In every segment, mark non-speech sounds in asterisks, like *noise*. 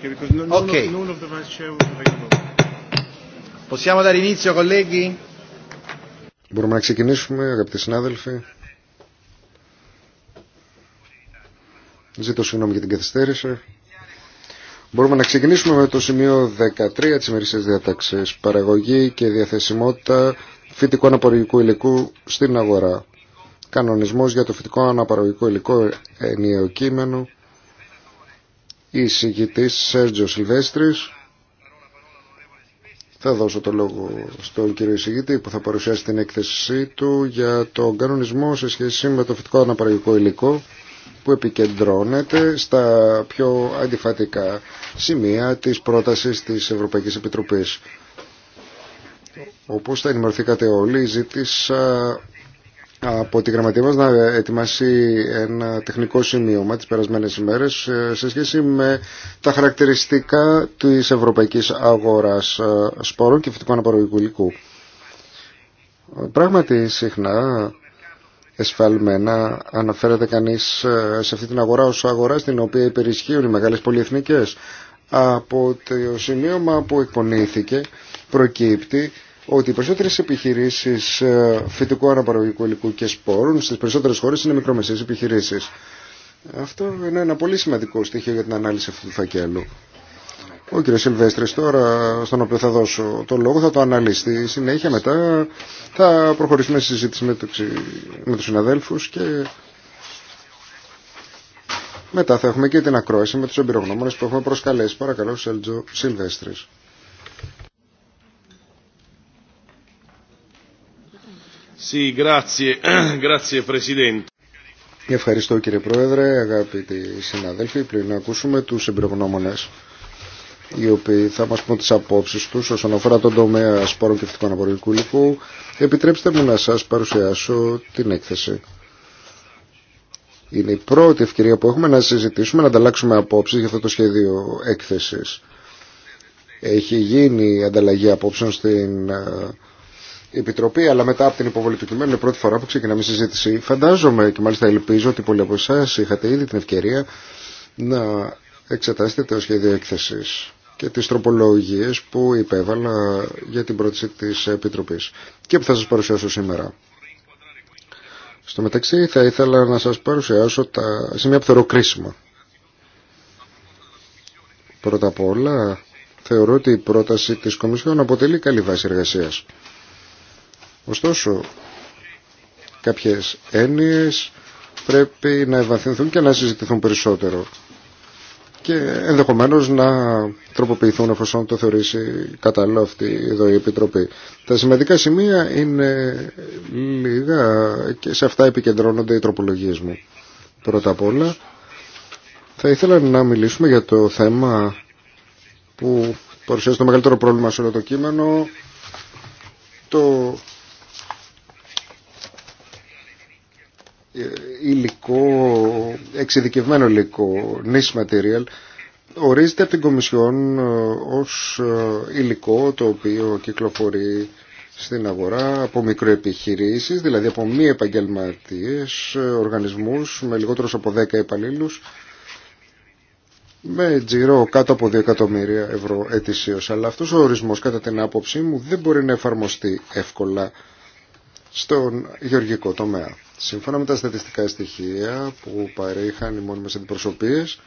Okay, Possiamo dare inizio, colleghi? Μπορούμε να ξεκινήσουμε, αγαπητοί συνάδελφοι. Ζήτω συγγνώμη για την καθυστέρηση. Μπορούμε να ξεκινήσουμε με το σημείο 13 της ημερησίας διατάξης. Παραγωγή και διαθεσιμότητα φυτικού αναπαραγωγικού υλικού στην αγορά. Κανονισμός για το φυτικό αναπαραγωγικό υλικό ενιαίο κείμενο η συγκητή Σέρτζο Σιλβέστρης. Θα δώσω το λόγο στον κύριο εισηγητή που θα παρουσιάσει την έκθεσή του για τον κανονισμό σε σχέση με το φυτικό αναπαραγωγικό υλικό που επικεντρώνεται στα πιο αντιφατικά σημεία της πρότασης της Ευρωπαϊκής Επιτροπής. Όπως θα ενημερωθήκατε όλοι, ζήτησα από τη γραμματεία μας να ετοιμάσει ένα τεχνικό σημείωμα τις περασμένες ημέρες ε, σε σχέση με τα χαρακτηριστικά της ευρωπαϊκής αγοράς ε, σπόρων και φυτικού αναπαραγωγικού υλικού. Πράγματι συχνά εσφαλμένα αναφέρεται κανείς ε, σε αυτή την αγορά ως αγορά στην οποία υπερισχύουν οι μεγάλες πολυεθνικές. Από το σημείωμα που εκπονήθηκε προκύπτει ότι οι περισσότερε επιχειρήσει ε, φυτικού αναπαραγωγικού υλικού και σπόρων στι περισσότερε χώρε είναι μικρομεσαίε επιχειρήσει. Αυτό είναι ένα πολύ σημαντικό στοιχείο για την ανάλυση αυτού του φακέλου. Ο κ. Σιλβέστρη τώρα, στον οποίο θα δώσω το λόγο, θα το αναλύσει. συνέχεια μετά θα προχωρήσουμε στη συζήτηση με, το, με του συναδέλφου και μετά θα έχουμε και την ακρόαση με του εμπειρογνώμονε που έχουμε προσκαλέσει. Παρακαλώ, Σέλτζο Σιλβέστρη. *clears throat* Ευχαριστώ κύριε Πρόεδρε, αγαπητοί συναδέλφοι, πριν να ακούσουμε τους εμπειρογνώμονες οι οποίοι θα μας πούν τις απόψεις τους όσον αφορά τον τομέα σπόρων και φυτικών απορροφικού Επιτρέψτε μου να σας παρουσιάσω την έκθεση. Είναι η πρώτη ευκαιρία που έχουμε να συζητήσουμε, να ανταλλάξουμε απόψεις για αυτό το σχέδιο έκθεσης. Έχει γίνει ανταλλαγή απόψεων στην ε, η Επιτροπή, αλλά μετά από την υποβολή του κειμένου είναι πρώτη φορά που ξεκινάμε συζήτηση. Φαντάζομαι και μάλιστα ελπίζω ότι πολλοί από εσά είχατε ήδη την ευκαιρία να εξετάσετε το σχέδιο έκθεση και τι τροπολογίε που υπέβαλα για την πρόταση τη επίτροπή και που θα σα παρουσιάσω σήμερα. Στο μεταξύ θα ήθελα να σα παρουσιάσω τα σημεία που θεωρώ κρίσιμα. Πρώτα απ' όλα θεωρώ ότι η πρόταση της Κομισιόν αποτελεί καλή βάση εργασία. Ωστόσο, κάποιες έννοιες πρέπει να ευαθυνθούν και να συζητηθούν περισσότερο και ενδεχομένως να τροποποιηθούν εφόσον το θεωρήσει κατάλληλο αυτή εδώ η Επιτροπή. Τα σημαντικά σημεία είναι λίγα και σε αυτά επικεντρώνονται οι τροπολογίες μου. Πρώτα απ' όλα θα ήθελα να μιλήσουμε για το θέμα που παρουσιάζει το μεγαλύτερο πρόβλημα σε όλο το κείμενο το υλικό, εξειδικευμένο υλικό, niche material, ορίζεται από την Κομισιόν ε, ως ε, υλικό το οποίο κυκλοφορεί στην αγορά από μικροεπιχειρήσεις, δηλαδή από μη επαγγελματίες, ε, οργανισμούς με λιγότερους από 10 υπαλλήλους, με τζιρό κάτω από 2 εκατομμύρια ευρώ ετησίως. Αλλά αυτός ο ορισμός κατά την άποψή μου δεν μπορεί να εφαρμοστεί εύκολα στον γεωργικό τομέα. Σύμφωνα με τα στατιστικά στοιχεία που παρέχαν οι μόνιμες αντιπροσωπείες,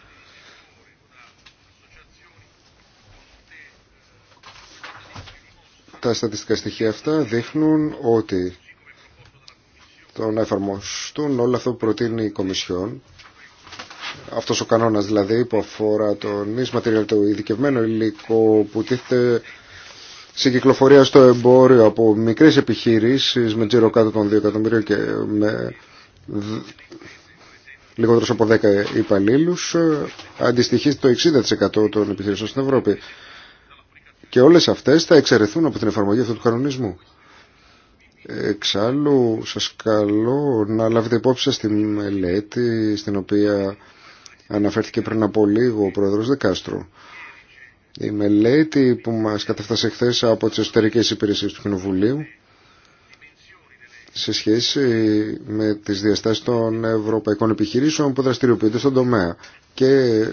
τα στατιστικά στοιχεία αυτά δείχνουν ότι το να εφαρμοστούν όλα αυτό που προτείνει η Κομισιόν, αυτός ο κανόνας δηλαδή που αφορά τον ίσματηριο, το ειδικευμένο υλικό που τίθεται σε κυκλοφορία στο εμπόριο από μικρές επιχειρήσεις με τζίρο κάτω των 2 εκατομμυρίων και με λιγότερο από 10 υπαλλήλου ε, αντιστοιχεί το 60% των επιχειρήσεων στην Ευρώπη. Και όλες αυτές θα εξαιρεθούν από την εφαρμογή αυτού του κανονισμού. Εξάλλου σας καλώ να λάβετε υπόψη σας τη μελέτη στην οποία αναφέρθηκε πριν από λίγο ο πρόεδρος Δεκάστρο η μελέτη που μας κατέφτασε χθε από τις εσωτερικές υπηρεσίες του Κοινοβουλίου σε σχέση με τις διαστάσεις των ευρωπαϊκών επιχειρήσεων που δραστηριοποιούνται στον τομέα και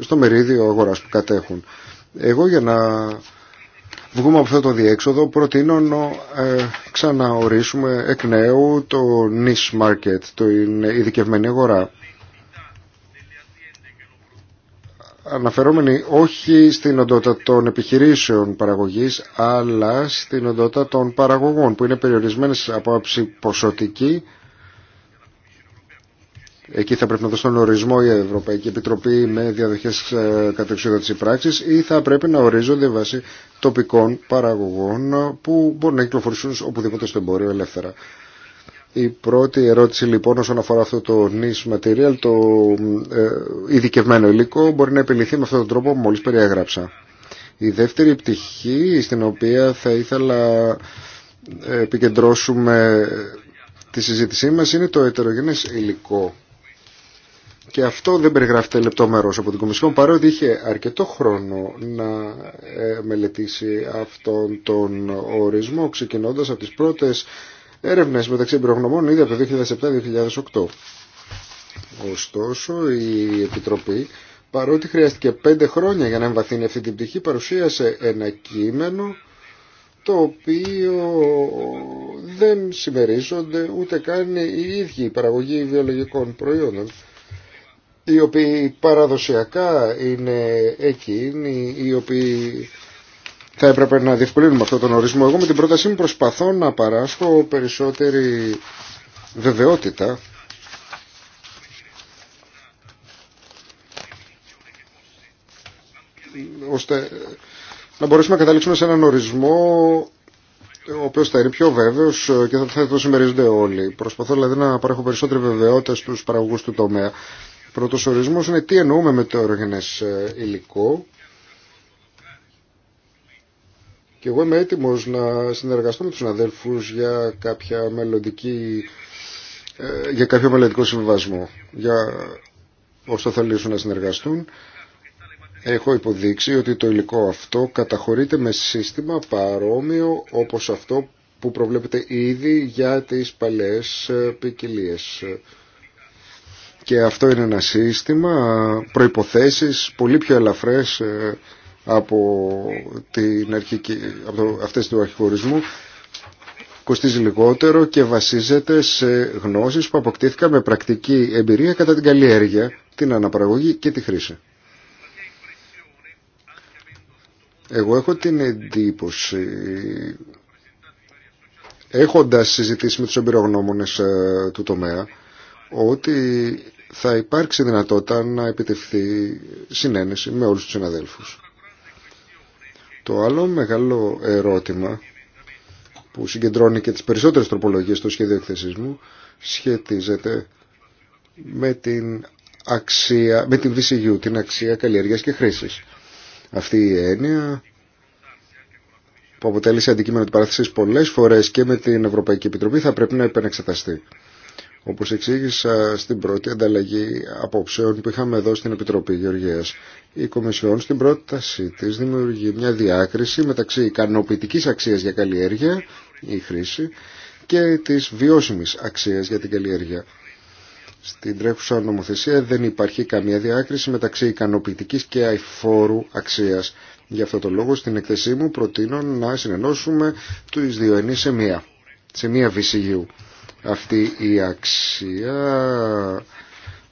στο μερίδιο αγοράς που κατέχουν. Εγώ για να βγούμε από αυτό το διέξοδο προτείνω να ε, ξαναορίσουμε εκ νέου το niche market, το ε, ειδικευμένη αγορά αναφερόμενοι όχι στην οντότητα των επιχειρήσεων παραγωγής αλλά στην οντότητα των παραγωγών που είναι περιορισμένες από άψη ποσοτική εκεί θα πρέπει να δώσει τον ορισμό η Ευρωπαϊκή Επιτροπή με διαδοχές ε, κατεξοδότηση πράξης ή θα πρέπει να ορίζονται βάσει τοπικών παραγωγών που μπορούν να κυκλοφορήσουν οπουδήποτε στο εμπόριο ελεύθερα. Η πρώτη ερώτηση λοιπόν όσον αφορά αυτό το niche material, το ε, ειδικευμένο υλικό, μπορεί να επιληθεί με αυτόν τον τρόπο που μόλις περιέγραψα. Η δεύτερη πτυχή στην οποία θα ήθελα ε, επικεντρώσουμε τη συζήτησή μας είναι το ετερογενές υλικό. Και αυτό δεν περιγράφεται λεπτόμερος από την Κομισιόν, παρότι είχε αρκετό χρόνο να ε, μελετήσει αυτόν τον ορισμό, ξεκινώντας από τις πρώτες Έρευνε μεταξύ εμπειρογνωμών ήδη από το 2007-2008. Ωστόσο, η Επιτροπή, παρότι χρειάστηκε 5 χρόνια για να εμβαθύνει αυτή την πτυχή, παρουσίασε ένα κείμενο το οποίο δεν συμμερίζονται ούτε καν οι ίδιοι οι παραγωγοί βιολογικών προϊόντων οι οποίοι παραδοσιακά είναι εκείνοι οι οποίοι θα έπρεπε να διευκολύνουμε αυτό τον ορισμό. Εγώ με την πρότασή μου προσπαθώ να παράσχω περισσότερη βεβαιότητα ώστε να μπορέσουμε να καταλήξουμε σε έναν ορισμό ο οποίο θα είναι πιο βέβαιο και θα το συμμερίζονται όλοι. Προσπαθώ δηλαδή να παρέχω περισσότερη βεβαιότητα στου παραγωγού του τομέα. Πρώτο ορισμό είναι τι εννοούμε με το αερογενέ υλικό Και εγώ είμαι έτοιμος να συνεργαστώ με τους αδέλφους για κάποια μελλοντική ε, για κάποιο μελλοντικό συμβιβασμό για όσο λύσουν να συνεργαστούν έχω υποδείξει ότι το υλικό αυτό καταχωρείται με σύστημα παρόμοιο όπως αυτό που προβλέπεται ήδη για τις παλαιές ε, ποικιλίε. και αυτό είναι ένα σύστημα προϋποθέσεις πολύ πιο ελαφρές ε, από, την αρχική, από το, αυτές του αρχηγορισμού κοστίζει λιγότερο και βασίζεται σε γνώσεις που αποκτήθηκαν με πρακτική εμπειρία κατά την καλλιέργεια, την αναπαραγωγή και τη χρήση. Εγώ έχω την εντύπωση, έχοντας συζητήσει με τους εμπειρογνώμονες ε, του τομέα, ότι θα υπάρξει δυνατότητα να επιτευχθεί συνένεση με όλους τους συναδέλφους. Το άλλο μεγάλο ερώτημα που συγκεντρώνει και τις περισσότερες τροπολογίες στο σχέδιο εκθεσής μου σχετίζεται με την αξία, με την VCU, την αξία καλλιέργειας και χρήσης. Αυτή η έννοια που αποτέλεσε αντικείμενο της παράθεσης πολλές φορές και με την Ευρωπαϊκή Επιτροπή θα πρέπει να επανεξεταστεί. Όπως εξήγησα στην πρώτη ανταλλαγή απόψεων που είχαμε εδώ στην Επιτροπή Γεωργίας, η Κομισιόν στην πρότασή της δημιουργεί μια διάκριση μεταξύ ικανοποιητικής αξίας για καλλιέργεια, η χρήση, και της βιώσιμης αξίας για την καλλιέργεια. Στην τρέχουσα νομοθεσία δεν υπάρχει καμία διάκριση μεταξύ ικανοποιητικής και αηφόρου αξίας. Γι' αυτό το λόγο στην εκθεσή μου προτείνω να συνενώσουμε του δύο σε μία, σε μία αυτή η αξία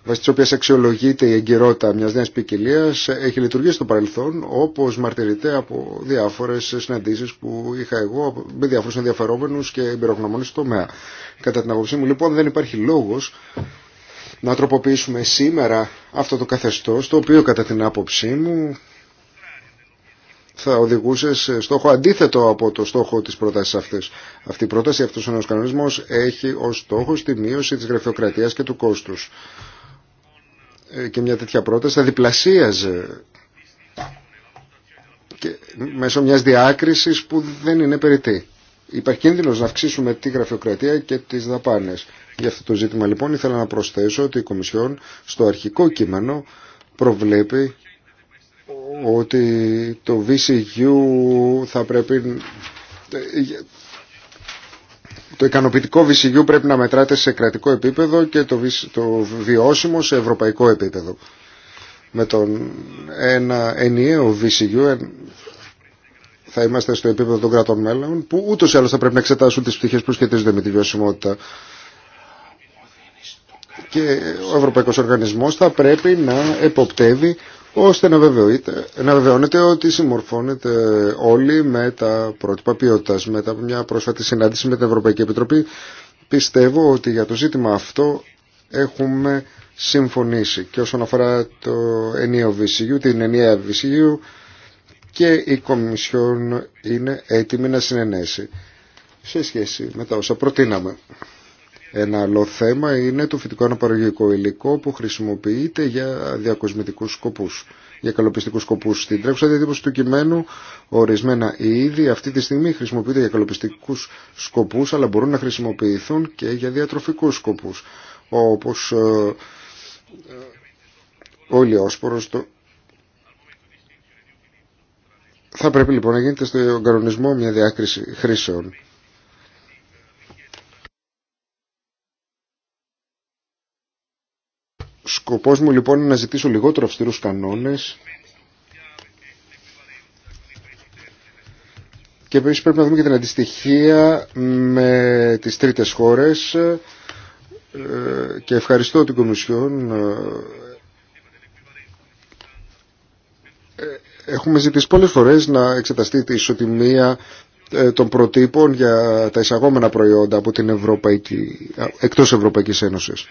βάσει τη οποία αξιολογείται η εγκυρότητα μια νέα ποικιλία, έχει λειτουργήσει στο παρελθόν, όπω μαρτυρείται από διάφορε συναντήσει που είχα εγώ με διάφορου ενδιαφερόμενου και εμπειρογνωμόνε στο τομέα. Κατά την άποψή μου, λοιπόν, δεν υπάρχει λόγο να τροποποιήσουμε σήμερα αυτό το καθεστώ, το οποίο κατά την άποψή μου θα οδηγούσε σε στόχο αντίθετο από το στόχο τη προτάση αυτή. Αυτή η πρόταση, Αυτό ο νέο κανονισμό, έχει ως στόχο τη μείωση της γραφειοκρατίας και του κόστους. Ε, και μια τέτοια πρόταση θα διπλασίαζε και μέσω μιας διάκριση που δεν είναι περιττή. Υπάρχει κίνδυνο να αυξήσουμε τη γραφειοκρατία και τι δαπάνε. Για αυτό το ζήτημα λοιπόν ήθελα να προσθέσω ότι η Κομισιόν στο αρχικό κείμενο προβλέπει ότι το VCU θα πρέπει το ικανοποιητικό VCU πρέπει να μετράται σε κρατικό επίπεδο και το, το βιώσιμο σε ευρωπαϊκό επίπεδο. Με τον ένα ενιαίο VCU ε, θα είμαστε στο επίπεδο των κρατών μέλων που ούτως ή άλλως θα πρέπει να εξετάσουν τις πτυχές που σχετίζονται με τη βιωσιμότητα. Και ο Ευρωπαϊκός Οργανισμός θα πρέπει να εποπτεύει ώστε να, να βεβαιώνεται ότι συμμορφώνεται όλοι με τα πρότυπα ποιότητα. Μετά από μια πρόσφατη συνάντηση με την Ευρωπαϊκή Επιτροπή, πιστεύω ότι για το ζήτημα αυτό έχουμε συμφωνήσει. Και όσον αφορά το ενίο VCU, την ενιαία VCU, και η Κομισιόν είναι έτοιμη να συνενέσει σε σχέση με τα όσα προτείναμε. Ένα άλλο θέμα είναι το φυτικό αναπαραγωγικό υλικό που χρησιμοποιείται για διακοσμητικούς σκοπούς, για καλοπιστικούς σκοπούς. Στην τρέχουσα διατύπωση του κειμένου, ορισμένα ήδη αυτή τη στιγμή χρησιμοποιείται για καλοπιστικούς σκοπούς, αλλά μπορούν να χρησιμοποιηθούν και για διατροφικούς σκοπούς, όπως ε, ε, ο το, θα πρέπει λοιπόν να γίνεται στον κανονισμό μια διάκριση χρήσεων. Σκοπός μου λοιπόν είναι να ζητήσω λιγότερο αυστηρούς κανόνες και επίσης πρέπει να δούμε και την αντιστοιχία με τις τρίτες χώρες ε, και ευχαριστώ την Κομισιόν ε, έχουμε ζητήσει πολλές φορές να εξεταστεί τη ισοτιμία ε, των προτύπων για τα εισαγόμενα προϊόντα από την Ευρωπαϊκή, εκτός Ευρωπαϊκής Ένωσης.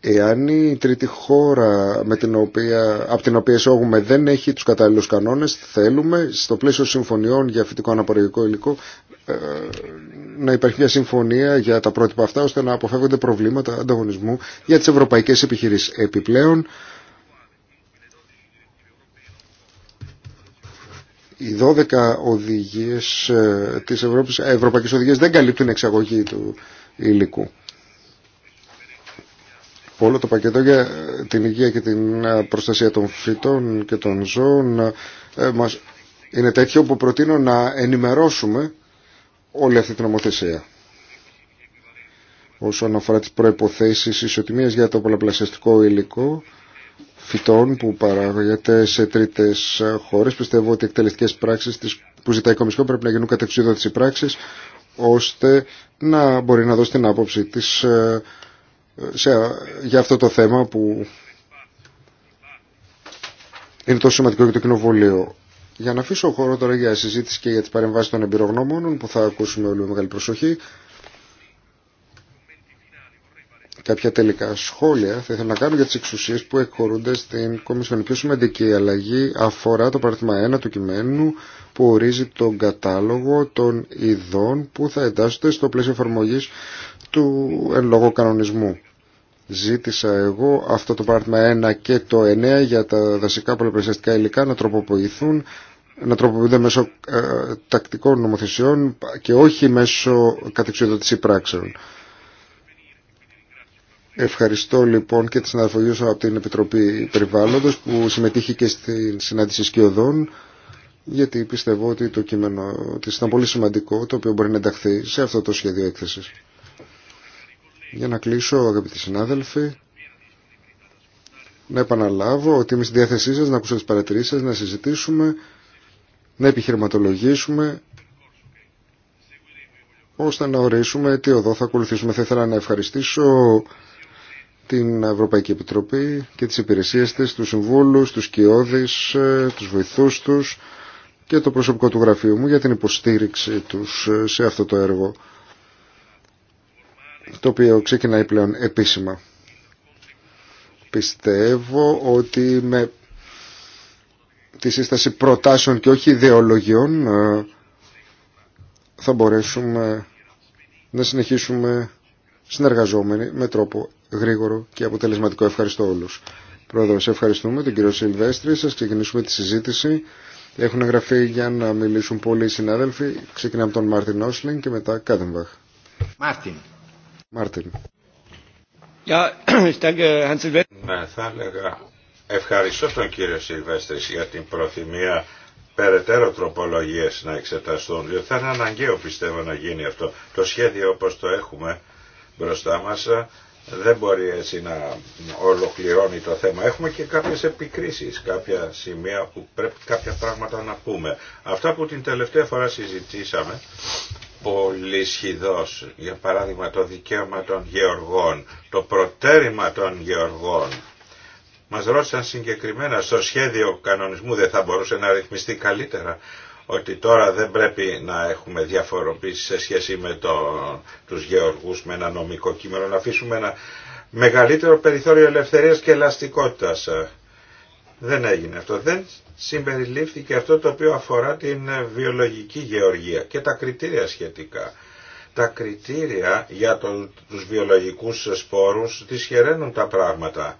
Εάν η τρίτη χώρα με την οποία, από την οποία εισόγουμε δεν έχει τους κατάλληλους κανόνες, θέλουμε στο πλαίσιο συμφωνιών για φυτικό αναπαραγωγικό υλικό ε, να υπάρχει μια συμφωνία για τα πρότυπα αυτά ώστε να αποφεύγονται προβλήματα ανταγωνισμού για τις ευρωπαϊκές επιχειρήσεις. Επιπλέον, οι 12 οδηγίες ε, της Ευρώπης, ε, οδηγίες δεν καλύπτουν εξαγωγή του υλικού όλο το πακέτο για ε, την υγεία και την ε, προστασία των φυτών και των ζώων ε, είναι τέτοιο που προτείνω να ενημερώσουμε όλη αυτή την νομοθεσία. Όσον αφορά τις προϋποθέσεις ισοτιμίας για το πολλαπλασιαστικό υλικό φυτών που παράγεται σε τρίτες χώρες, πιστεύω ότι οι εκτελεστικές πράξεις που ζητάει η Κομισιόν πρέπει να γίνουν τις πράξεις, ώστε να μπορεί να δώσει την άποψη της σε, για αυτό το θέμα που είναι τόσο σημαντικό για το κοινοβούλιο. Για να αφήσω χώρο τώρα για συζήτηση και για τις παρεμβάσεις των εμπειρογνώμων που θα ακούσουμε όλοι με μεγάλη προσοχή. Κάποια τελικά σχόλια θα ήθελα να κάνω για τις εξουσίες που εκχωρούνται στην Κομισιόν. Η πιο σημαντική αλλαγή αφορά το παράδειγμα 1 του κειμένου που ορίζει τον κατάλογο των ειδών που θα εντάσσονται στο πλαίσιο εφαρμογή του εν λόγω κανονισμού ζήτησα εγώ αυτό το παράδειγμα 1 και το 9 για τα δασικά πολυπρεσιαστικά υλικά να τροποποιηθούν να τροποποιούνται μέσω ε, τακτικών νομοθεσιών και όχι μέσω κατεξοδότηση πράξεων. Ευχαριστώ λοιπόν και τη συναδελφογή από την Επιτροπή Περιβάλλοντος που συμμετείχε και στη συνάντηση σκιωδών γιατί πιστεύω ότι το κείμενο της ήταν πολύ σημαντικό το οποίο μπορεί να ενταχθεί σε αυτό το σχέδιο έκθεσης. Για να κλείσω αγαπητοί συνάδελφοι, να επαναλάβω ότι είμαι στη διάθεσή σας να ακούσω τις παρατηρήσεις σας, να συζητήσουμε, να επιχειρηματολογήσουμε ώστε να ορίσουμε τι οδό θα ακολουθήσουμε. Θα ήθελα να ευχαριστήσω την Ευρωπαϊκή Επιτροπή και τις υπηρεσίες της, τους συμβούλους, τους κοιόδης, τους βοηθούς τους και το προσωπικό του γραφείου μου για την υποστήριξη τους σε αυτό το έργο το οποίο ξεκινάει πλέον επίσημα. Πιστεύω ότι με τη σύσταση προτάσεων και όχι ιδεολογιών ε, θα μπορέσουμε να συνεχίσουμε συνεργαζόμενοι με τρόπο γρήγορο και αποτελεσματικό. Ευχαριστώ όλους. Πρόεδρο, σε ευχαριστούμε τον κύριο Σιλβέστρη. Σας ξεκινήσουμε τη συζήτηση. Έχουν εγγραφεί για να μιλήσουν πολλοί συνάδελφοι. Ξεκινάμε τον Μάρτιν Όσλινγκ και μετά Κάδεμβαχ. Μάρτιν. *clears throat* ναι, θα έλεγα ευχαριστώ τον κύριο Σιλβέστρη για την προθυμία περαιτέρω τροπολογίες να εξεταστούν, διότι θα είναι αναγκαίο πιστεύω να γίνει αυτό. Το σχέδιο όπως το έχουμε μπροστά μα δεν μπορεί έτσι να ολοκληρώνει το θέμα. Έχουμε και κάποιες επικρίσεις, κάποια σημεία που πρέπει κάποια πράγματα να πούμε. Αυτά που την τελευταία φορά συζητήσαμε σχηδός Για παράδειγμα το δικαίωμα των γεωργών, το προτέρημα των γεωργών. Μας ρώτησαν συγκεκριμένα στο σχέδιο κανονισμού δεν θα μπορούσε να ρυθμιστεί καλύτερα ότι τώρα δεν πρέπει να έχουμε διαφοροποίηση σε σχέση με το, τους γεωργούς με ένα νομικό κείμενο, να αφήσουμε ένα μεγαλύτερο περιθώριο ελευθερίας και ελαστικότητας δεν έγινε αυτό. Δεν συμπεριλήφθηκε αυτό το οποίο αφορά την βιολογική γεωργία και τα κριτήρια σχετικά. Τα κριτήρια για τον, τους βιολογικούς σπόρους δυσχεραίνουν τα πράγματα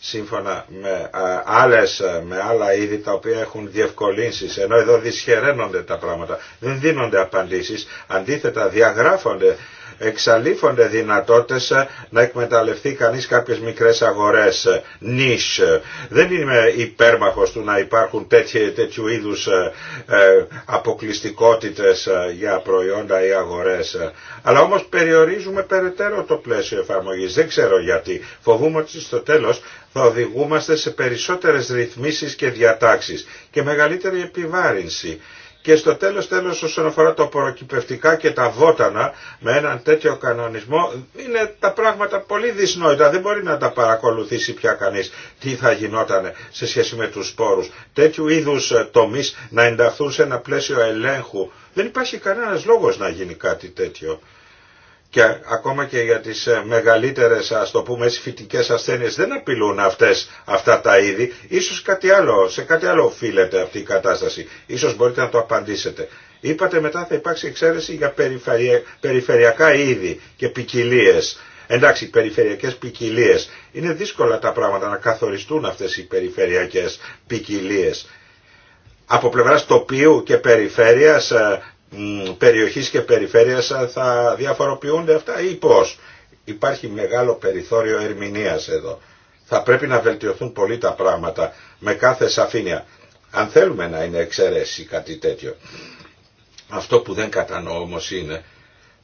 σύμφωνα με, α, άλλες, με άλλα είδη τα οποία έχουν διευκολύνσεις, ενώ εδώ δυσχεραίνονται τα πράγματα, δεν δίνονται απαντήσεις, αντίθετα διαγράφονται εξαλείφονται δυνατότητες ε, να εκμεταλλευτεί κανείς κάποιες μικρές αγορές, ε, νης. Δεν είμαι υπέρμαχος του να υπάρχουν τέτοιου, τέτοιου είδους ε, αποκλειστικότητες για προϊόντα ή αγορές. Αλλά όμως περιορίζουμε περαιτέρω το πλαίσιο εφαρμογής. Δεν ξέρω γιατί. Φοβούμαι ότι στο τέλος θα οδηγούμαστε σε περισσότερες ρυθμίσεις και διατάξεις και μεγαλύτερη επιβάρυνση. Και στο τέλος τέλος όσον αφορά το προκυπευτικά και τα βότανα με έναν τέτοιο κανονισμό είναι τα πράγματα πολύ δυσνόητα. Δεν μπορεί να τα παρακολουθήσει πια κανείς τι θα γινόταν σε σχέση με τους σπόρους. Τέτοιου είδους ε, τομείς να ενταχθούν σε ένα πλαίσιο ελέγχου. Δεν υπάρχει κανένας λόγος να γίνει κάτι τέτοιο και ακόμα και για τις ε, μεγαλύτερες ας το πούμε φυτικές ασθένειες δεν απειλούν αυτές, αυτά τα είδη. Ίσως κάτι άλλο, σε κάτι άλλο οφείλεται αυτή η κατάσταση. Ίσως μπορείτε να το απαντήσετε. Είπατε μετά θα υπάρξει εξαίρεση για περιφερειακά είδη και ποικιλίε. Εντάξει, περιφερειακές ποικιλίε. Είναι δύσκολα τα πράγματα να καθοριστούν αυτές οι περιφερειακές ποικιλίε από πλευράς τοπίου και περιφέρειας ε, περιοχής και περιφέρειας ε, θα διαφοροποιούνται αυτά ή πώς. Υπάρχει μεγάλο περιθώριο ερμηνείας εδώ. Θα πρέπει να βελτιωθούν πολύ τα πράγματα με κάθε σαφήνεια. Αν θέλουμε να είναι εξαιρέσει κάτι τέτοιο. Αυτό που δεν κατανοώ όμως είναι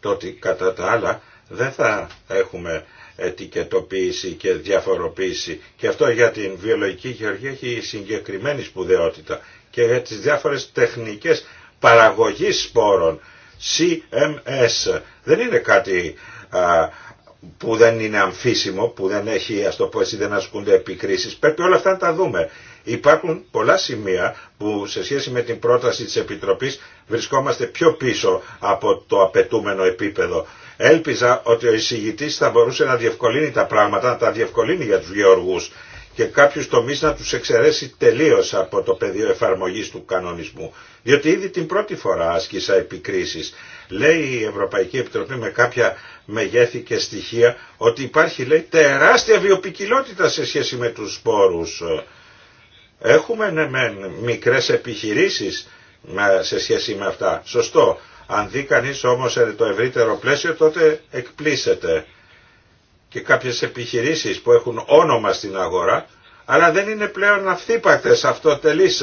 το ότι κατά τα άλλα δεν θα έχουμε ετικετοποίηση και διαφοροποίηση και αυτό για την βιολογική γεωργία έχει συγκεκριμένη σπουδαιότητα και για τις διάφορες τεχνικές παραγωγής σπόρων, CMS. Δεν είναι κάτι που δεν είναι αμφίσιμο, που δεν έχει, ας το πω έτσι, δεν ασκούνται επικρίσεις. Πρέπει όλα αυτά να τα δούμε. Υπάρχουν πολλά σημεία που σε σχέση με την πρόταση της Επιτροπής βρισκόμαστε πιο πίσω από το απαιτούμενο επίπεδο. Έλπιζα ότι ο εισηγητής θα μπορούσε να διευκολύνει τα πράγματα, να τα διευκολύνει για τους γεωργούς και κάποιους τομείς να τους εξαιρέσει τελείως από το πεδίο εφαρμογής του κανονισμού. Διότι ήδη την πρώτη φορά άσκησα επικρίσεις. Λέει η Ευρωπαϊκή Επιτροπή με κάποια μεγέθη και στοιχεία ότι υπάρχει λέει τεράστια βιοπικιλότητα σε σχέση με τους σπόρους. Έχουμε ναι, με μικρές επιχειρήσεις σε σχέση με αυτά. Σωστό. Αν δει κανεί όμως ε, το ευρύτερο πλαίσιο τότε εκπλήσεται και κάποιες επιχειρήσεις που έχουν όνομα στην αγορά αλλά δεν είναι πλέον αυθύπακτες αυτοτελείς.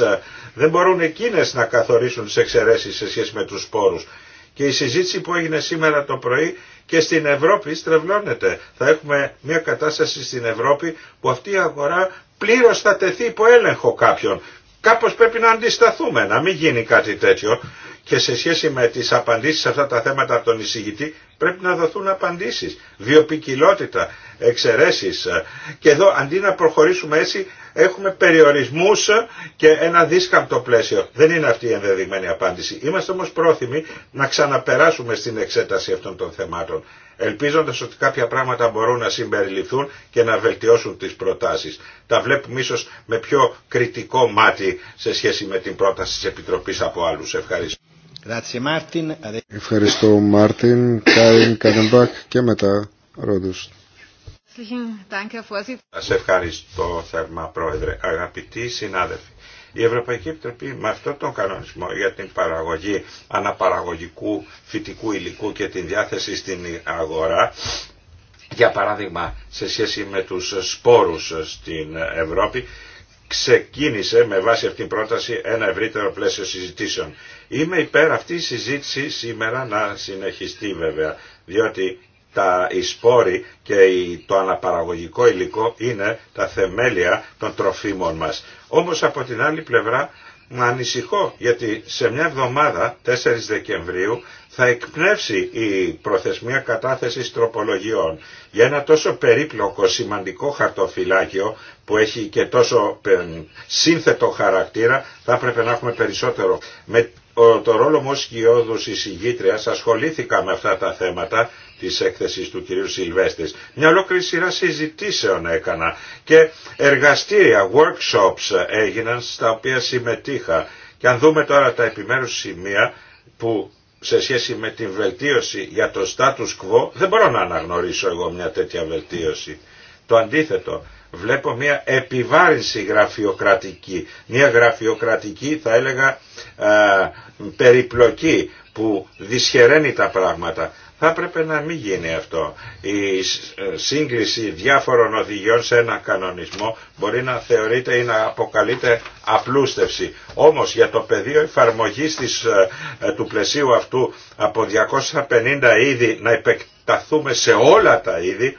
Δεν μπορούν εκείνες να καθορίσουν τις εξαιρέσεις σε σχέση με τους σπόρους. Και η συζήτηση που έγινε σήμερα το πρωί και στην Ευρώπη στρεβλώνεται. Θα έχουμε μια κατάσταση στην Ευρώπη που αυτή η αγορά πλήρως θα τεθεί υπό έλεγχο κάποιον. Κάπως πρέπει να αντισταθούμε, να μην γίνει κάτι τέτοιο και σε σχέση με τις απαντήσεις σε αυτά τα θέματα από τον εισηγητή πρέπει να δοθούν απαντήσεις, βιοπικιλότητα, εξαιρέσεις και εδώ αντί να προχωρήσουμε έτσι έχουμε περιορισμούς και ένα δίσκαμπτο πλαίσιο. Δεν είναι αυτή η ενδεδειγμένη απάντηση. Είμαστε όμως πρόθυμοι να ξαναπεράσουμε στην εξέταση αυτών των θεμάτων ελπίζοντας ότι κάποια πράγματα μπορούν να συμπεριληφθούν και να βελτιώσουν τις προτάσεις. Τα βλέπουμε ίσως με πιο κριτικό μάτι σε σχέση με την πρόταση τη Επιτροπής από άλλους. Ευχαριστώ. Ευχαριστώ Μάρτιν, Κάιν, Κανεμπάκ και μετά Ρόντους. Σας ευχαριστώ θερμά Πρόεδρε, αγαπητοί συνάδελφοι. Η Ευρωπαϊκή Επιτροπή με αυτόν τον κανονισμό για την παραγωγή αναπαραγωγικού φυτικού υλικού και την διάθεση στην αγορά για παράδειγμα σε σχέση με τους σπόρους στην Ευρώπη ξεκίνησε με βάση αυτή την πρόταση ένα ευρύτερο πλαίσιο συζητήσεων. Είμαι υπέρ αυτή η συζήτηση σήμερα να συνεχιστεί βέβαια, διότι τα σπόροι και το αναπαραγωγικό υλικό είναι τα θεμέλια των τροφίμων μας. Όμως από την άλλη πλευρά να ανησυχώ γιατί σε μια εβδομάδα, 4 Δεκεμβρίου, θα εκπνεύσει η προθεσμία κατάθεσης τροπολογιών για ένα τόσο περίπλοκο σημαντικό χαρτοφυλάκιο που έχει και τόσο ε, σύνθετο χαρακτήρα θα έπρεπε να έχουμε περισσότερο. Με το ρόλο μου ως κοιόδους εισηγήτριας ασχολήθηκα με αυτά τα θέματα της έκθεσης του κυρίου Σιλβέστης. Μια ολόκληρη σειρά συζητήσεων έκανα και εργαστήρια, workshops έγιναν στα οποία συμμετείχα. Και αν δούμε τώρα τα επιμέρους σημεία που σε σχέση με την βελτίωση για το status quo δεν μπορώ να αναγνωρίσω εγώ μια τέτοια βελτίωση. Το αντίθετο, βλέπω μια επιβάρυνση γραφειοκρατική, μια γραφειοκρατική θα έλεγα ε, περιπλοκή που δυσχεραίνει τα πράγματα. Θα έπρεπε να μην γίνει αυτό. Η ε, σύγκριση διάφορων οδηγιών σε ένα κανονισμό μπορεί να θεωρείται ή να αποκαλείται απλούστευση. Όμως για το πεδίο εφαρμογής της, ε, ε, του πλαισίου αυτού από 250 είδη να επεκταθούμε σε όλα τα είδη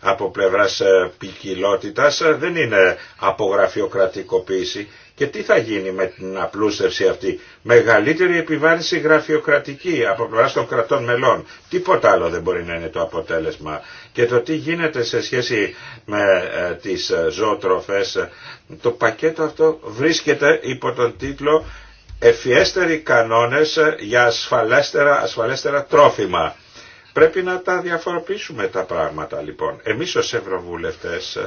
από πλευράς ποικιλότητα δεν είναι απογραφειοκρατικοποίηση και τι θα γίνει με την απλούστευση αυτή. Μεγαλύτερη επιβάρυνση γραφειοκρατική από πλευρά των κρατών μελών. Τίποτα άλλο δεν μπορεί να είναι το αποτέλεσμα. Και το τι γίνεται σε σχέση με ε, τις ε, ζωοτροφές. Ε, το πακέτο αυτό βρίσκεται υπό τον τίτλο «Εφιέστεροι κανόνες για ασφαλέστερα, ασφαλέστερα τρόφιμα». Πρέπει να τα διαφοροποιήσουμε τα πράγματα λοιπόν. Εμείς ως Ευρωβουλευτές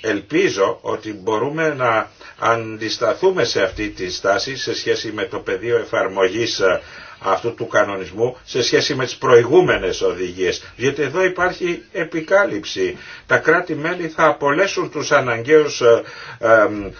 ελπίζω ότι μπορούμε να αντισταθούμε σε αυτή τη στάση σε σχέση με το πεδίο εφαρμογής ε, αυτού του κανονισμού σε σχέση με τις προηγούμενες οδηγίες. Διότι εδώ υπάρχει επικάλυψη. Τα κράτη-μέλη θα απολέσουν τους αναγκαίους ε,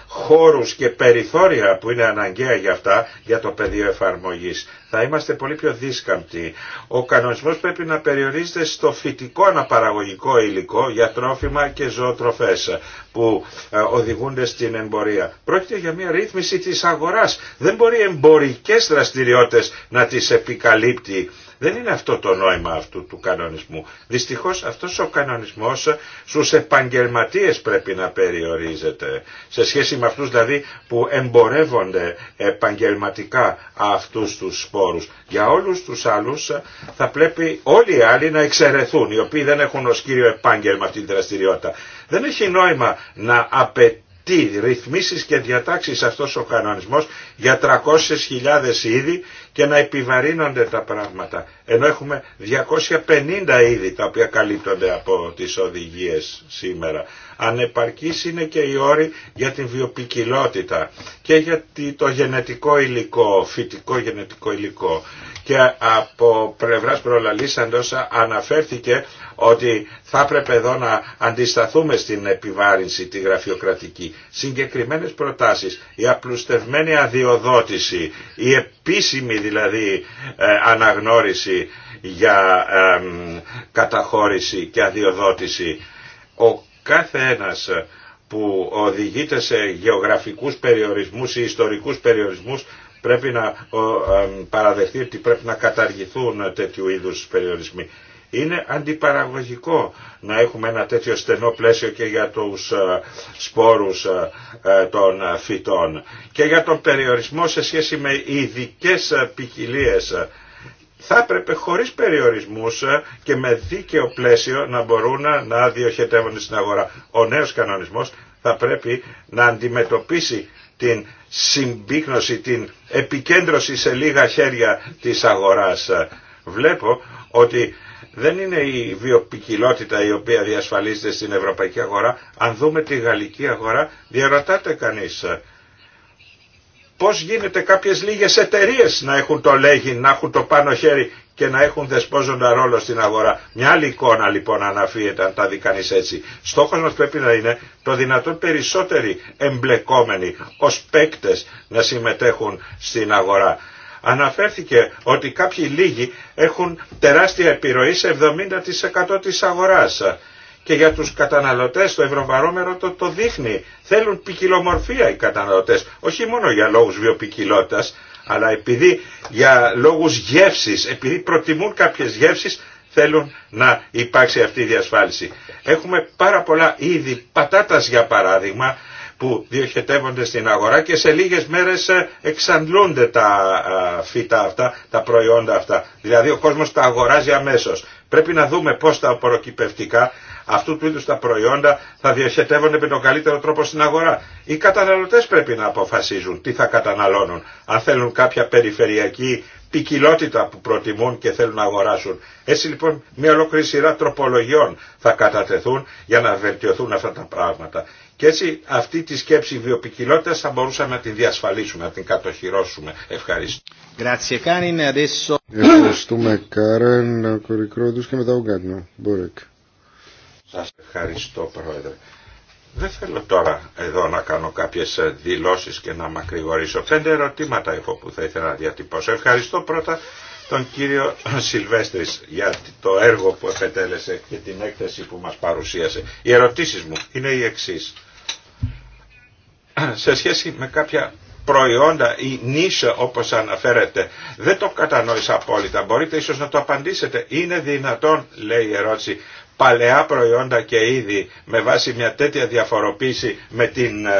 χώρους και περιθώρια που είναι αναγκαία για αυτά, για το πεδίο εφαρμογής. Θα είμαστε πολύ πιο δίσκαμπτοι. Ο κανονισμός πρέπει να περιορίζεται στο φυτικό αναπαραγωγικό υλικό για τρόφιμα και ζωοτροφές που ε, οδηγούνται στην εμπορία. Πρόκειται για μια ρύθμιση της αγοράς. Δεν μπορεί εμπορικές δραστηριότητες να τις επικαλύπτει. Δεν είναι αυτό το νόημα αυτού του κανονισμού. Δυστυχώς αυτός ο κανονισμός στους επαγγελματίες πρέπει να περιορίζεται. Σε σχέση με αυτούς δηλαδή που εμπορεύονται επαγγελματικά αυτούς τους σπόρους. Για όλους τους άλλους θα πρέπει όλοι οι άλλοι να εξαιρεθούν, οι οποίοι δεν έχουν ως κύριο επάγγελμα αυτή τη δραστηριότητα. Δεν έχει νόημα να απαιτεί ρυθμίσεις και διατάξεις αυτός ο κανονισμός για 300.000 είδη και να επιβαρύνονται τα πράγματα. Ενώ έχουμε 250 είδη τα οποία καλύπτονται από τις οδηγίες σήμερα. Ανεπαρκής είναι και η όρη για την βιοπικιλότητα και για το γενετικό υλικό, φυτικό γενετικό υλικό. Και από πλευράς προλαλήσαντος αναφέρθηκε ότι θα έπρεπε εδώ να αντισταθούμε στην επιβάρυνση τη γραφειοκρατική. Συγκεκριμένες προτάσεις, η απλουστευμένη αδειοδότηση, η επίσημη δηλαδή ε, αναγνώριση για καταχώρηση και αδειοδότηση, ο κάθε ένας που οδηγείται σε γεωγραφικούς περιορισμούς ή ιστορικούς περιορισμούς πρέπει να παραδεχτεί ότι πρέπει να καταργηθούν τέτοιου είδους περιορισμοί. Είναι αντιπαραγωγικό να έχουμε ένα τέτοιο στενό πλαίσιο και για τους ε, σπόρους ε, ε, των φυτών και για τον περιορισμό σε σχέση με ειδικέ ποικιλίε θα έπρεπε χωρίς περιορισμούς και με δίκαιο πλαίσιο να μπορούν να διοχετεύονται στην αγορά. Ο νέος κανονισμός θα πρέπει να αντιμετωπίσει την συμπίκνωση, την επικέντρωση σε λίγα χέρια της αγοράς. Βλέπω ότι δεν είναι η βιοπικιλότητα η οποία διασφαλίζεται στην ευρωπαϊκή αγορά. Αν δούμε τη γαλλική αγορά, διαρωτάται κανείς Πώς γίνεται κάποιες λίγες εταιρείες να έχουν το λέγει, να έχουν το πάνω χέρι και να έχουν δεσπόζοντα ρόλο στην αγορά. Μια άλλη εικόνα λοιπόν αναφύεται αν τα δει κανεί έτσι. Στόχο μα πρέπει να είναι το δυνατόν περισσότεροι εμπλεκόμενοι ω παίκτε να συμμετέχουν στην αγορά. Αναφέρθηκε ότι κάποιοι λίγοι έχουν τεράστια επιρροή σε 70% της αγοράς. Και για τους καταναλωτές το ευρωβαρόμερο το, το δείχνει. Θέλουν ποικιλομορφία οι καταναλωτές, όχι μόνο για λόγους βιοποικιλότητας αλλά επειδή για λόγους γεύσης, επειδή προτιμούν κάποιες γεύσεις, θέλουν να υπάρξει αυτή η διασφάλιση. Έχουμε πάρα πολλά είδη πατάτας για παράδειγμα, που διοχετεύονται στην αγορά και σε λίγες μέρες ε, εξαντλούνται τα ε, φύτα αυτά, τα προϊόντα αυτά. Δηλαδή ο κόσμος τα αγοράζει αμέσως. Πρέπει να δούμε πώς τα απορροκυπευτικά αυτού του είδου τα προϊόντα θα διοχετεύονται με τον καλύτερο τρόπο στην αγορά. Οι καταναλωτέ πρέπει να αποφασίζουν τι θα καταναλώνουν, αν θέλουν κάποια περιφερειακή ποικιλότητα που προτιμούν και θέλουν να αγοράσουν. Έτσι λοιπόν μια ολόκληρη σειρά τροπολογιών θα κατατεθούν για να βελτιωθούν αυτά τα πράγματα. Και έτσι αυτή τη σκέψη βιοποικιλότητας θα μπορούσαμε να την διασφαλίσουμε, να την κατοχυρώσουμε. Ευχαριστώ. Ευχαριστούμε Κάρεν και μετά ο σας ευχαριστώ Πρόεδρε. Δεν θέλω τώρα εδώ να κάνω κάποιες δηλώσεις και να μακρηγορήσω. Πέντε ερωτήματα έχω που θα ήθελα να διατυπώσω. Ευχαριστώ πρώτα τον κύριο Σιλβέστρης για το έργο που επετέλεσε και την έκθεση που μας παρουσίασε. Οι ερωτήσεις μου είναι οι εξής. Σε σχέση με κάποια προϊόντα ή νίσο όπως αναφέρεται. Δεν το κατανόησα απόλυτα. Μπορείτε ίσως να το απαντήσετε. Είναι δυνατόν, λέει η ερώτηση, παλαιά προϊόντα και είδη με βάση μια τέτοια διαφοροποίηση με την, ε,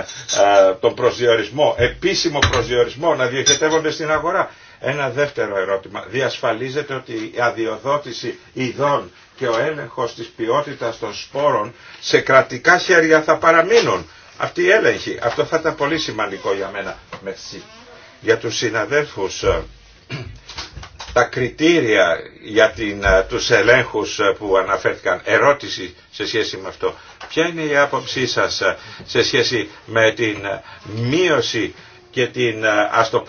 τον προσδιορισμό, επίσημο προσδιορισμό να διοικητεύονται στην αγορά. Ένα δεύτερο ερώτημα. Διασφαλίζεται ότι η αδειοδότηση ειδών και ο έλεγχος της ποιότητας των σπόρων σε κρατικά χέρια θα παραμείνουν. Αυτή η έλεγχη. Αυτό θα ήταν πολύ σημαντικό για μένα. Για τους συναδέλφους ε, τα κριτήρια για την, ε, τους ελέγχους ε, που αναφέρθηκαν. Ερώτηση σε σχέση με αυτό. Ποια είναι η άποψή σας ε, σε σχέση με την μείωση και την, ας το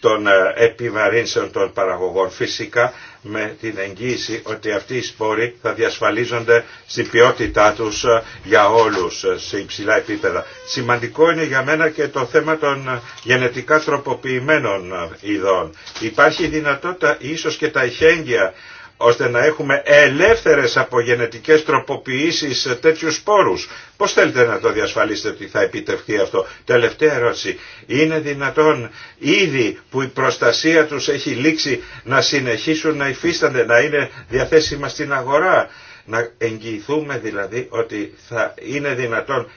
των ε, επιβαρύνσεων των παραγωγών. Φυσικά με την εγγύηση ότι αυτοί οι σπόροι θα διασφαλίζονται στην ποιότητά τους ε, για όλους ε, σε υψηλά επίπεδα. Σημαντικό είναι για μένα και το θέμα των γενετικά τροποποιημένων ειδών. Υπάρχει δυνατότητα ίσως και τα ηχέγγυα ώστε να έχουμε ελεύθερες από γενετικές τροποποιήσεις τέτοιους σπόρους. Πώς θέλετε να το διασφαλίσετε ότι θα επιτευχθεί αυτό. Τελευταία ερώτηση. Είναι δυνατόν ήδη που η προστασία τους έχει λήξει να συνεχίσουν να υφίστανται, να είναι διαθέσιμα στην αγορά. Να εγγυηθούμε δηλαδή ότι θα είναι δυνατόν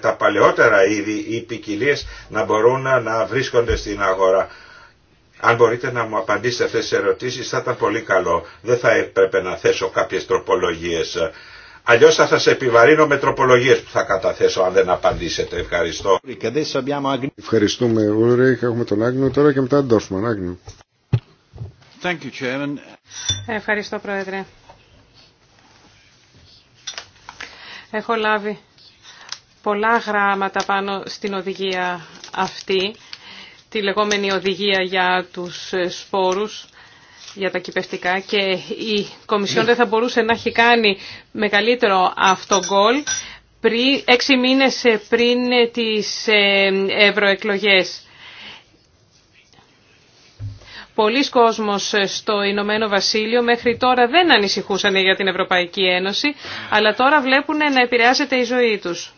τα παλαιότερα ήδη, οι ποικιλίε να μπορούν να βρίσκονται στην αγορά. Αν μπορείτε να μου απαντήσετε αυτές τις ερωτήσεις θα ήταν πολύ καλό. Δεν θα έπρεπε να θέσω κάποιες τροπολογίες. Αλλιώς θα σας επιβαρύνω με τροπολογίες που θα καταθέσω αν δεν απαντήσετε. Ευχαριστώ. Ευχαριστούμε και Έχουμε τον Άγνιο τώρα και μετά τον Ντόρφμαν. Ευχαριστώ Πρόεδρε. Έχω λάβει πολλά γράμματα πάνω στην οδηγία αυτή τη λεγόμενη οδηγία για τους ε, σπόρους, για τα κυπευτικά και η Κομισιόν δεν θα μπορούσε να έχει κάνει μεγαλύτερο αυτογκόλ πριν, έξι μήνες πριν τις ε, ευρωεκλογές. Πολλοί κόσμος στο Ηνωμένο Βασίλειο μέχρι τώρα δεν ανησυχούσαν για την Ευρωπαϊκή Ένωση, αλλά τώρα βλέπουν να επηρεάζεται η ζωή τους.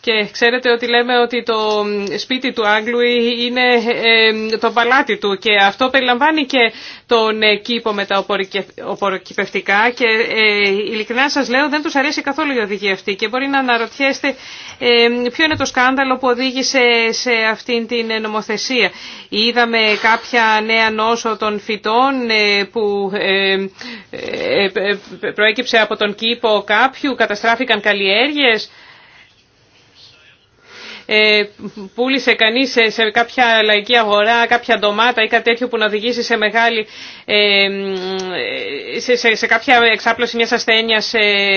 Και ξέρετε ότι λέμε ότι το σπίτι του Άγγλου είναι ε, το παλάτι του και αυτό περιλαμβάνει και τον ε, κήπο με τα οποροκυπευτικά και ε, ειλικρινά σας λέω δεν τους αρέσει καθόλου η οδηγία αυτή και μπορεί να αναρωτιέστε ποιο είναι το σκάνδαλο που οδήγησε σε αυτήν την νομοθεσία. Είδαμε κάποια νέα νόσο των φυτών που προέκυψε από τον κήπο κάποιου, καταστράφηκαν καλλιέργειες. Ε, πούλησε κανείς σε κάποια λαϊκή αγορά κάποια ντομάτα ή κάτι τέτοιο που να οδηγήσει σε μεγάλη ε, σε κάποια εξάπλωση μιας ασθένειας ε,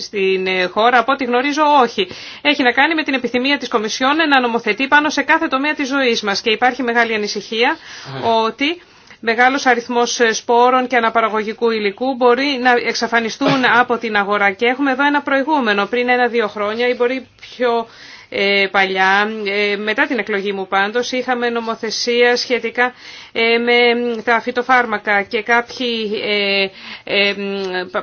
στην χώρα. Από ό,τι γνωρίζω όχι. Έχει να κάνει με την επιθυμία της Κομισιόν να νομοθετεί πάνω σε κάθε τομέα της ζωής μας και υπάρχει μεγάλη ανησυχία ότι μεγάλος αριθμός σπόρων και αναπαραγωγικού υλικού μπορεί να εξαφανιστούν από την αγορά και έχουμε εδώ ένα προηγούμενο πριν ένα-δύο χρόνια ή μπορεί πιο ε, παλιά. Ε, μετά την εκλογή μου πάντως είχαμε νομοθεσία σχετικά ε, με τα φυτοφάρμακα και κάποιοι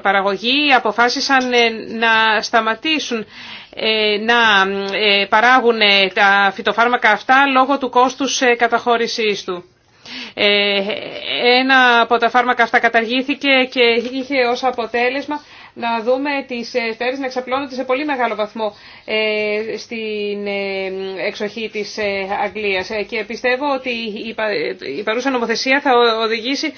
παραγωγοί αποφάσισαν να σταματήσουν να παράγουν τα φυτοφάρμακα αυτά λόγω του κόστους καταχώρησής του. Ένα από τα φάρμακα αυτά καταργήθηκε και είχε ως αποτέλεσμα να δούμε τις στέρες να εξαπλώνονται σε πολύ μεγάλο βαθμό ε, στην ε, εξοχή της ε, Αγγλίας. Και πιστεύω ότι η παρούσα νομοθεσία θα οδηγήσει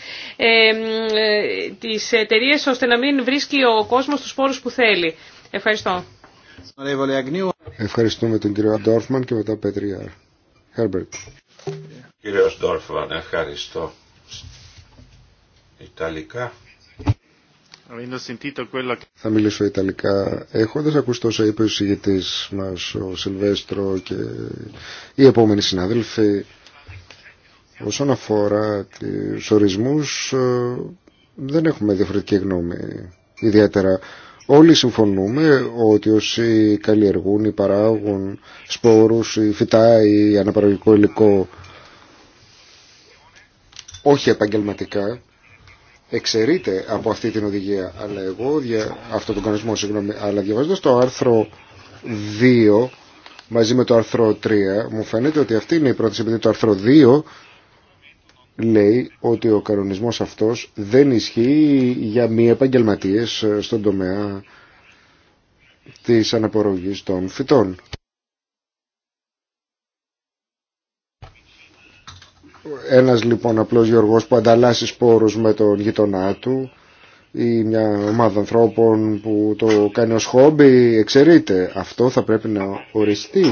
τις εταιρείε ώστε να μην βρίσκει ο κόσμος τους πόρους που θέλει. Ευχαριστώ. Ευχαριστούμε τον κύριο Ντόρφμαν και μετά Πέτριαρ. Herbert. Κύριος Ντόρφμαν, ευχαριστώ. Ιταλικά θα μιλήσω Ιταλικά. Έχοντα, ακούσει τόσο είπε ο συγγετής μας, ο Σιλβέστρο και οι επόμενοι συνάδελφοι, όσον αφορά τους ορισμούς, ε, δεν έχουμε διαφορετική γνώμη ιδιαίτερα. Όλοι συμφωνούμε ότι όσοι καλλιεργούν ή παράγουν σπόρους ή φυτά ή αναπαραγωγικό υλικό όχι επαγγελματικά εξαιρείται από αυτή την οδηγία. Αλλά εγώ, δια, αυτό τον κανονισμό, συγγνώμη, αλλά διαβάζοντα το άρθρο 2 μαζί με το άρθρο 3, μου φαίνεται ότι αυτή είναι η πρόταση, επειδή το άρθρο 2 λέει ότι ο κανονισμός αυτός δεν ισχύει για μη επαγγελματίες ε, στον τομέα της αναπορρογής των φυτών. Ένας λοιπόν απλός γεωργός που ανταλλάσσει σπόρους με τον γειτονά του ή μια ομάδα ανθρώπων που το κάνει ως χόμπι εξαιρείται. Αυτό θα πρέπει να οριστεί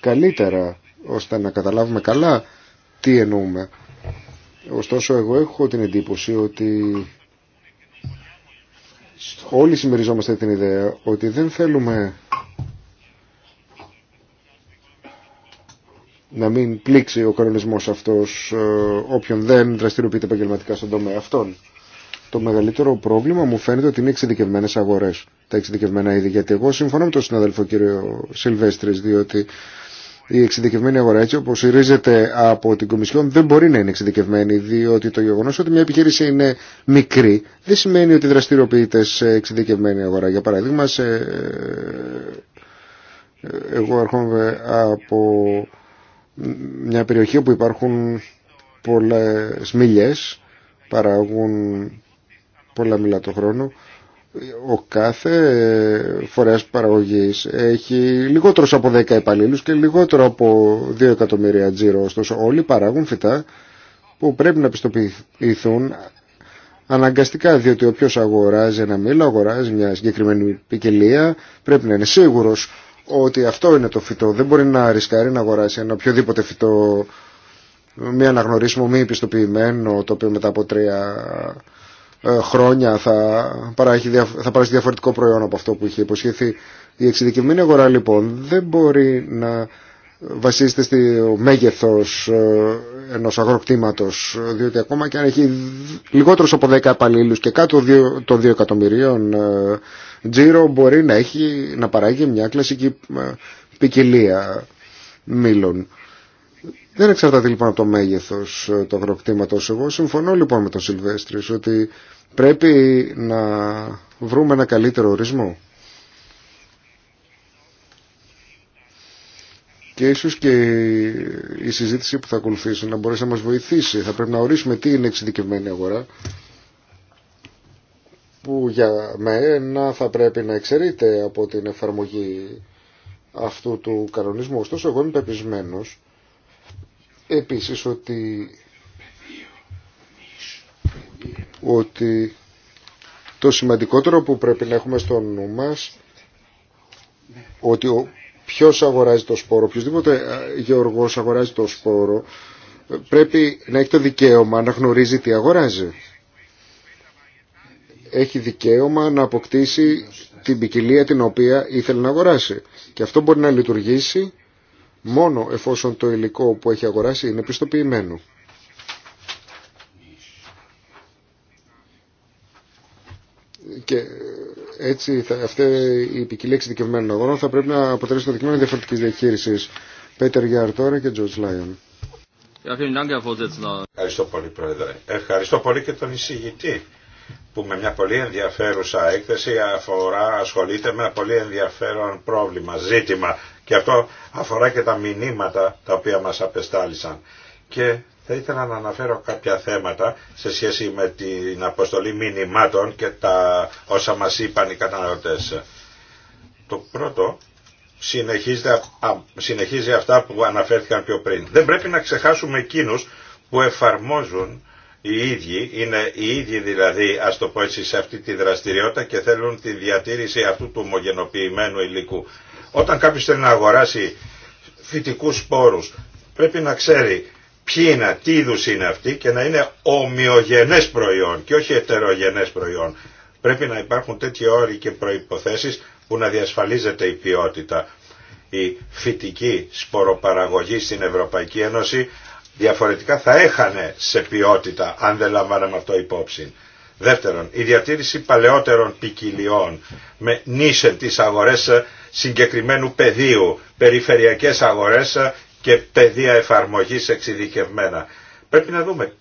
καλύτερα ώστε να καταλάβουμε καλά τι εννοούμε. Ωστόσο εγώ έχω την εντύπωση ότι όλοι συμμεριζόμαστε την ιδέα ότι δεν θέλουμε να μην πλήξει ο κανονισμός αυτός ε, όποιον δεν δραστηριοποιείται επαγγελματικά στον τομέα αυτόν. Το μεγαλύτερο πρόβλημα μου φαίνεται ότι είναι εξειδικευμένε αγορέ. Τα εξειδικευμένα είδη. Γιατί εγώ συμφωνώ με τον συναδελφό κύριο Σιλβέστρη, διότι η εξειδικευμένη αγορά έτσι όπω ορίζεται από την Κομισιόν δεν μπορεί να είναι εξειδικευμένη, διότι το γεγονό ότι μια επιχείρηση είναι μικρή δεν σημαίνει ότι δραστηριοποιείται σε εξειδικευμένη αγορά. Για παράδειγμα, ε, ε, εγώ έρχομαι από μια περιοχή όπου υπάρχουν πολλές μιλιές, παράγουν πολλά μιλά το χρόνο. Ο κάθε φορέας παραγωγής έχει λιγότερο από 10 υπαλλήλους και λιγότερο από 2 εκατομμύρια τζίρο. Ωστόσο όλοι παράγουν φυτά που πρέπει να πιστοποιηθούν αναγκαστικά διότι όποιος αγοράζει ένα μήλο, αγοράζει μια συγκεκριμένη ποικιλία, πρέπει να είναι σίγουρος ότι αυτό είναι το φυτό. Δεν μπορεί να ρισκάρει να αγοράσει ένα οποιοδήποτε φυτό μη αναγνωρίσιμο, μη επιστοποιημένο, το οποίο μετά από τρία ε, χρόνια θα, παράσει διαφορετικό προϊόν από αυτό που είχε υποσχεθεί. Η εξειδικευμένη αγορά λοιπόν δεν μπορεί να βασίζεται στο μέγεθος ε, Ενό αγροκτήματο, διότι ακόμα και αν έχει λιγότερου από 10 υπαλλήλου και κάτω των 2 εκατομμυρίων ε, τζίρο μπορεί να, έχει, να παράγει μια κλασική ε, ποικιλία μήλων. Δεν εξαρτάται λοιπόν από το μέγεθος ε, του αγροκτήματο. Εγώ συμφωνώ λοιπόν με τον Σιλβέστρη ότι πρέπει να βρούμε ένα καλύτερο ορισμό. και ίσως και η συζήτηση που θα ακολουθήσει να μπορέσει να μας βοηθήσει. Θα πρέπει να ορίσουμε τι είναι εξειδικευμένη αγορά που για μένα θα πρέπει να εξαιρείται από την εφαρμογή αυτού του κανονισμού. Ωστόσο εγώ είμαι πεπισμένος επίσης ότι, ότι το σημαντικότερο που πρέπει να έχουμε στο νου μας ότι Ποιο αγοράζει το σπόρο, οποιοδήποτε ε, γεωργό αγοράζει το σπόρο, ε, πρέπει να έχει το δικαίωμα να γνωρίζει τι αγοράζει. Έχει δικαίωμα να αποκτήσει την ποικιλία την οποία ήθελε να αγοράσει. Και αυτό μπορεί να λειτουργήσει μόνο εφόσον το υλικό που έχει αγοράσει είναι πιστοποιημένο. Ε, έτσι, θα, αυτή η ποικιλία εξειδικευμένων αγώνων θα πρέπει να αποτελέσει το δικαιώμα διαφορετική διαχείριση. Πέτερ Γιάρ τώρα και Τζορτζ Λάιον. Ευχαριστώ πολύ, Πρόεδρε. Ευχαριστώ πολύ και τον εισηγητή που με μια πολύ ενδιαφέρουσα έκθεση αφορά, ασχολείται με ένα πολύ ενδιαφέρον πρόβλημα, ζήτημα και αυτό αφορά και τα μηνύματα τα οποία μας απεστάλησαν. Και θα ήθελα να αναφέρω κάποια θέματα σε σχέση με την αποστολή μηνυμάτων και τα όσα μας είπαν οι καταναλωτές. Το πρώτο συνεχίζει αυτά που αναφέρθηκαν πιο πριν. Δεν πρέπει να ξεχάσουμε εκείνους που εφαρμόζουν οι ίδιοι, είναι οι ίδιοι δηλαδή ας το πω έτσι σε αυτή τη δραστηριότητα και θέλουν τη διατήρηση αυτού του ομογενοποιημένου υλικού. Όταν κάποιος θέλει να αγοράσει φυτικούς σπόρους πρέπει να ξέρει ποιοι είναι, τι είδου είναι αυτοί και να είναι ομοιογενές προϊόν και όχι ετερογενές προϊόν. Πρέπει να υπάρχουν τέτοιοι όροι και προϋποθέσεις που να διασφαλίζεται η ποιότητα. Η φυτική σποροπαραγωγή στην Ευρωπαϊκή Ένωση διαφορετικά θα έχανε σε ποιότητα αν δεν λαμβάναμε αυτό υπόψη. Δεύτερον, η διατήρηση παλαιότερων ποικιλιών με νήσε τις αγορές ε, συγκεκριμένου πεδίου, περιφερειακές αγορές ε, και πεδία εφαρμογής εξειδικευμένα. Πρέπει να δούμε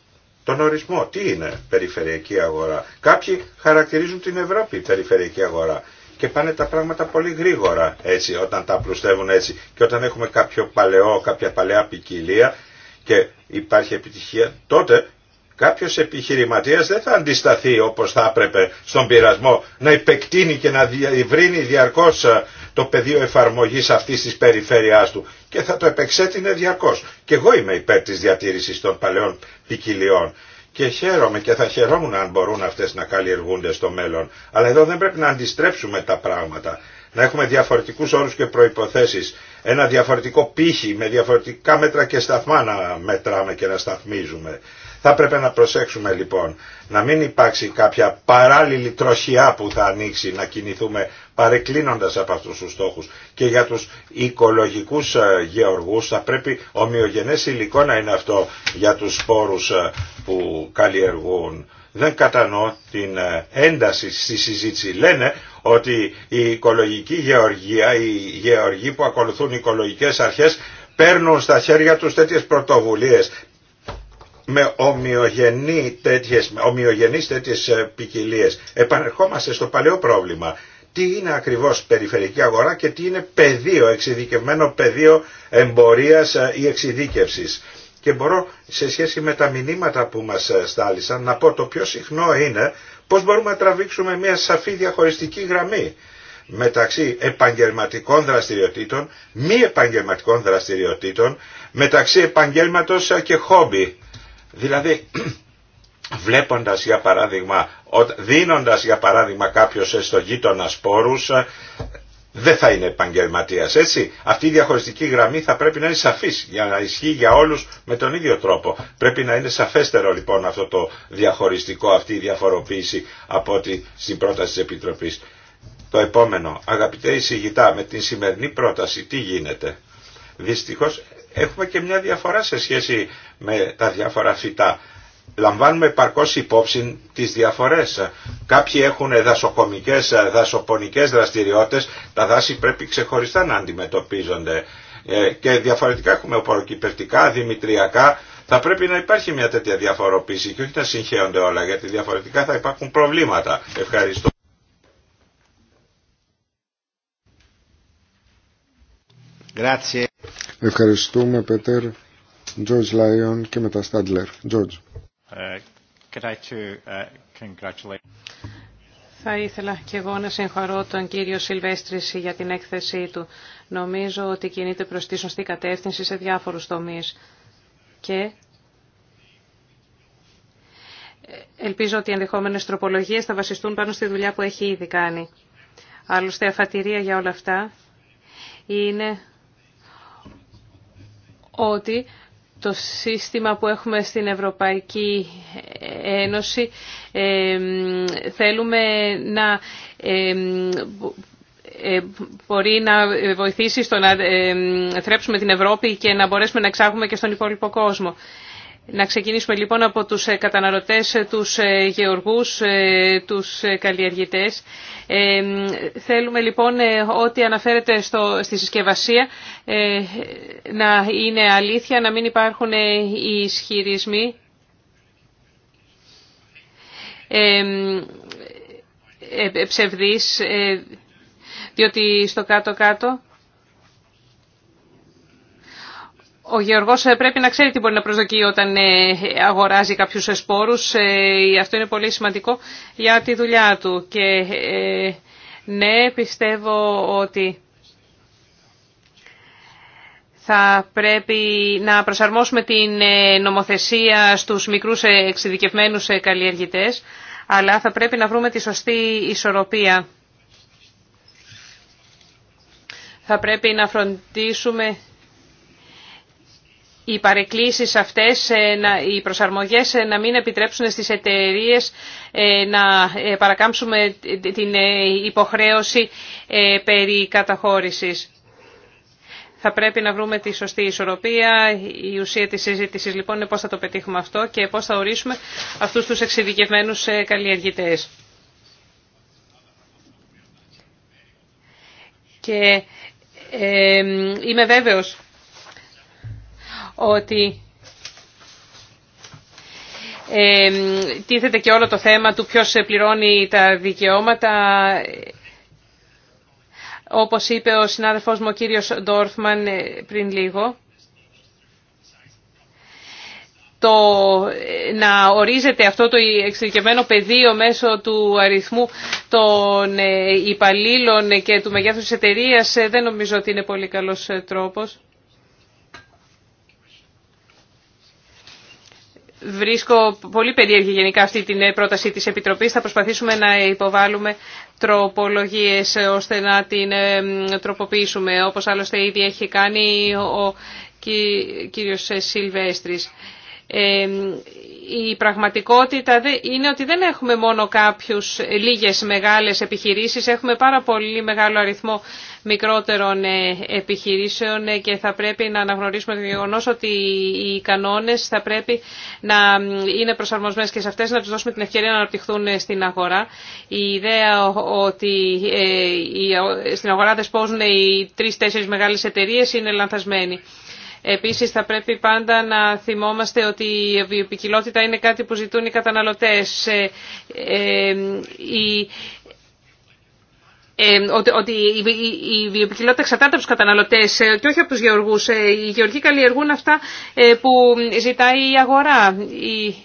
τον ορισμό. Τι είναι περιφερειακή αγορά. Κάποιοι χαρακτηρίζουν την Ευρώπη περιφερειακή αγορά. Και πάνε τα πράγματα πολύ γρήγορα έτσι, όταν τα απλουστεύουν έτσι. Και όταν έχουμε κάποιο παλαιό, κάποια παλαιά ποικιλία και υπάρχει επιτυχία, τότε κάποιο επιχειρηματία δεν θα αντισταθεί όπω θα έπρεπε στον πειρασμό να υπεκτείνει και να διευρύνει διαρκώ ε, το πεδίο εφαρμογής αυτής της περιφέρειάς του και θα το επεξέτεινε διαρκώς. Και εγώ είμαι υπέρ της διατήρησης των παλαιών ποικιλιών. Και χαίρομαι και θα χαιρόμουν αν μπορούν αυτές να καλλιεργούνται στο μέλλον. Αλλά εδώ δεν πρέπει να αντιστρέψουμε τα πράγματα. Να έχουμε διαφορετικούς όρους και προϋποθέσεις. Ένα διαφορετικό πύχη με διαφορετικά μέτρα και σταθμά να μετράμε και να σταθμίζουμε. Θα πρέπει να προσέξουμε λοιπόν να μην υπάρξει κάποια παράλληλη τροχιά που θα ανοίξει να κινηθούμε παρεκκλίνοντας από αυτούς τους στόχους. Και για τους οικολογικούς ε, γεωργούς θα πρέπει ομοιογενές υλικό να είναι αυτό για τους σπόρους ε, που καλλιεργούν. Δεν κατανοώ την ε, ένταση στη συζήτηση. Λένε ότι η οικολογική γεωργία, οι γεωργοί που ακολουθούν οικολογικές αρχές παίρνουν στα χέρια τους τέτοιες πρωτοβουλίες με ομοιογενεί τέτοιες, τέτοιες ποικιλίε. Επανερχόμαστε στο παλαιό πρόβλημα τι είναι ακριβώς περιφερειακή αγορά και τι είναι πεδίο, εξειδικευμένο πεδίο εμπορίας ε, ή εξειδίκευσης. Και μπορώ σε σχέση με τα μηνύματα που μας ε, στάλησαν να πω το πιο συχνό είναι πώς μπορούμε να τραβήξουμε μια σαφή διαχωριστική γραμμή μεταξύ επαγγελματικών δραστηριοτήτων, μη επαγγελματικών δραστηριοτήτων, μεταξύ επαγγέλματος ε, και χόμπι. Δηλαδή βλέποντας για παράδειγμα, δίνοντας για παράδειγμα κάποιος στο γείτονα σπόρους, ε, δεν θα είναι επαγγελματία. Έτσι, αυτή η διαχωριστική γραμμή θα πρέπει να είναι σαφή για να ισχύει για όλου με τον ίδιο τρόπο. Πρέπει να είναι σαφέστερο λοιπόν αυτό το διαχωριστικό, αυτή η διαφοροποίηση από ότι στην πρόταση της Επιτροπή. Το επόμενο, αγαπητέ εισηγητά, με την σημερινή πρόταση τι γίνεται. Δυστυχώ έχουμε και μια διαφορά σε σχέση με τα διάφορα φυτά λαμβάνουμε επαρκώς υπόψη τις διαφορές. Κάποιοι έχουν δασοκομικές, δασοπονικές δραστηριότητες, τα δάση πρέπει ξεχωριστά να αντιμετωπίζονται ε, και διαφορετικά έχουμε οποροκυπευτικά, δημητριακά, θα πρέπει να υπάρχει μια τέτοια διαφοροποίηση και όχι να συγχέονται όλα γιατί διαφορετικά θα υπάρχουν προβλήματα. Ευχαριστώ. Ευχαριστούμε Πέτερ, George Lyon και μετά Στάντλερ. George. Uh, θα ήθελα και εγώ να συγχαρώ τον κύριο Σιλβέστρηση για την έκθεσή του. Νομίζω ότι κινείται προς τη σωστή κατεύθυνση σε διάφορους τομείς. Και ελπίζω ότι οι ενδεχόμενες τροπολογίες θα βασιστούν πάνω στη δουλειά που έχει ήδη κάνει. Άλλωστε, αφατηρία για όλα αυτά είναι ότι το σύστημα που έχουμε στην Ευρωπαϊκή Ένωση θέλουμε να ε, μπορεί να βοηθήσει στο να θρέψουμε την Ευρώπη και να μπορέσουμε να εξάγουμε και στον υπόλοιπο κόσμο. Να ξεκινήσουμε λοιπόν από τους ε, καταναλωτές, ε, τους ε, γεωργούς, τους καλλιεργητές. θέλουμε λοιπόν ό,τι αναφέρεται στο, στη συσκευασία να είναι αλήθεια, να μην υπάρχουν οι ισχυρισμοί. ψευδείς, διότι στο κάτω-κάτω Ο Γεωργός ε, πρέπει να ξέρει τι μπορεί να προσδοκεί όταν ε, αγοράζει κάποιους ε, σπόρους. Αυτό είναι πολύ σημαντικό για τη δουλειά του. Και ναι, πιστεύω ότι θα πρέπει να προσαρμόσουμε την νομοθεσία στους μικρούς εξειδικευμένους καλλιεργητές, αλλά θα πρέπει να βρούμε τη σωστή ισορροπία. Θα πρέπει να φροντίσουμε οι παρεκκλήσεις αυτές, ε, οι προσαρμογές ε, να μην επιτρέψουν στις εταιρείε ε, να παρακάμψουμε την υποχρέωση περί καταχώρησης. Θα πρέπει να βρούμε τη σωστή ισορροπία. Η ουσία της συζήτηση λοιπόν είναι πώς θα το πετύχουμε αυτό και πώς θα ορίσουμε αυτούς τους εξειδικευμένους καλλιεργητές. Και είμαι βέβαιος ότι τίθεται και όλο το θέμα του ποιος πληρώνει τα δικαιώματα. Όπως είπε ο συνάδελφός μου ο κύριος Ντόρφμαν ε, πριν λίγο, το ε, να ορίζεται αυτό το εξειδικευμένο πεδίο μέσω του αριθμού των ε, υπαλλήλων και του μεγέθους της εταιρείας δεν νομίζω ότι είναι πολύ καλός τρόπος. Βρίσκω πολύ περίεργη γενικά αυτή την πρόταση της Επιτροπής. Θα προσπαθήσουμε να υποβάλουμε τροπολογίες ώστε να την ε, τροποποιήσουμε, όπως άλλωστε ήδη έχει κάνει ο κύριος Σιλβέστρης. Ε, η πραγματικότητα είναι ότι δεν έχουμε μόνο κάποιους λίγες μεγάλες επιχειρήσεις, έχουμε πάρα πολύ μεγάλο αριθμό μικρότερων ε, επιχειρήσεων ε, και θα πρέπει να αναγνωρίσουμε το γεγονό ότι οι κανόνες θα πρέπει να είναι προσαρμοσμένες και σε αυτές να τους δώσουμε την ευκαιρία να αναπτυχθούν ε, στην αγορά. Η ιδέα ότι στην αγορά δεσπόζουν οι τρεις-τέσσερις μεγάλες εταιρείες είναι λανθασμένη. Επίσης θα πρέπει πάντα να θυμόμαστε ότι η βιοπικιλότητα είναι κάτι που ζητούν οι καταναλωτές. Ε, ε, ε, ότι η βιοπικιλότητα εξαρτάται από τους καταναλωτές ε, και όχι από τους γεωργούς. Ε, οι γεωργοί καλλιεργούν αυτά που ζητάει η αγορά. Η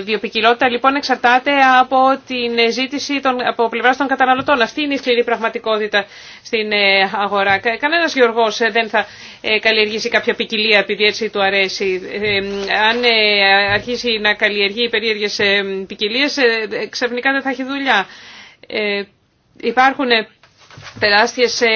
βιοπικιλότητα λοιπόν εξαρτάται από την ζήτηση των, από πλευρά των καταναλωτών. Αυτή είναι η σκληρή πραγματικότητα στην αγορά. Κανένας γεωργός δεν θα καλλιεργήσει κάποια ποικιλία επειδή έτσι του αρέσει. Αν αρχίσει να καλλιεργεί περίεργες ποικιλίε, ξαφνικά δεν θα έχει δουλειά. Υπάρχουν τεράστιες ε,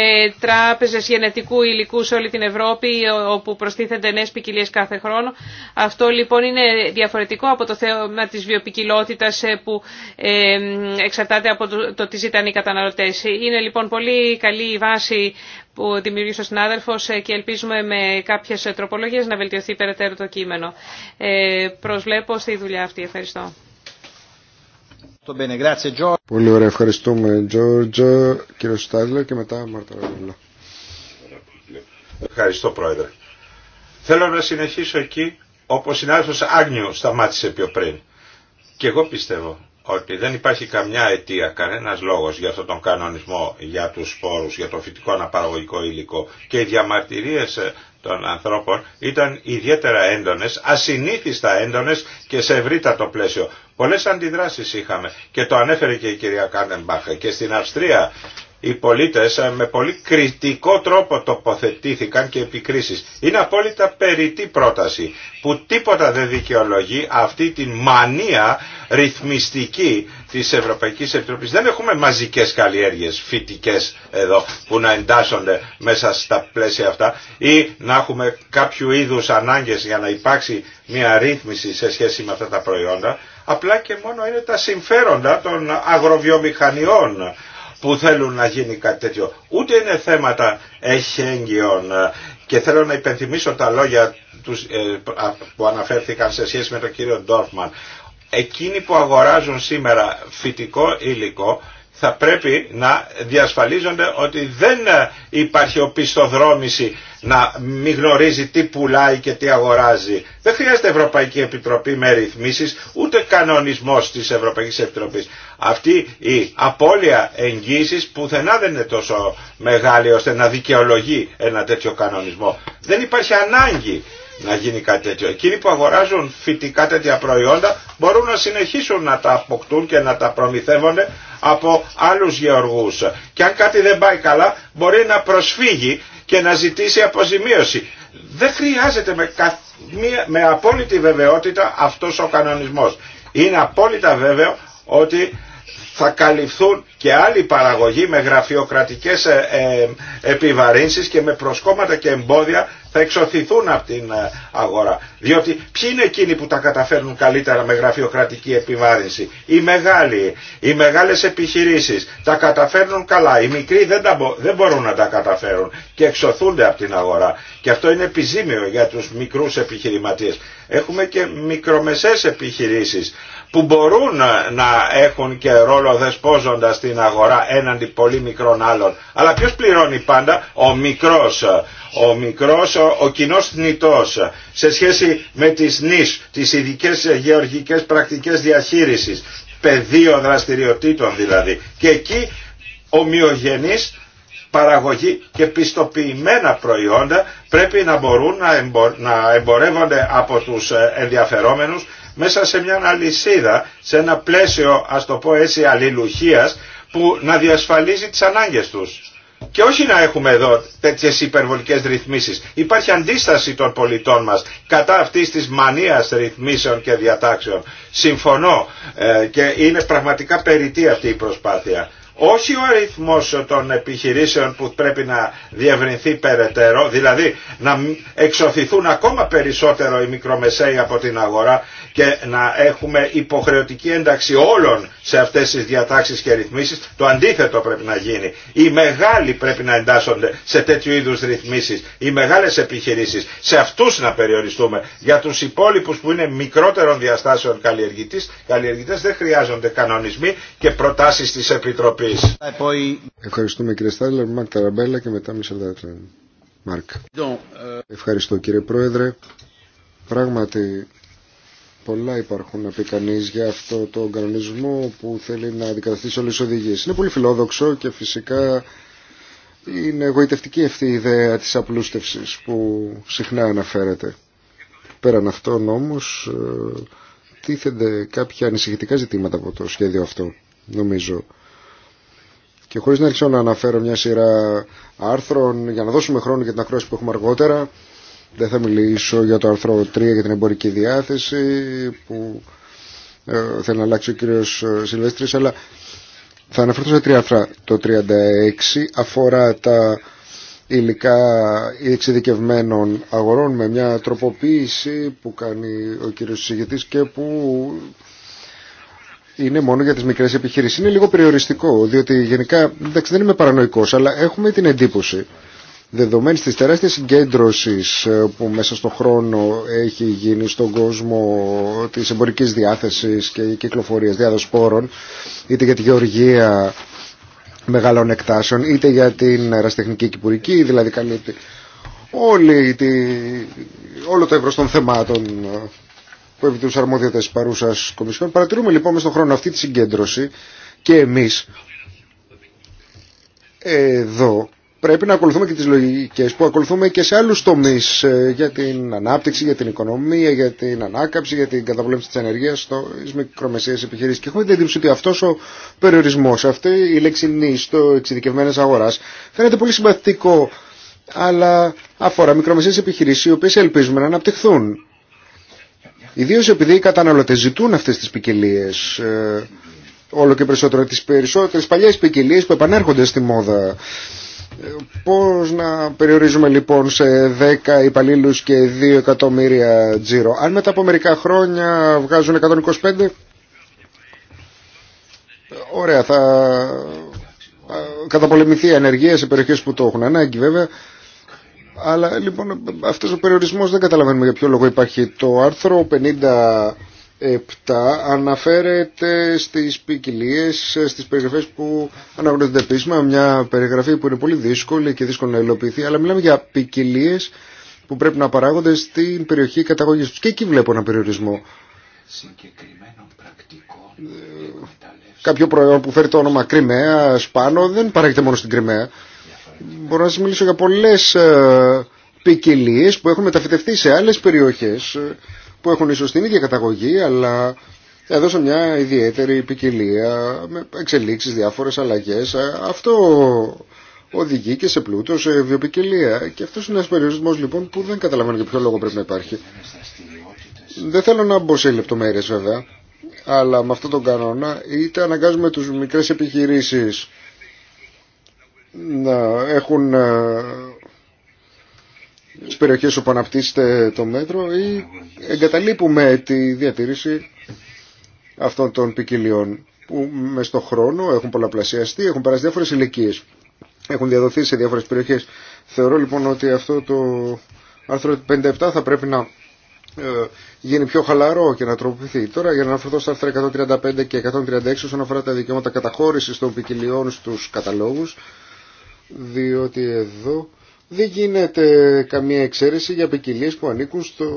τράπεζες γενετικού υλικού σε όλη την Ευρώπη όπου προστίθενται νέες ποικιλίε κάθε χρόνο. Αυτό λοιπόν είναι διαφορετικό από το θέμα της βιοπικιλότητας ε, που ε, εξαρτάται από το τι ζητάνε οι καταναλωτές. Είναι λοιπόν πολύ καλή η βάση που δημιουργήσε ο συνάδελφο και ελπίζουμε με κάποιες τροπολογίες να βελτιωθεί περαιτέρω το κείμενο. προσβλέπω στη δουλειά αυτή. Ευχαριστώ. Πολύ ωραία, ευχαριστούμε Γιώργο, κύριο Στάδλερ και μετά Μάρτα Ευχαριστώ Πρόεδρε. Θέλω να συνεχίσω εκεί όπως συνάδελφος Άγνιο σταμάτησε πιο πριν. Και εγώ πιστεύω ότι δεν υπάρχει καμιά αιτία, κανένας λόγος για αυτόν τον κανονισμό για τους σπόρους, για το φυτικό αναπαραγωγικό υλικό και οι διαμαρτυρίες ε, των ανθρώπων ήταν ιδιαίτερα έντονες, ασυνήθιστα έντονες και σε ευρύτατο πλαίσιο. Πολλές αντιδράσεις είχαμε και το ανέφερε και η κυρία Κάνεμπαχ και στην Αυστρία οι πολίτες ε, με πολύ κριτικό τρόπο τοποθετήθηκαν και επικρίσεις. Είναι απόλυτα περίτη πρόταση που τίποτα δεν δικαιολογεί αυτή την μανία ρυθμιστική της Ευρωπαϊκής Επιτροπής. Δεν έχουμε μαζικές καλλιέργειες φυτικές εδώ που να εντάσσονται μέσα στα πλαίσια αυτά ή να έχουμε κάποιο είδους ανάγκες για να υπάρξει μια ρύθμιση σε σχέση με αυτά τα προϊόντα απλά και μόνο είναι τα συμφέροντα των αγροβιομηχανιών που θέλουν να γίνει κάτι τέτοιο. Ούτε είναι θέματα εχέγγυων και θέλω να υπενθυμίσω τα λόγια ε, που αναφέρθηκαν σε σχέση με τον κύριο Ντόρφμαν. Εκείνοι που αγοράζουν σήμερα φυτικό υλικό θα πρέπει να διασφαλίζονται ότι δεν ε, υπάρχει οπισθοδρόμηση να μην γνωρίζει τι πουλάει και τι αγοράζει. Δεν χρειάζεται Ευρωπαϊκή Επιτροπή με ρυθμίσει ούτε κανονισμό τη Ευρωπαϊκή Επιτροπή. Αυτή η απώλεια εγγύηση πουθενά δεν είναι τόσο μεγάλη ώστε να δικαιολογεί ένα τέτοιο κανονισμό. Δεν υπάρχει ανάγκη να γίνει κάτι τέτοιο. Εκείνοι που αγοράζουν φυτικά τέτοια προϊόντα μπορούν να συνεχίσουν να τα αποκτούν και να τα προμηθεύονται από άλλους γεωργούς. Και αν κάτι δεν πάει καλά μπορεί να προσφύγει και να ζητήσει αποζημίωση. Δεν χρειάζεται με, με απόλυτη βεβαιότητα αυτός ο κανονισμός. Είναι απόλυτα βέβαιο ότι θα καλυφθούν και άλλοι παραγωγοί με γραφειοκρατικές ε, ε, επιβαρύνσεις και με προσκόμματα και εμπόδια θα εξωθηθούν από την ε, αγορά. Διότι ποιοι είναι εκείνοι που τα καταφέρνουν καλύτερα με γραφειοκρατική επιβάρυνση. Οι μεγάλοι, οι μεγάλες επιχειρήσεις τα καταφέρνουν καλά. Οι μικροί δεν, δεν μπορούν να τα καταφέρουν και εξωθούνται από την αγορά. Και αυτό είναι επιζήμιο για τους μικρούς επιχειρηματίες. Έχουμε και μικρομεσαίες επιχειρήσεις που μπορούν να έχουν και ρόλο δεσπόζοντα στην αγορά έναντι πολύ μικρών άλλων. Αλλά ποιος πληρώνει πάντα, ο μικρός, ο μικρός, ο, κοινός θνητός σε σχέση με τις νης, τις ειδικέ γεωργικές πρακτικές διαχείρισης, πεδίο δραστηριοτήτων δηλαδή. Και εκεί ομοιογενείς παραγωγή και πιστοποιημένα προϊόντα πρέπει να μπορούν να εμπορεύονται από τους ε, ενδιαφερόμενους μέσα σε μια αλυσίδα, σε ένα πλαίσιο ας το πω έτσι αλληλουχίας που να διασφαλίζει τις ανάγκες τους. Και όχι να έχουμε εδώ τέτοιες υπερβολικές ρυθμίσεις. Υπάρχει αντίσταση των πολιτών μας κατά αυτής της μανίας ρυθμίσεων και διατάξεων. Συμφωνώ ε, και είναι πραγματικά περιττή αυτή η προσπάθεια όχι ο αριθμός των επιχειρήσεων που πρέπει να διευρυνθεί περαιτέρω, δηλαδή να εξωθηθούν ακόμα περισσότερο οι μικρομεσαίοι από την αγορά και να έχουμε υποχρεωτική ένταξη όλων σε αυτές τις διατάξεις και ρυθμίσεις, το αντίθετο πρέπει να γίνει. Οι μεγάλοι πρέπει να εντάσσονται σε τέτοιου είδους ρυθμίσεις, οι μεγάλες επιχειρήσεις, σε αυτούς να περιοριστούμε. Για τους υπόλοιπους που είναι μικρότερων διαστάσεων καλλιεργητής, καλλιεργητές δεν χρειάζονται κανονισμοί και προτάσεις της Επιτροπής. Ευχαριστούμε κύριε Στάλλερ, Μαρκ Ταραμπέλα και μετά Μισελ Μάρκ. Ε, Ευχαριστώ κύριε Πρόεδρε. Πράγματι πολλά υπάρχουν να πει κανεί για αυτό το κανονισμό που θέλει να αντικαταστήσει όλες τις οδηγίες. Είναι πολύ φιλόδοξο και φυσικά είναι εγωιτευτική αυτή η ιδέα της απλούστευσης που συχνά αναφέρεται. Πέραν αυτών όμως ε, τίθενται κάποια ανησυχητικά ζητήματα από το σχέδιο αυτό νομίζω. Και χωρίς να αρχίσω να αναφέρω μια σειρά άρθρων για να δώσουμε χρόνο για την ακρόαση που έχουμε αργότερα, δεν θα μιλήσω για το άρθρο 3 για την εμπορική διάθεση που ε, θέλει να αλλάξει ο κύριος ε, Σιλβέστρης, αλλά θα αναφερθώ σε τρία άρθρα. Το 36 αφορά τα υλικά εξειδικευμένων αγορών με μια τροποποίηση που κάνει ο κύριος συζητητής και που είναι μόνο για τις μικρές επιχειρήσεις. Είναι λίγο περιοριστικό, διότι γενικά, εντάξει δεν είμαι παρανοϊκός, αλλά έχουμε την εντύπωση δεδομένης της τεράστιας συγκέντρωσης ε, που μέσα στον χρόνο έχει γίνει στον κόσμο της εμπορικής διάθεσης και κυκλοφορίας διάδοσπορων, πόρων, είτε για τη γεωργία μεγάλων εκτάσεων, είτε για την αεραστεχνική κυπουρική, δηλαδή καλύπτει όλη τη, όλο το εύρος των θεμάτων ε, που επιτρέψει τους τη παρούσα Κομισιόν. Παρατηρούμε λοιπόν μέσα στον χρόνο αυτή τη συγκέντρωση και εμεί εδώ πρέπει να ακολουθούμε και τις λογικές που ακολουθούμε και σε άλλους τομείς ε, για την ανάπτυξη, για την οικονομία, για την ανάκαμψη, για την καταπολέμηση της ενεργείας στις μικρομεσαίες επιχειρήσεις. Και έχουμε την εντύπωση ότι αυτός ο περιορισμός, αυτή η λέξη νη στο εξειδικευμένες αγοράς φαίνεται πολύ συμπαθητικό αλλά αφορά μικρομεσαίες επιχειρήσεις οι οποίες ελπίζουμε να αναπτυχθούν. Ιδίω επειδή οι καταναλωτές ζητούν αυτές τις ποικιλίε. Ε, όλο και περισσότερο τις περισσότερε παλιές ποικιλίε που επανέρχονται στη μόδα. Ε, Πώ να περιορίζουμε λοιπόν σε 10 υπαλλήλου και 2 εκατομμύρια τζίρο. Αν μετά από μερικά χρόνια βγάζουν 125, ωραία θα ε, καταπολεμηθεί η ανεργία σε περιοχές που το έχουν ανάγκη βέβαια. Αλλά λοιπόν αυτός ο περιορισμός δεν καταλαβαίνουμε για ποιο λόγο υπάρχει. Το άρθρο 57 αναφέρεται στις ποικιλίε, στις περιγραφές που αναγνωρίζονται επίσημα, μια περιγραφή που είναι πολύ δύσκολη και δύσκολη να υλοποιηθεί, αλλά μιλάμε για ποικιλίε που πρέπει να παράγονται στην περιοχή καταγωγής τους. Και εκεί βλέπω ένα περιορισμό. Ε, κάποιο προϊόν που φέρει το όνομα Κρυμαία, σπάνω δεν παράγεται μόνο στην Κρυμαία μπορώ να σας μιλήσω για πολλές ε, ποικιλίε που έχουν μεταφυτευτεί σε άλλες περιοχές ε, που έχουν ίσως την ίδια καταγωγή αλλά έδωσε μια ιδιαίτερη ποικιλία με εξελίξεις, διάφορες αλλαγές. Ε, αυτό οδηγεί και σε πλούτο, σε βιοποικιλία. Και αυτός είναι ένας περιορισμός λοιπόν που δεν καταλαβαίνω για ποιο λόγο πρέπει να υπάρχει. Δεν θέλω να μπω σε λεπτομέρειες βέβαια, αλλά με αυτόν τον κανόνα είτε αναγκάζουμε τους μικρές επιχειρήσεις να έχουν ε, τις περιοχές όπου αναπτύσσεται το μέτρο ή εγκαταλείπουμε τη διατήρηση αυτών των ποικιλιών που με στο χρόνο έχουν πολλαπλασιαστεί, έχουν περάσει διάφορες ηλικίε. έχουν διαδοθεί σε διάφορες περιοχές. Θεωρώ λοιπόν ότι αυτό το άρθρο 57 θα πρέπει να ε, γίνει πιο χαλαρό και να τροποποιηθεί. Τώρα για να αναφερθώ στα άρθρα 135 και 136 όσον αφορά τα δικαιώματα καταχώρησης των ποικιλιών στους καταλόγους διότι εδώ δεν γίνεται καμία εξαίρεση για ποικιλίε που ανήκουν στο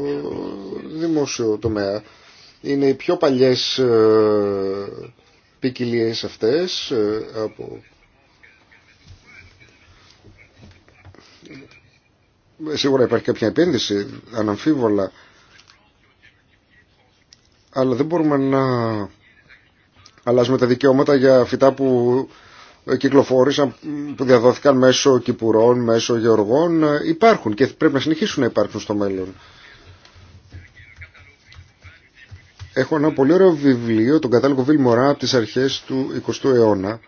δημόσιο τομέα. Είναι οι πιο παλιές ε, ποικιλίε αυτές ε, από... Ε, σίγουρα υπάρχει κάποια επένδυση, αναμφίβολα, αλλά δεν μπορούμε να αλλάζουμε τα δικαιώματα για φυτά που ε, κυκλοφόρησαν, που διαδόθηκαν μέσω κυπουρών, μέσω γεωργών, ε, υπάρχουν και πρέπει να συνεχίσουν να υπάρχουν στο μέλλον. Έχω ένα πολύ ωραίο βιβλίο, τον κατάλογο Βίλ Μωρά από τις αρχές του 20ου αιώνα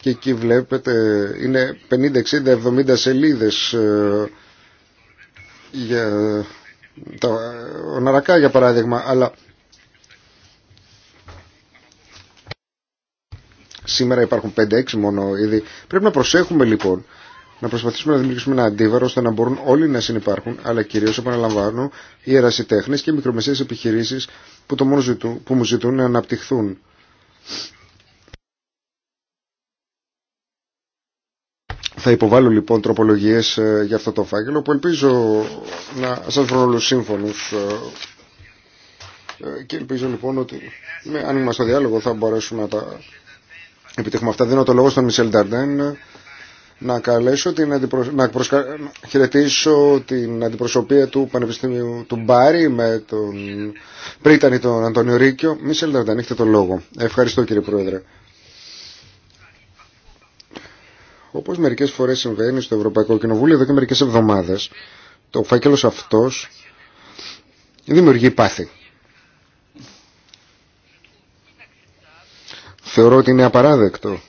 και εκεί βλέπετε είναι 50, 60, 70 σελίδες ε, για τα ναρακά για παράδειγμα αλλά Σήμερα υπάρχουν 5-6 μόνο ήδη. Πρέπει να προσέχουμε λοιπόν να προσπαθήσουμε να δημιουργήσουμε ένα αντίβαρο ώστε να μπορούν όλοι να συνεπάρχουν, αλλά κυρίω επαναλαμβάνω οι ερασιτέχνε και οι μικρομεσαίε επιχειρήσει που, που μου ζητούν να αναπτυχθούν. Θα υποβάλω λοιπόν τροπολογίε ε, για αυτό το φάκελο που ελπίζω να σα βρω όλου σύμφωνου. Ε, ε, και ελπίζω λοιπόν ότι με, αν είμαστε στο διάλογο θα μπορέσουμε να τα επιτύχουμε αυτά. Δίνω το λόγο στον Μισελ Νταρντέν να, καλέσω την να, προσκα... να χαιρετήσω την αντιπροσωπεία του Πανεπιστήμιου του Μπάρι με τον Πρίτανη τον Αντώνιο Ρίκιο. Μισελ Νταρντέν, έχετε το λόγο. Ευχαριστώ κύριε Πρόεδρε. Όπως μερικές φορές συμβαίνει στο Ευρωπαϊκό Κοινοβούλιο εδώ και μερικές εβδομάδες, το φάκελος αυτός δημιουργεί πάθη. Θεωρώ ότι είναι απαράδεκτο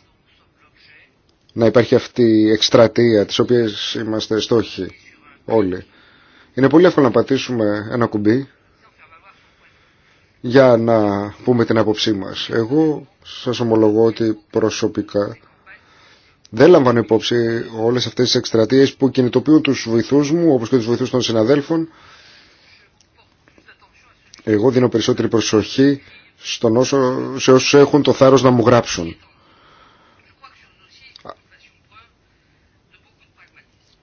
να υπάρχει αυτή η εκστρατεία της οποίας είμαστε στόχοι όλοι. Είναι πολύ εύκολο να πατήσουμε ένα κουμπί για να πούμε την άποψή μας. Εγώ σας ομολογώ ότι προσωπικά δεν λαμβάνω υπόψη όλες αυτές τις εκστρατείες που κινητοποιούν τους βοηθούς μου όπως και τους βοηθούς των συναδέλφων. Εγώ δίνω περισσότερη προσοχή στον όσο, σε όσους έχουν το θάρρος να μου γράψουν.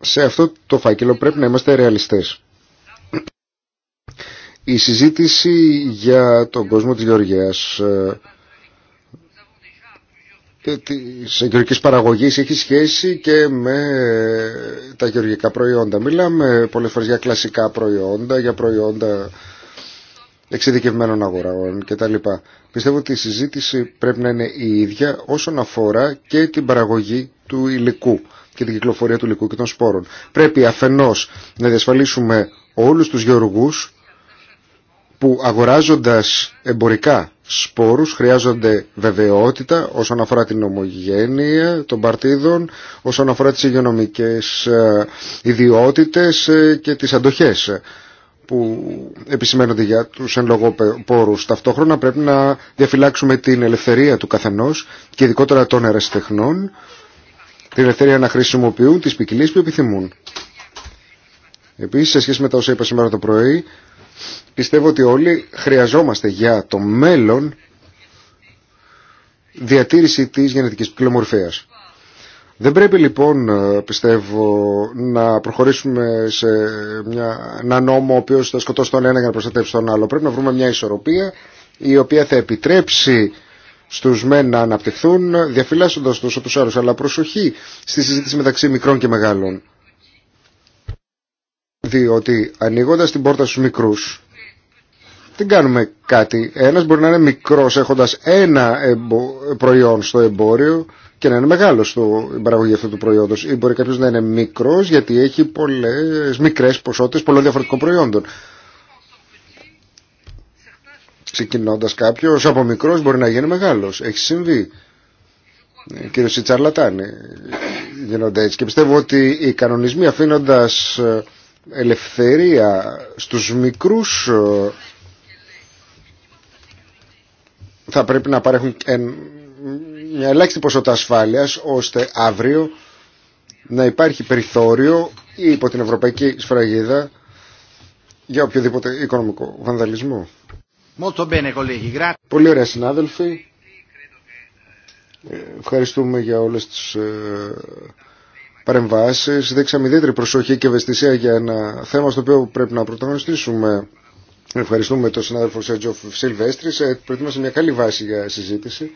Σε αυτό το φάκελο πρέπει να είμαστε ρεαλιστές. Η συζήτηση για τον κόσμο της Γεωργίας ε, της γεωργικής παραγωγής έχει σχέση και με τα γεωργικά προϊόντα. Μιλάμε πολλές φορές για κλασικά προϊόντα, για προϊόντα εξειδικευμένων τα κτλ. Πιστεύω ότι η συζήτηση πρέπει να είναι η ίδια όσον αφορά και την παραγωγή του υλικού και την κυκλοφορία του υλικού και των σπόρων. Πρέπει αφενός να διασφαλίσουμε όλους τους γεωργούς που αγοράζοντας εμπορικά σπόρους χρειάζονται βεβαιότητα όσον αφορά την ομογένεια των παρτίδων, όσον αφορά τις υγειονομικές ε, ιδιότητες ε, και τις αντοχές που επισημαίνονται για τους εν λόγω πόρους. Ταυτόχρονα πρέπει να διαφυλάξουμε την ελευθερία του καθενός και ειδικότερα των ερασιτεχνών, την ελευθερία να χρησιμοποιούν τις ποικιλίε που επιθυμούν. Επίσης, σε σχέση με τα όσα είπα σήμερα το πρωί, πιστεύω ότι όλοι χρειαζόμαστε για το μέλλον διατήρηση της γενετικής πυκλομορφίας. Δεν πρέπει λοιπόν, ε, πιστεύω, να προχωρήσουμε σε μια, ένα νόμο ο οποίος θα σκοτώσει τον ένα για να προστατεύσει τον άλλο. Πρέπει να βρούμε μια ισορροπία η οποία θα επιτρέψει στους μεν να αναπτυχθούν διαφυλάσσοντας τους τους άλλους. Αλλά προσοχή στη συζήτηση μεταξύ μικρών και μεγάλων. Διότι ανοίγοντα την πόρτα στους μικρούς δεν κάνουμε κάτι. Ένας μπορεί να είναι μικρός έχοντας ένα προϊόν στο εμπόριο και να είναι μεγάλο στο παραγωγή αυτού του προϊόντο. Ή μπορεί κάποιο να είναι μικρό γιατί έχει πολλέ μικρές ποσότητες πολλών διαφορετικών προϊόντων. Ξεκινώντα κάποιο από μικρό μπορεί να γίνει μεγάλο. Έχει συμβεί. Ε, Κύριο Σιτσαρλατάνη γίνονται έτσι. Και πιστεύω ότι οι κανονισμοί αφήνοντα ε, ελευθερία στους μικρούς ε, θα πρέπει να παρέχουν μια ελάχιστη ποσότητα ασφάλειας ώστε αύριο να υπάρχει περιθώριο ή υπό την ευρωπαϊκή σφραγίδα για οποιοδήποτε οικονομικό βανδαλισμό. Πολύ ωραία συνάδελφοι. Ε, ευχαριστούμε για όλες τις ε, παρεμβάσεις. Δείξαμε ιδιαίτερη προσοχή και ευαισθησία για ένα θέμα στο οποίο πρέπει να πρωταγωνιστήσουμε. Ευχαριστούμε τον συνάδελφο Σέτζοφ Σιλβέστρη. Ε, προετοίμασε μια καλή βάση για συζήτηση.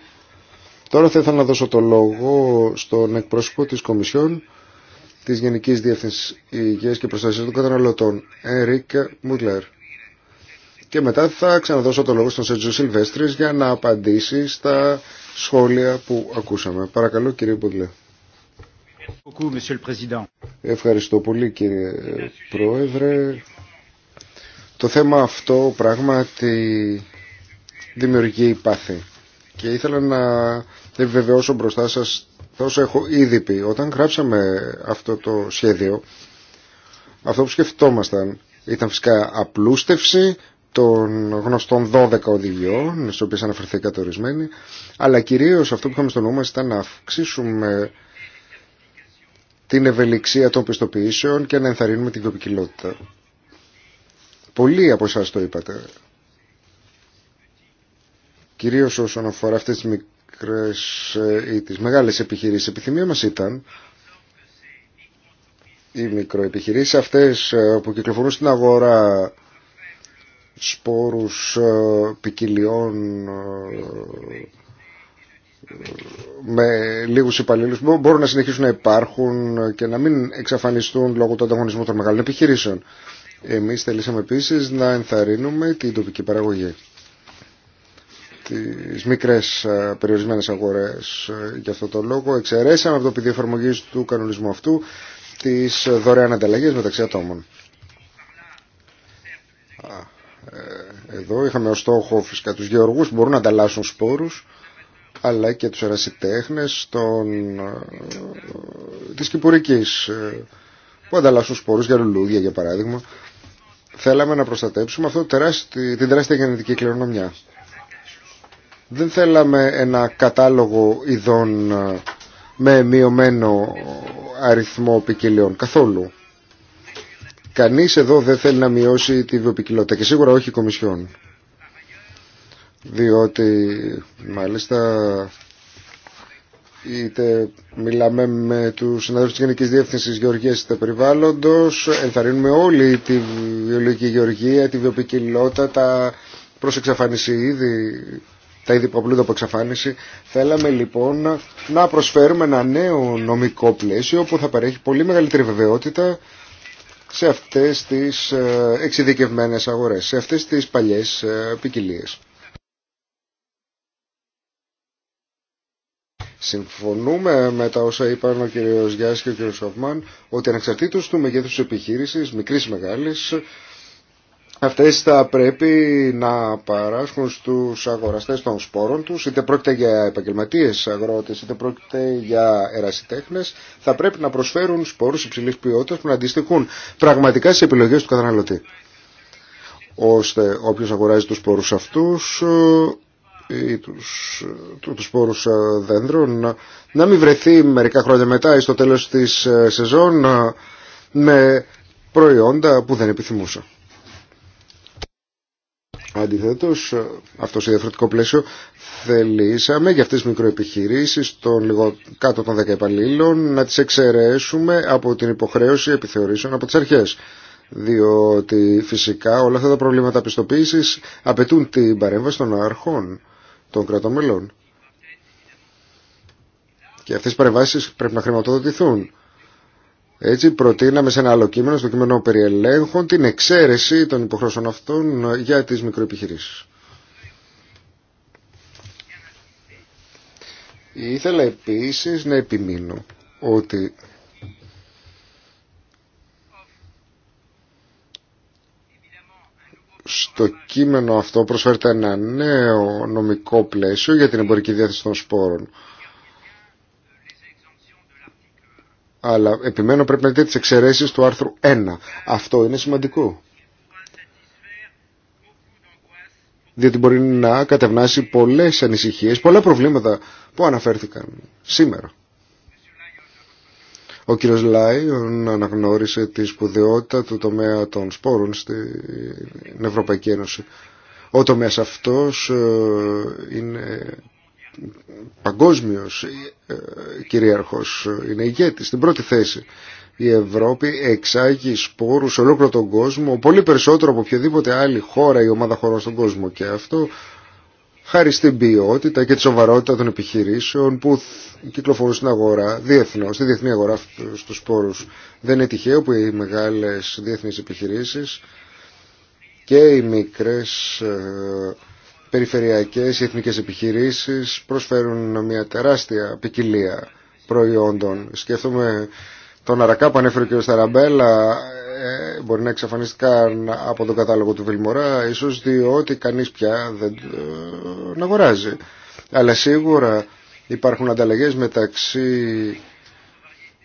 Τώρα θα ήθελα να δώσω το λόγο στον εκπρόσωπο της Κομισιόν της Γενικής Διεύθυνσης Υγείας και Προστασίας των Καταναλωτών, Έρικ Μουτλέρ. Και μετά θα ξαναδώσω το λόγο στον Σέτζο Σιλβέστρης για να απαντήσει στα σχόλια που ακούσαμε. Παρακαλώ κύριε Μουτλέρ. Ευχαριστώ πολύ κύριε Πρόεδρε. Το θέμα αυτό πράγματι δημιουργεί πάθη και ήθελα να επιβεβαιώσω μπροστά σας τόσο έχω ήδη πει. Όταν γράψαμε αυτό το σχέδιο, αυτό που σκεφτόμασταν ήταν φυσικά απλούστευση των γνωστών 12 οδηγιών, στις οποίες αναφερθήκατε ορισμένοι, αλλά κυρίως αυτό που είχαμε στο νου μας ήταν να αυξήσουμε την ευελιξία των πιστοποιήσεων και να ενθαρρύνουμε την κοπικιλότητα. Πολλοί από εσά το είπατε κυρίως όσον αφορά αυτές τις μικρές ε, ή τις μεγάλες επιχειρήσεις. Η τις μεγαλες επιχειρησεις επιθυμια μας ήταν οι μικροεπιχειρήσεις αυτές ε, που κυκλοφορούν στην αγορά σπόρους ε, ποικιλιών με λίγους υπαλλήλους μπορούν να συνεχίσουν να υπάρχουν και να μην εξαφανιστούν λόγω του ανταγωνισμού των μεγάλων επιχειρήσεων. Εμείς θέλησαμε επίσης να ενθαρρύνουμε την τοπική παραγωγή τις μικρές ε, περιορισμένες αγορές ε, για αυτό το λόγο. Εξαιρέσαμε από το πεδίο εφαρμογή του κανονισμού αυτού τις ε, δωρεάν ανταλλαγές μεταξύ ατόμων. Εδώ είχαμε ως στόχο φυσικά τους γεωργούς που μπορούν να ανταλλάσσουν σπόρους αλλά και τους ερασιτέχνες των... της Κυπουρικής που ανταλλάσσουν σπόρους για λουλούδια για παράδειγμα. Θέλαμε να προστατέψουμε αυτό την τεράστια γενετική κληρονομιά. Δεν θέλαμε ένα κατάλογο ειδών ε, με μειωμένο αριθμό ποικιλιών καθόλου. Κανείς εδώ δεν θέλει να μειώσει τη βιοποικιλότητα. και σίγουρα όχι η Κομισιόν. Διότι μάλιστα είτε μιλάμε με τους συναδέλφους της Γενικής Διεύθυνσης Γεωργίας είτε Περιβάλλοντος, ενθαρρύνουμε όλη τη βιολογική γεωργία, τη βιοποικιλότητα, τα προς εξαφάνιση ήδη τα είδη που από εξαφάνιση. Θέλαμε λοιπόν να προσφέρουμε ένα νέο νομικό πλαίσιο που θα παρέχει πολύ μεγαλύτερη βεβαιότητα σε αυτές τις ε, εξειδικευμένες αγορές, σε αυτές τις παλιές ε, ποικιλίε. Συμφωνούμε με τα όσα είπαν ο κ. Γιάννη και ο κ. Σοφμαν ότι ανεξαρτήτως του μεγέθους επιχείρησης, μικρής ή μεγάλης, αυτές θα πρέπει να παράσχουν στους αγοραστές των σπόρων τους, είτε πρόκειται για επαγγελματίες αγρότες, είτε πρόκειται για ερασιτέχνες, θα πρέπει να προσφέρουν σπόρους υψηλής ποιότητας που να αντιστοιχούν πραγματικά στις επιλογές του καταναλωτή. Ώστε όποιος αγοράζει τους σπόρους αυτούς ε, ή τους, ε, τους σπόρους ε, δέντρων να μην βρεθεί μερικά χρόνια μετά ή στο τέλος της σεζόν με προϊόντα που δεν επιθυμούσα. Αντιθέτω, αυτό σε διαφορετικό πλαίσιο θελήσαμε για αυτέ τι μικροεπιχειρήσει των λίγο κάτω των 10 υπαλλήλων να τι εξαιρέσουμε από την υποχρέωση επιθεωρήσεων από τι αρχέ. Διότι φυσικά όλα αυτά τα προβλήματα πιστοποίηση απαιτούν την παρέμβαση των αρχών των κρατομελών. Και αυτέ οι παρεμβάσει πρέπει να χρηματοδοτηθούν. Έτσι προτείναμε σε ένα άλλο κείμενο, στο κείμενο περιελέγχων, την εξαίρεση των υποχρώσεων αυτών ε, για τις μικροεπιχειρήσεις. Ήθελα επίσης να επιμείνω ότι στο κείμενο αυτό προσφέρεται ένα νέο νομικό πλαίσιο για την εμπορική διάθεση των σπόρων. Αλλά επιμένω πρέπει να δείτε τις εξαιρέσεις του άρθρου 1. Αυτό είναι σημαντικό. Διότι μπορεί να κατευνάσει πολλές ανησυχίες, πολλά προβλήματα που αναφέρθηκαν σήμερα. Ο κύριος Λάιον αναγνώρισε τη σπουδαιότητα του τομέα των σπόρων στην Ευρωπαϊκή Ένωση. Ο τομέας αυτός ε, είναι παγκόσμιος ε, ε, κυρίαρχος, είναι ηγέτης στην πρώτη θέση. Η Ευρώπη εξάγει σπόρους σε ολόκληρο τον κόσμο, πολύ περισσότερο από οποιαδήποτε άλλη χώρα ή ομάδα χωρών στον κόσμο και αυτό χάρη στην ποιότητα και τη σοβαρότητα των επιχειρήσεων που κυκλοφορούν στην αγορά διεθνώ, στη διεθνή αγορά στους σπόρους. Δεν είναι τυχαίο που οι μεγάλες διεθνείς επιχειρήσεις και οι μικρές ε, περιφερειακές ή εθνικές επιχειρήσεις προσφέρουν μια τεράστια ποικιλία προϊόντων. Σκέφτομαι τον Αρακά που ανέφερε ο κ. Σταραμπέλα, ε, μπορεί να εξαφανίστηκαν από τον κατάλογο του Βιλμορά, ίσως διότι κανείς πια δεν ε, αγοράζει. Αλλά σίγουρα υπάρχουν ανταλλαγές μεταξύ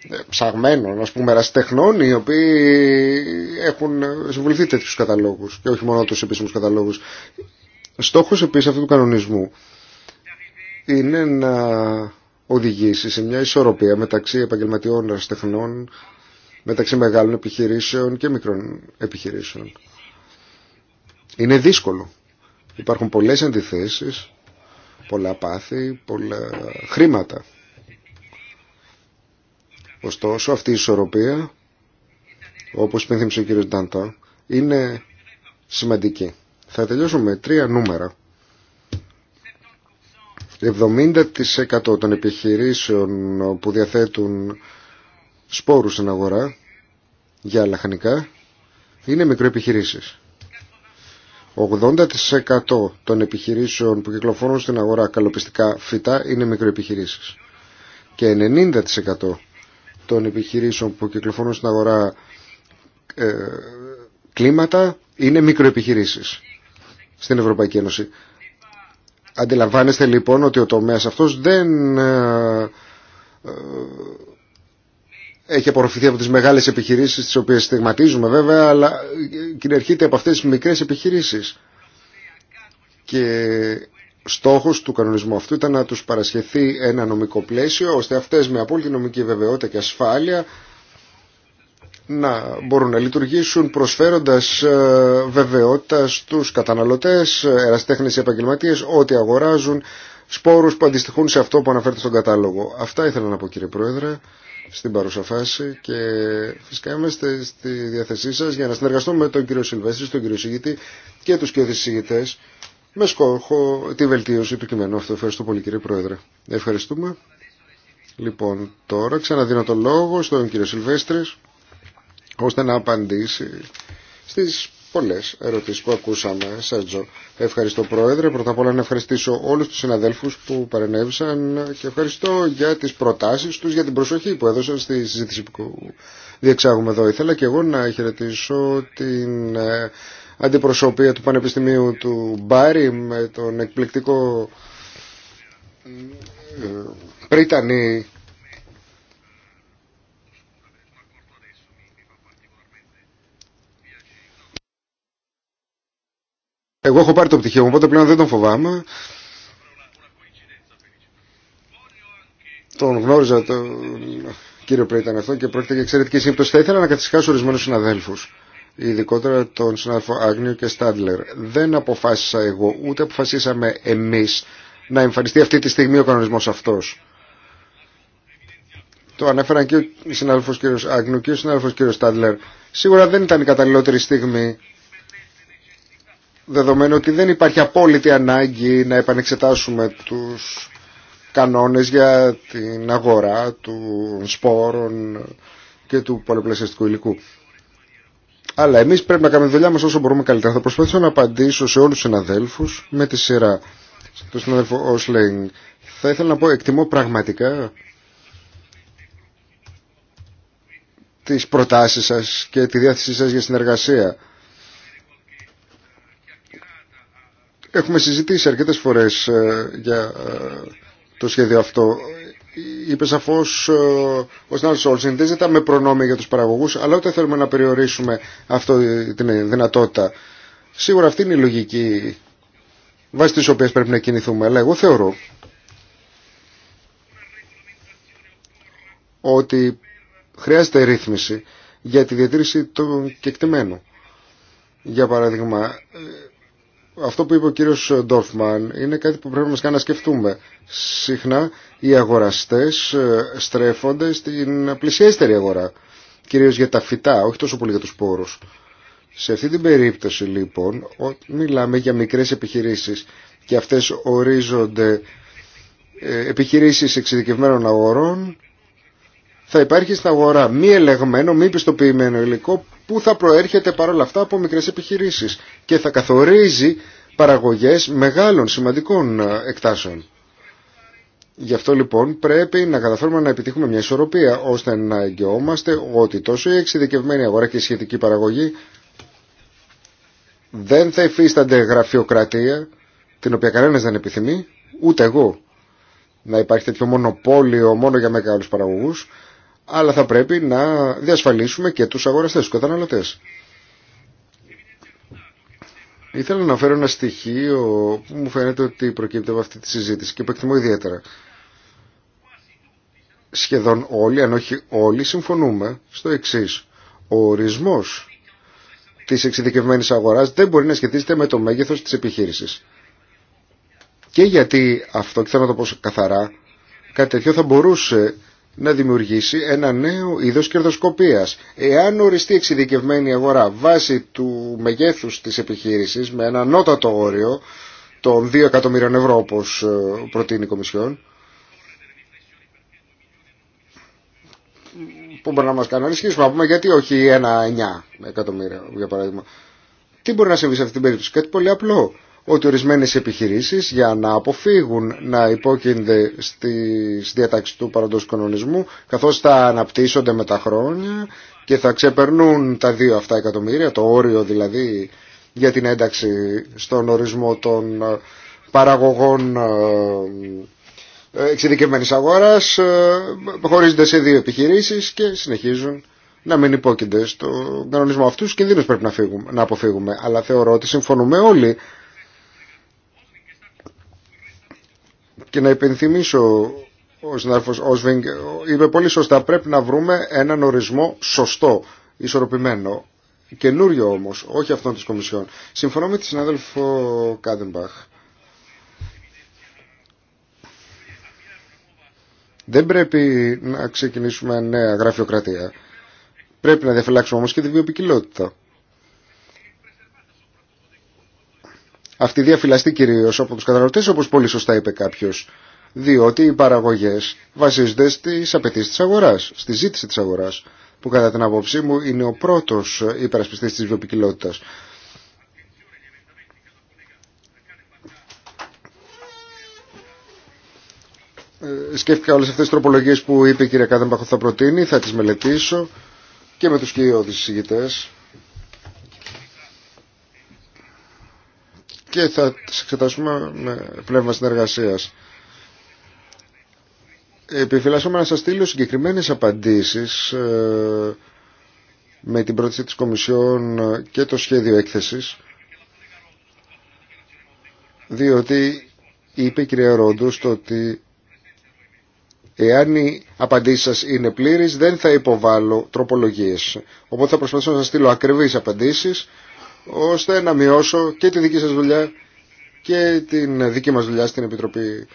ε, ψαγμένων, ας πούμε, ραστεχνών οι οποίοι έχουν συμβουληθεί τέτοιους καταλόγους και όχι μόνο τους επίσημους καταλόγους. Στόχος επίσης αυτού του κανονισμού είναι να οδηγήσει σε μια ισορροπία μεταξύ επαγγελματιών αριστεχνών, μεταξύ μεγάλων επιχειρήσεων και μικρών επιχειρήσεων. Είναι δύσκολο. Υπάρχουν πολλές αντιθέσεις, πολλά πάθη, πολλά χρήματα. Ωστόσο αυτή η ισορροπία, όπως πενθύμισε ο κ. Ντάντα, είναι σημαντική θα τελειώσω με τρία νούμερα. 70% των επιχειρήσεων που διαθέτουν σπόρους στην αγορά για λαχανικά είναι μικροεπιχειρήσεις. 80% των επιχειρήσεων που κυκλοφορούν στην αγορά καλοπιστικά φυτά είναι μικροεπιχειρήσεις. Και 90% των επιχειρήσεων που κυκλοφορούν στην αγορά ε, κλίματα είναι μικροεπιχειρήσεις στην Ευρωπαϊκή Ένωση. Αντιλαμβάνεστε λοιπόν ότι ο τομέας αυτός δεν ε, ε, έχει απορροφηθεί από τις μεγάλες επιχειρήσεις τις οποίες στιγματίζουμε βέβαια αλλά κυριαρχείται από αυτές τις μικρές επιχειρήσεις και στόχος του κανονισμού αυτού ήταν να τους παρασχεθεί ένα νομικό πλαίσιο ώστε αυτές με απόλυτη νομική βεβαιότητα και ασφάλεια να μπορούν να λειτουργήσουν προσφέροντας ε, βεβαιότητα στους καταναλωτές, εραστέχνες ή επαγγελματίες, ό,τι αγοράζουν, σπόρους που αντιστοιχούν σε αυτό που αναφέρεται στον κατάλογο. Αυτά ήθελα να πω κύριε Πρόεδρε στην παρούσα φάση και φυσικά είμαστε στη διάθεσή σας για να συνεργαστούμε με τον κύριο Σιλβέστρη, τον κύριο Σιγητή και τους κύριους συγητές με σκόχο τη βελτίωση του κειμένου αυτό. Ευχαριστώ πολύ κύριε Πρόεδρε. Ευχαριστούμε. Λοιπόν, τώρα ξαναδίνω το λόγο στον κύριο Σιλβέστρης ώστε να απαντήσει στις πολλές ερωτήσεις που ακούσαμε, Σέρτζο. Ευχαριστώ Πρόεδρε. Πρώτα απ' όλα να ευχαριστήσω όλους τους συναδέλφους που παρενέβησαν και ευχαριστώ για τις προτάσεις τους, για την προσοχή που έδωσαν στη συζήτηση που διεξάγουμε εδώ. Ήθελα και εγώ να χαιρετήσω την ε, αντιπροσωπεία του Πανεπιστημίου του Μπάρι με τον εκπληκτικό ε, Πρίτανη Εγώ έχω πάρει το πτυχίο μου, οπότε πλέον δεν τον φοβάμαι. Τον γνώριζα τον κύριο Πρέιταν αυτό και πρόκειται για εξαιρετική σύμπτωση. Θα ήθελα να καθισχάσω ορισμένου συναδέλφου, ειδικότερα τον συνάδελφο Άγνιο και Στάντλερ. Δεν αποφάσισα εγώ, ούτε αποφασίσαμε εμεί να εμφανιστεί αυτή τη στιγμή ο κανονισμό αυτό. Το ανέφεραν και ο συνάδελφο κύριο Άγνιου και ο συνάδελφο κύριο Στάντλερ. Σίγουρα δεν ήταν η καταλληλότερη στιγμή δεδομένου ότι δεν υπάρχει απόλυτη ανάγκη να επανεξετάσουμε τους κανόνες για την αγορά του σπόρων και του πολυπλασιαστικού υλικού. Αλλά εμείς πρέπει να κάνουμε δουλειά μας όσο μπορούμε καλύτερα. Θα προσπαθήσω να απαντήσω σε όλους τους συναδέλφους με τη σειρά. Στον συναδέλφο Οσλεγγ θα ήθελα να πω εκτιμώ πραγματικά τις προτάσεις σας και τη διάθεσή σας για συνεργασία Έχουμε συζητήσει αρκετές φορές ε, για ε, το σχέδιο αυτό. Είπε σαφώ ε, ο Σνάλ δεν ζητάμε προνόμια για του παραγωγού, αλλά ούτε θέλουμε να περιορίσουμε αυτό τη δυνατότητα. Σίγουρα αυτή είναι η λογική βάση τη οποία πρέπει να κινηθούμε, αλλά εγώ θεωρώ ότι χρειάζεται ρύθμιση για τη διατήρηση των κεκτημένων. Για παράδειγμα, αυτό που είπε ο κύριος Ντόρφμαν είναι κάτι που πρέπει να μας κάνει να σκεφτούμε. Συχνά οι αγοραστές ε, στρέφονται στην πλησιέστερη αγορά, κυρίως για τα φυτά, όχι τόσο πολύ για τους πόρους. Σε αυτή την περίπτωση λοιπόν μιλάμε για μικρές επιχειρήσεις και αυτές ορίζονται ε, επιχειρήσεις εξειδικευμένων αγορών θα υπάρχει στην αγορά μη ελεγμένο, μη πιστοποιημένο υλικό που θα προέρχεται παρόλα αυτά από μικρές επιχειρήσεις και θα καθορίζει παραγωγές μεγάλων σημαντικών ε, εκτάσεων. Γι' αυτό λοιπόν πρέπει να καταφέρουμε να επιτύχουμε μια ισορροπία ώστε να εγγυόμαστε ότι τόσο η εξειδικευμένη αγορά και η σχετική παραγωγή δεν θα υφίστανται γραφειοκρατία την οποία κανένας δεν επιθυμεί, ούτε εγώ να υπάρχει τέτοιο μονοπόλιο μόνο για μεγάλους παραγωγούς αλλά θα πρέπει να διασφαλίσουμε και τους αγοραστές, τους καταναλωτές. Ήθελα να φέρω ένα στοιχείο που μου φαίνεται ότι προκύπτει από αυτή τη συζήτηση και που εκτιμώ ιδιαίτερα. Σχεδόν όλοι, αν όχι όλοι, συμφωνούμε στο εξή. Ο ορισμός της εξειδικευμένης αγοράς δεν μπορεί να σχετίζεται με το μέγεθος της επιχείρησης. Και γιατί αυτό, και θέλω να το πω καθαρά, κάτι τέτοιο θα μπορούσε να δημιουργήσει ένα νέο είδος κερδοσκοπίας. Εάν οριστεί εξειδικευμένη αγορά βάσει του μεγέθους της επιχείρησης με ένα νότατο όριο των 2 εκατομμύριων ευρώ όπως ε, προτείνει η Κομισιόν, που μπορεί να μας κάνει να να πούμε γιατί όχι ένα 9 εκατομμύρια για παράδειγμα. Τι μπορεί να συμβεί σε αυτή την περίπτωση, κάτι πολύ απλό ότι ορισμένες επιχειρήσεις για να αποφύγουν να υπόκεινται στις διατάξεις του παροντός κανονισμού καθώς θα αναπτύσσονται με τα χρόνια και θα ξεπερνούν τα δύο αυτά εκατομμύρια, το όριο δηλαδή για την ένταξη στον ορισμό των ε, παραγωγών ε, ε, εξειδικευμένης αγοράς χωρίζονται σε δύο επιχειρήσεις και συνεχίζουν να μην υπόκεινται στον κανονισμό αυτούς και κινδύνους πρέπει να, φύγουμε, να αποφύγουμε αλλά θεωρώ ότι συμφωνούμε όλοι Και να υπενθυμίσω, ο συνάδελφος Όσβινγκ είπε πολύ σωστά, πρέπει να βρούμε έναν ορισμό σωστό, ισορροπημένο. Καινούριο όμως, όχι αυτόν της Κομισιόν. Συμφωνώ με τη συνάδελφο Κάδεμπαχ. Δεν πρέπει να ξεκινήσουμε νέα γραφειοκρατία. Πρέπει να διαφυλάξουμε όμως και τη βιοπικιλότητα. αυτή διαφυλαστεί κυρίως από τους καταναλωτές όπως πολύ σωστά είπε κάποιος διότι οι παραγωγές βασίζονται στις απαιτήσει της αγοράς, στη ζήτηση της αγοράς που κατά την απόψή μου είναι ο πρώτος υπερασπιστής της βιοπικιλότητας. Ε, σκέφτηκα όλες αυτές τις τροπολογίες που είπε η κυρία Κάδεμπαχο, θα προτείνει, θα τις μελετήσω και με τους κυρίωδεις συζητητές και θα τις εξετάσουμε με πνεύμα συνεργασίας. Επιφυλασσόμαι να σας στείλω συγκεκριμένες απαντήσεις ε, με την πρόταση της Κομισιόν και το σχέδιο έκθεσης διότι είπε η κυρία Ρόντου το ότι εάν οι απαντήσεις σας είναι πλήρες δεν θα υποβάλω τροπολογίες. Οπότε θα προσπαθήσω να σας στείλω ακριβείς απαντήσεις ώστε να μειώσω και τη δική σας δουλειά και την δική μας δουλειά στην Επιτροπή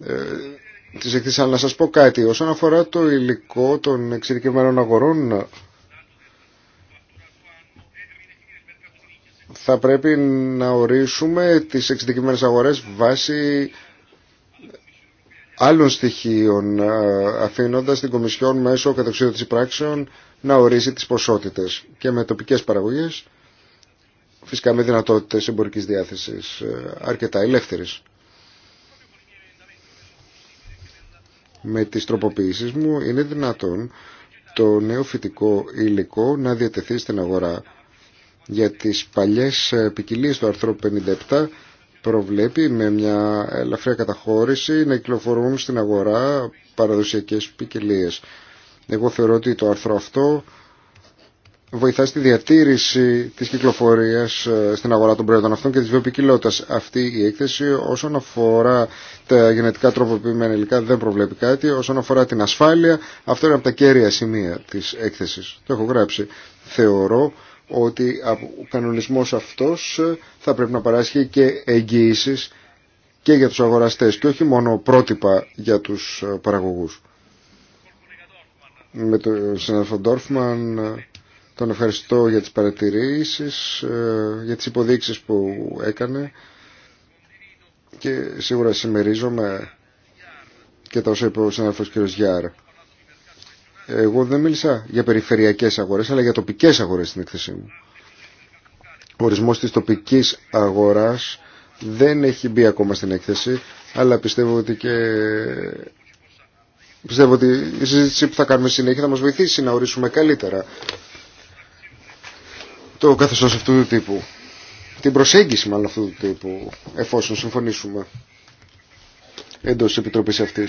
ε, της Αλλά να σας πω κάτι, όσον αφορά το υλικό των εξειδικευμένων αγορών, θα πρέπει να ορίσουμε τις εξειδικευμένες αγορές βάσει άλλων στοιχείων, ε, αφήνοντας την Κομισιόν μέσω της πράξεων να ορίσει τις ποσότητες και με τοπικές παραγωγές φυσικά με δυνατότητες εμπορικής διάθεσης ε, αρκετά ελεύθερης. Με τις τροποποιήσεις μου είναι δυνατόν το νέο φυτικό υλικό να διατεθεί στην αγορά. Για τις παλιές ε, ποικιλίε του αρθρό 57 προβλέπει με μια ελαφριά καταχώρηση να κυκλοφορούν στην αγορά παραδοσιακές ποικιλίε. Εγώ θεωρώ ότι το άρθρο αυτό βοηθά στη διατήρηση τη κυκλοφορία ε, στην αγορά των προϊόντων αυτών και τη βιοπικιλότητα. Αυτή η έκθεση όσον αφορά τα γενετικά τροποποιημένα υλικά δεν προβλέπει κάτι. Όσον αφορά την ασφάλεια, αυτό είναι από τα κέρια σημεία τη έκθεση. Το έχω γράψει. Θεωρώ ότι ο κανονισμό αυτό θα πρέπει να παράσχει και εγγυήσει και για τους αγοραστές και όχι μόνο πρότυπα για τους παραγωγούς. Με τον συνάδελφο Ντόρφμαν τον ευχαριστώ για τις παρατηρήσεις, ε, για τις υποδείξεις που έκανε και σίγουρα συμμερίζομαι και τα όσα είπε ο συνάδελφος κ. Γιάρα. Εγώ δεν μίλησα για περιφερειακές αγορές, αλλά για τοπικές αγορές στην εκθεσή μου. Ο ορισμός της τοπικής αγοράς δεν έχει μπει ακόμα στην έκθεση, αλλά πιστεύω ότι και... Πιστεύω ότι η συζήτηση που θα κάνουμε συνέχεια θα μας βοηθήσει να ορίσουμε καλύτερα το καθεστώ αυτού του τύπου. Την προσέγγιση μάλλον αυτού του τύπου, εφόσον συμφωνήσουμε εντό τη επιτροπή αυτή.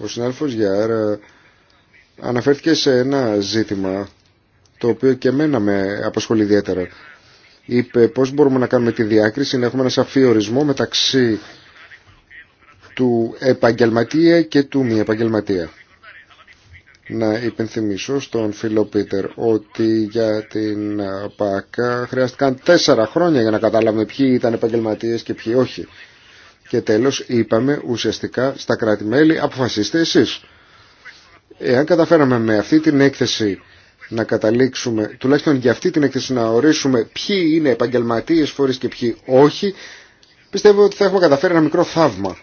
Ο συνάδελφο Γιάρα ε, αναφέρθηκε σε ένα ζήτημα το οποίο και εμένα με απασχολεί ιδιαίτερα. Είπε πώς μπορούμε να κάνουμε τη διάκριση, να έχουμε ένα σαφή ορισμό μεταξύ του επαγγελματία και του μη επαγγελματία να υπενθυμίσω στον φίλο Πίτερ ότι για την ε, ΠΑΚ χρειάστηκαν τέσσερα χρόνια για να καταλάβουμε ποιοι ήταν επαγγελματίε και ποιοι όχι. Και τέλος είπαμε ουσιαστικά στα κράτη-μέλη αποφασίστε εσείς. Εάν καταφέραμε με αυτή την έκθεση να καταλήξουμε, τουλάχιστον για αυτή την έκθεση να ορίσουμε ποιοι είναι επαγγελματίες φορείς και ποιοι όχι, πιστεύω ότι θα έχουμε καταφέρει ένα μικρό θαύμα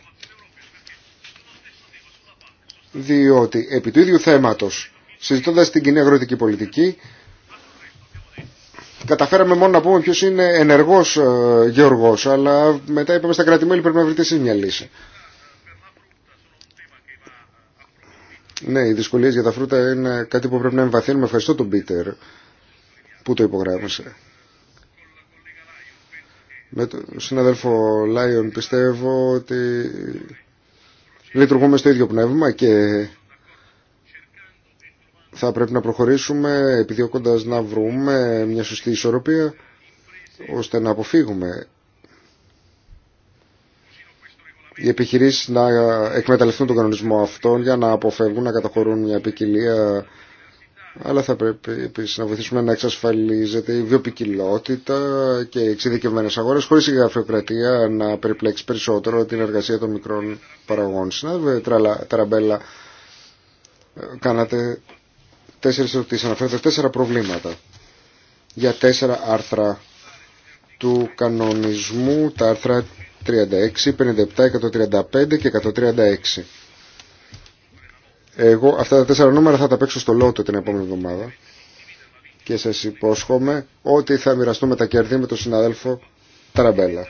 διότι επί του ίδιου θέματος, συζητώντας την κοινή αγροτική πολιτική, καταφέραμε μόνο να πούμε ποιος είναι ενεργός ε, γεωργός, αλλά μετά είπαμε στα κρατημέλη πρέπει να βρείτε εσείς μια λύση. Ναι, οι δυσκολίες για τα φρούτα είναι κάτι που πρέπει να εμβαθύνουμε. Ευχαριστώ τον Πίτερ που το υπογράμμισε. Με τον συναδέλφο Λάιον πιστεύω ότι λειτουργούμε στο ίδιο πνεύμα και θα πρέπει να προχωρήσουμε επιδιώκοντας να βρούμε μια σωστή ισορροπία ώστε να αποφύγουμε οι επιχειρήσεις να εκμεταλλευτούν τον κανονισμό αυτόν για να αποφεύγουν να καταχωρούν μια ποικιλία αλλά θα πρέπει επίση να βοηθήσουμε να εξασφαλίζεται η βιοπικιλότητα και οι εξειδικευμένε αγορές χωρίς η γραφειοκρατία να περιπλέξει περισσότερο την εργασία των μικρών παραγωγών Συνάδελφε Τραμπέλα ε, κάνατε τέσσερι ερωτήσει, αναφέρετε τέσσερα προβλήματα για τέσσερα άρθρα του κανονισμού, τα άρθρα 36, 57, 135 και 136. Εγώ αυτά τα τέσσερα νούμερα θα τα παίξω στο λότο την επόμενη εβδομάδα και σας υπόσχομαι ότι θα μοιραστούμε τα κέρδη με τον συναδέλφο Ταραμπέλα.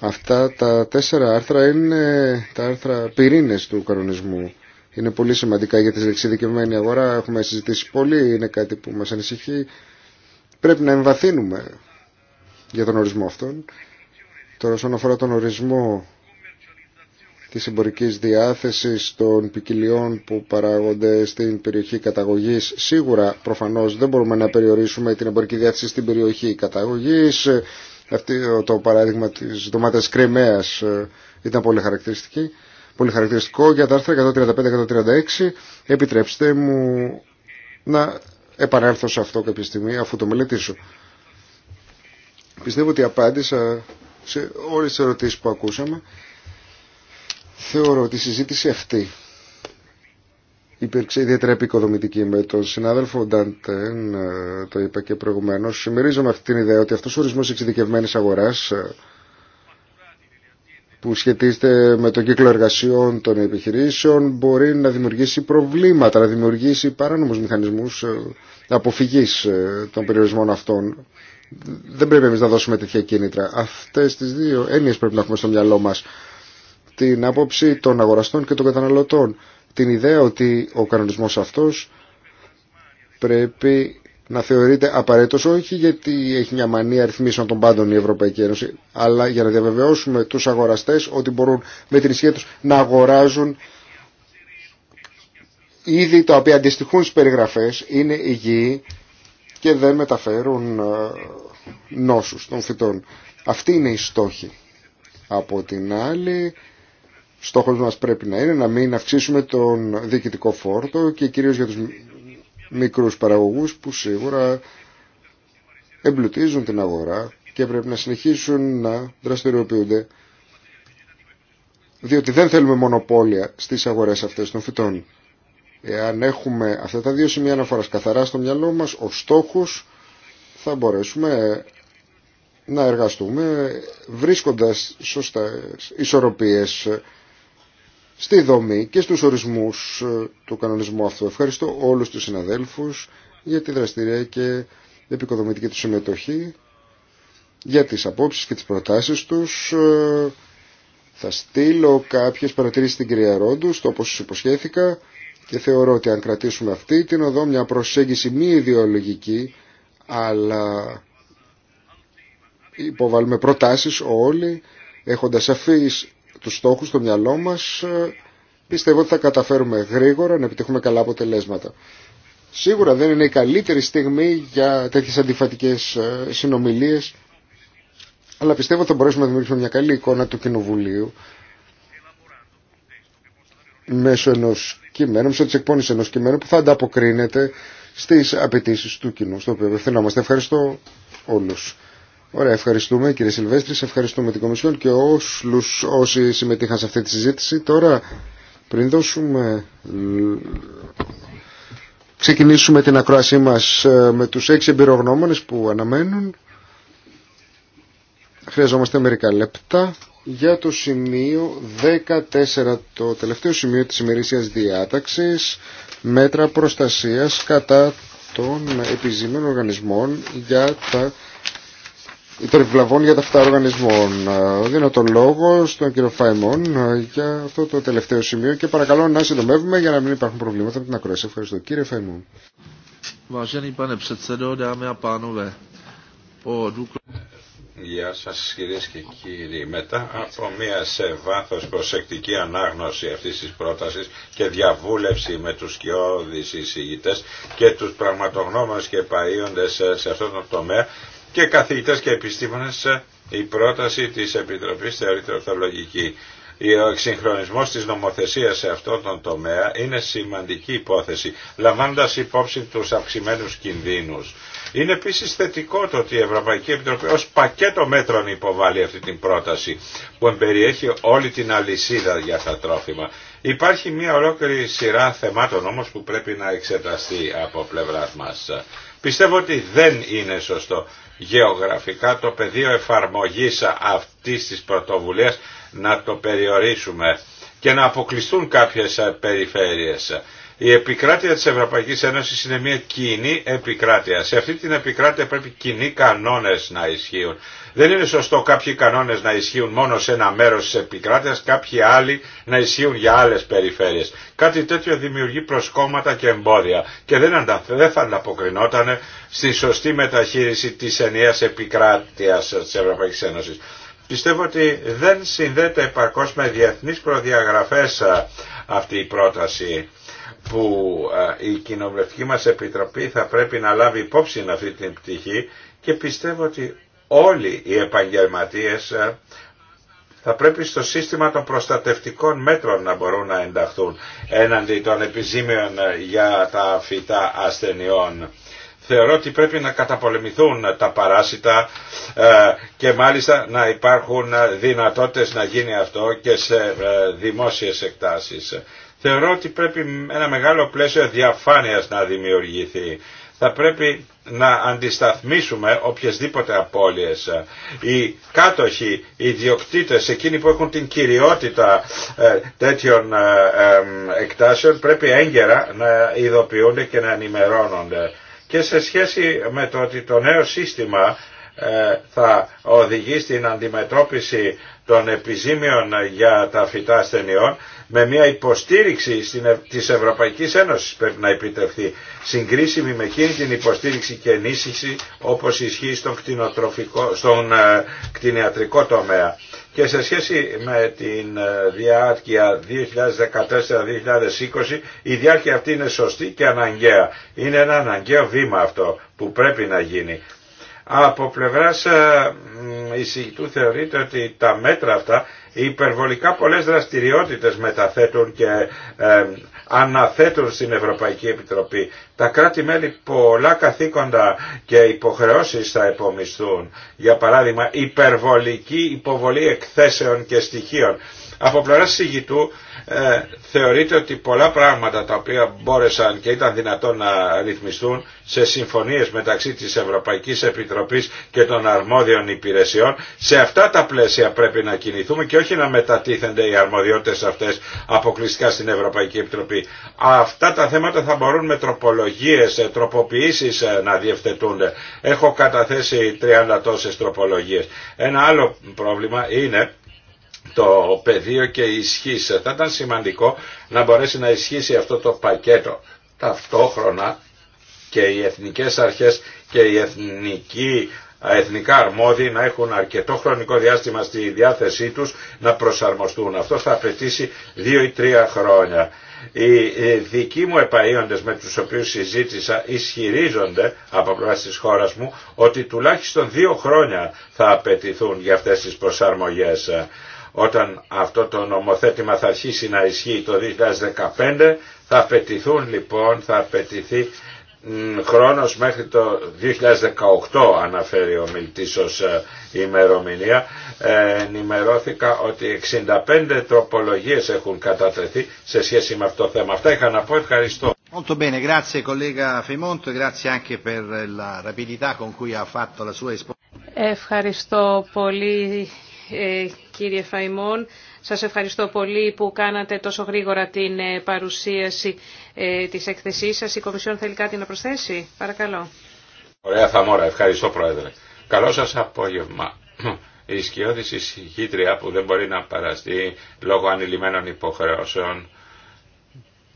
Αυτά τα τέσσερα άρθρα είναι τα άρθρα πυρήνε του κανονισμού. Είναι πολύ σημαντικά για τη δεξιδικευμένη αγορά. Έχουμε συζητήσει πολύ, είναι κάτι που μα ανησυχεί. Πρέπει να εμβαθύνουμε για τον ορισμό αυτόν. Τώρα όσον αφορά τον ορισμό της εμπορικής διάθεσης των ποικιλιών που παράγονται στην περιοχή καταγωγής. Σίγουρα, προφανώς, δεν μπορούμε να περιορίσουμε την εμπορική διάθεση στην περιοχή καταγωγής. Αυτή, το παράδειγμα της ντομάτας Κρεμαίας ε, ήταν πολύ χαρακτηριστική. Πολύ χαρακτηριστικό για τα άρθρα 135-136. Επιτρέψτε μου να επανέλθω σε αυτό κάποια στιγμή αφού το μελετήσω. Πιστεύω ότι απάντησα σε όλες τις ερωτήσεις που ακούσαμε. Θεωρώ ότι η συζήτηση αυτή υπήρξε ιδιαίτερα επικοδομητική με τον συνάδελφο Νταντέν, ε, το είπα και προηγουμένως. Συμμερίζομαι αυτή την ιδέα ότι αυτός ο ορισμός εξειδικευμένης αγοράς ε, που σχετίζεται με τον κύκλο εργασιών των επιχειρήσεων μπορεί να δημιουργήσει προβλήματα, να δημιουργήσει παράνομους μηχανισμούς ε, αποφυγής των περιορισμών αυτών. Δεν πρέπει εμείς να δώσουμε τέτοια κίνητρα. Αυτές τις δύο έννοιε πρέπει να έχουμε στο μυαλό μας την άποψη των αγοραστών και των καταναλωτών. Την ιδέα ότι ο κανονισμός αυτός πρέπει να θεωρείται απαραίτητος όχι γιατί έχει μια μανία αριθμίσεων των πάντων η Ευρωπαϊκή Ένωση αλλά για να διαβεβαιώσουμε τους αγοραστές ότι μπορούν με την ισχύ τους να αγοράζουν ήδη τα οποία αντιστοιχούν στις περιγραφές είναι υγιή και δεν μεταφέρουν ε, νόσους των φυτών. Αυτή είναι η στόχη. Από την άλλη Στόχος μας πρέπει να είναι να μην αυξήσουμε τον διοικητικό φόρτο και κυρίως για τους μικρούς παραγωγούς που σίγουρα εμπλουτίζουν την αγορά και πρέπει να συνεχίσουν να δραστηριοποιούνται διότι δεν θέλουμε μονοπόλια στις αγορές αυτές των φυτών. Εάν έχουμε αυτά τα δύο σημεία αναφοράς καθαρά στο μυαλό μας, ο στόχο θα μπορέσουμε να εργαστούμε βρίσκοντας σωστά ισορροπίες στη δομή και στους ορισμούς ε, του κανονισμού αυτού. Ευχαριστώ όλους τους συναδέλφους για τη δραστηρία και επικοδομητική του συμμετοχή, για τις απόψεις και τις προτάσεις τους. Ε, θα στείλω κάποιες παρατηρήσεις στην κυρία Ρόντου, στο όπως υποσχέθηκα, και θεωρώ ότι αν κρατήσουμε αυτή την οδό μια προσέγγιση μη ιδεολογική, αλλά υποβάλουμε προτάσεις όλοι, έχοντας σαφείς τους στόχους στο μυαλό μας, ε, πιστεύω ότι θα καταφέρουμε γρήγορα να επιτύχουμε καλά αποτελέσματα. Σίγουρα δεν είναι η καλύτερη στιγμή για τέτοιες αντιφατικές ε, συνομιλίες, αλλά πιστεύω ότι θα μπορέσουμε να δημιουργήσουμε μια καλή εικόνα του Κοινοβουλίου μέσω ενός κειμένου, μέσω της εκπόνησης ενός κειμένου που θα ανταποκρίνεται στις απαιτήσεις του κοινού, στο οποίο ευθυνόμαστε. Ευχαριστώ όλους. Ωραία, ευχαριστούμε κύριε Σιλβέστρη, ευχαριστούμε την Κομισιόν και όσους, όσοι συμμετείχαν σε αυτή τη συζήτηση. Τώρα, πριν δώσουμε... Ξεκινήσουμε την ακρόασή μας ε, με τους έξι εμπειρογνώμονες που αναμένουν. Χρειαζόμαστε μερικά λεπτά για το σημείο 14, το τελευταίο σημείο της ημερήσιας διάταξης, μέτρα προστασίας κατά των επιζήμενων οργανισμών για τα Υπερβλαβών για τα φυτά οργανισμών. Ε, δίνω τον λόγο στον κύριο Φαϊμόν ε, για αυτό το τελευταίο σημείο και παρακαλώ να συντομεύουμε για να μην υπάρχουν προβλήματα με την ακρόαση. Ευχαριστώ. Κύριε Φαϊμόν. Γεια σας κυρίες και κύριοι. Μετά από μια σε βάθος προσεκτική ανάγνωση αυτής της πρότασης και διαβούλευση με τους σκιώδεις εισηγητές και τους πραγματογνώμενους και παίοντε σε αυτό το τομέα, και καθηγητές και επιστήμονες ε, η πρόταση της Επιτροπής θεωρείται ορθολογική. Ο εξυγχρονισμό τη νομοθεσία σε αυτόν τον τομέα είναι σημαντική υπόθεση, λαμβάνοντα υπόψη του αυξημένου κινδύνου. Είναι επίση θετικό το ότι η Ευρωπαϊκή Επιτροπή ω πακέτο μέτρων υποβάλλει αυτή την πρόταση, που εμπεριέχει όλη την αλυσίδα για τα τρόφιμα. Υπάρχει μια ολόκληρη σειρά θεμάτων όμω που πρέπει να εξεταστεί από πλευρά μα. Πιστεύω ότι δεν είναι σωστό γεωγραφικά το πεδίο εφαρμογής αυτής της πρωτοβουλίας να το περιορίσουμε και να αποκλειστούν κάποιες περιφέρειες. Η επικράτεια της Ευρωπαϊκής Ένωσης είναι μια κοινή επικράτεια. Σε αυτή την επικράτεια πρέπει κοινοί κανόνες να ισχύουν. Δεν είναι σωστό κάποιοι κανόνες να ισχύουν μόνο σε ένα μέρος της επικράτειας, κάποιοι άλλοι να ισχύουν για άλλες περιφέρειες. Κάτι τέτοιο δημιουργεί προσκόμματα και εμπόδια και δεν, θα ανταποκρινόταν στη σωστή μεταχείριση της ενιαίας επικράτειας της Ευρωπαϊκής Ένωσης. Πιστεύω ότι δεν συνδέεται επαρκώς με διεθνείς προδιαγραφές αυτή η πρόταση που η κοινοβουλευτική μας επιτροπή θα πρέπει να λάβει υπόψη αυτή την πτυχή και πιστεύω ότι όλοι οι επαγγελματίες θα πρέπει στο σύστημα των προστατευτικών μέτρων να μπορούν να ενταχθούν έναντι των επιζήμιων για τα φυτά ασθενειών. Θεωρώ ότι πρέπει να καταπολεμηθούν τα παράσιτα και μάλιστα να υπάρχουν δυνατότητες να γίνει αυτό και σε δημόσιες εκτάσεις. Θεωρώ ότι πρέπει ένα μεγάλο πλαίσιο διαφάνειας να δημιουργηθεί. Θα πρέπει να αντισταθμίσουμε οποιασδήποτε απώλειες. Οι κάτοχοι, οι ιδιοκτήτες, εκείνοι που έχουν την κυριότητα ε, τέτοιων ε, εκτάσεων πρέπει έγκαιρα να ειδοποιούνται και να ενημερώνονται. Και σε σχέση με το ότι το νέο σύστημα ε, θα οδηγεί στην αντιμετώπιση των επιζήμιων για τα φυτά ασθενειών με μια υποστήριξη της Ευρωπαϊκής Ένωσης πρέπει να επιτευχθεί συγκρίσιμη με εκείνη την υποστήριξη και ενίσχυση όπως ισχύει στον, κτηνοτροφικό, στον ε, κτηνιατρικό τομέα. Και σε σχέση με την ε, διάρκεια 2014-2020, η διάρκεια αυτή είναι σωστή και αναγκαία. Είναι ένα αναγκαίο βήμα αυτό που πρέπει να γίνει. Από πλευράς ε, εισηγητού θεωρείται ότι τα μέτρα αυτά υπερβολικά πολλές δραστηριότητες μεταθέτουν και ε, αναθέτουν στην Ευρωπαϊκή Επιτροπή. Τα κράτη-μέλη πολλά καθήκοντα και υποχρεώσεις θα επομισθούν. Για παράδειγμα υπερβολική υποβολή εκθέσεων και στοιχείων από πλευρά συγητού ε, θεωρείται ότι πολλά πράγματα τα οποία μπόρεσαν και ήταν δυνατόν να ρυθμιστούν σε συμφωνίες μεταξύ της Ευρωπαϊκής Επιτροπής και των αρμόδιων υπηρεσιών, σε αυτά τα πλαίσια πρέπει να κινηθούμε και όχι να μετατίθενται οι αρμοδιότητες αυτές αποκλειστικά στην Ευρωπαϊκή Επιτροπή. Αυτά τα θέματα θα μπορούν με τροπολογίες, ε, τροποποιήσεις ε, να διευθετούνται. Έχω καταθέσει 30 τόσες τροπολογίες. Ένα άλλο πρόβλημα είναι το πεδίο και ισχύσε. Θα ήταν σημαντικό να μπορέσει να ισχύσει αυτό το πακέτο. Ταυτόχρονα και οι εθνικές αρχές και οι εθνικοί εθνικά αρμόδιοι να έχουν αρκετό χρονικό διάστημα στη διάθεσή τους να προσαρμοστούν. Αυτό θα απαιτήσει δύο ή τρία χρόνια. Οι δικοί μου επαΐοντες με τους οποίους συζήτησα ισχυρίζονται από πλευρά της χώρας μου ότι τουλάχιστον δύο χρόνια θα απαιτηθούν για αυτές τις προσαρμογές. Όταν αυτό το νομοθέτημα θα αρχίσει να ισχύει το 2015 θα απαιτηθούν λοιπόν, θα απαιτηθεί χρόνος μέχρι το 2018 αναφέρει ο Μιλτής ως ε, ημερομηνία ε, ενημερώθηκα ότι 65 τροπολογίες έχουν κατατρεθεί σε σχέση με αυτό το θέμα. Αυτά είχα να πω. Ευχαριστώ. Molto bene, grazie collega Fimont, grazie anche per la rapidità con cui ha fatto la sua esposizione. Ευχαριστώ πολύ ε, κύριε Φαϊμόν. Σας ευχαριστώ πολύ που κάνατε τόσο γρήγορα την ε, παρουσίαση ε, της εκθεσής σας. Η Κομισιόν θέλει κάτι να προσθέσει. Παρακαλώ. Ωραία Θαμόρα. Ευχαριστώ Πρόεδρε. Καλό σας απόγευμα. Η σκιώδηση συγχύτρια που δεν μπορεί να παραστεί λόγω ανηλυμένων υποχρεώσεων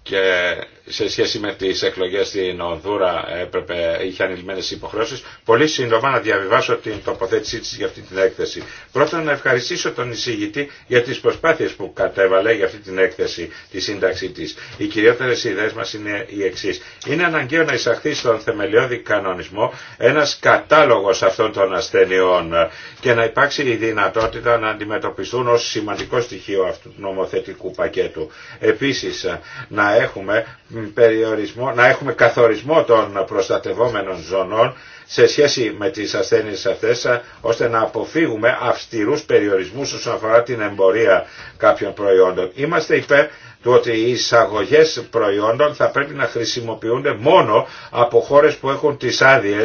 και σε σχέση με τις εκλογές στην Ονδούρα έπρεπε, είχε ανηλυμένες υποχρεώσεις. Πολύ σύντομα να διαβιβάσω την τοποθέτησή της για αυτή την έκθεση. Πρώτα να ευχαριστήσω τον εισηγητή για τις προσπάθειες που κατέβαλε για αυτή την έκθεση, τη σύνταξή της. Οι κυριότερες ιδέες μας είναι οι εξής. Είναι αναγκαίο να εισαχθεί στον θεμελιώδη κανονισμό ένας κατάλογος αυτών των ασθενειών και να υπάρξει η δυνατότητα να αντιμετωπιστούν ως σημαντικό στοιχείο αυτού του νομοθετικού πακέτου. Επίσης, να να έχουμε περιορισμό, να έχουμε καθορισμό των προστατευόμενων ζωνών σε σχέση με τις ασθένειες αυτές ώστε να αποφύγουμε αυστηρούς περιορισμούς όσον αφορά την εμπορία κάποιων προϊόντων. Είμαστε υπέρ του ότι οι εισαγωγέ προϊόντων θα πρέπει να χρησιμοποιούνται μόνο από χώρε που έχουν τι άδειε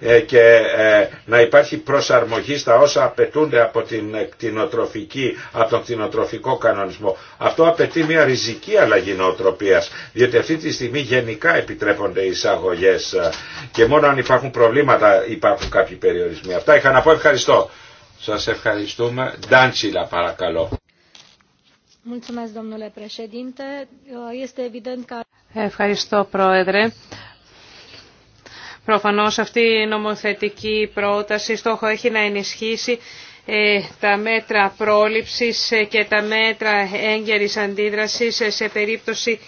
ε, και ε, να υπάρχει προσαρμογή στα όσα απαιτούνται από, την κτηνοτροφική, από τον κτηνοτροφικό κανονισμό. Αυτό απαιτεί μια ριζική αλλαγή νοοτροπία, διότι αυτή τη στιγμή γενικά επιτρέπονται οι εισαγωγέ ε, και μόνο αν υπάρχουν προβλήματα υπάρχουν κάποιοι περιορισμοί. Αυτά είχα να πω ευχαριστώ. Σας ευχαριστούμε. Ντάντσιλα παρακαλώ. Ευχαριστώ, Πρόεδρε. Προφανώς αυτή η νομοθετική πρόταση στόχο έχει να ενισχύσει ε, τα μέτρα πρόληψης ε, και τα μέτρα έγκαιρης αντίδρασης ε, σε περίπτωση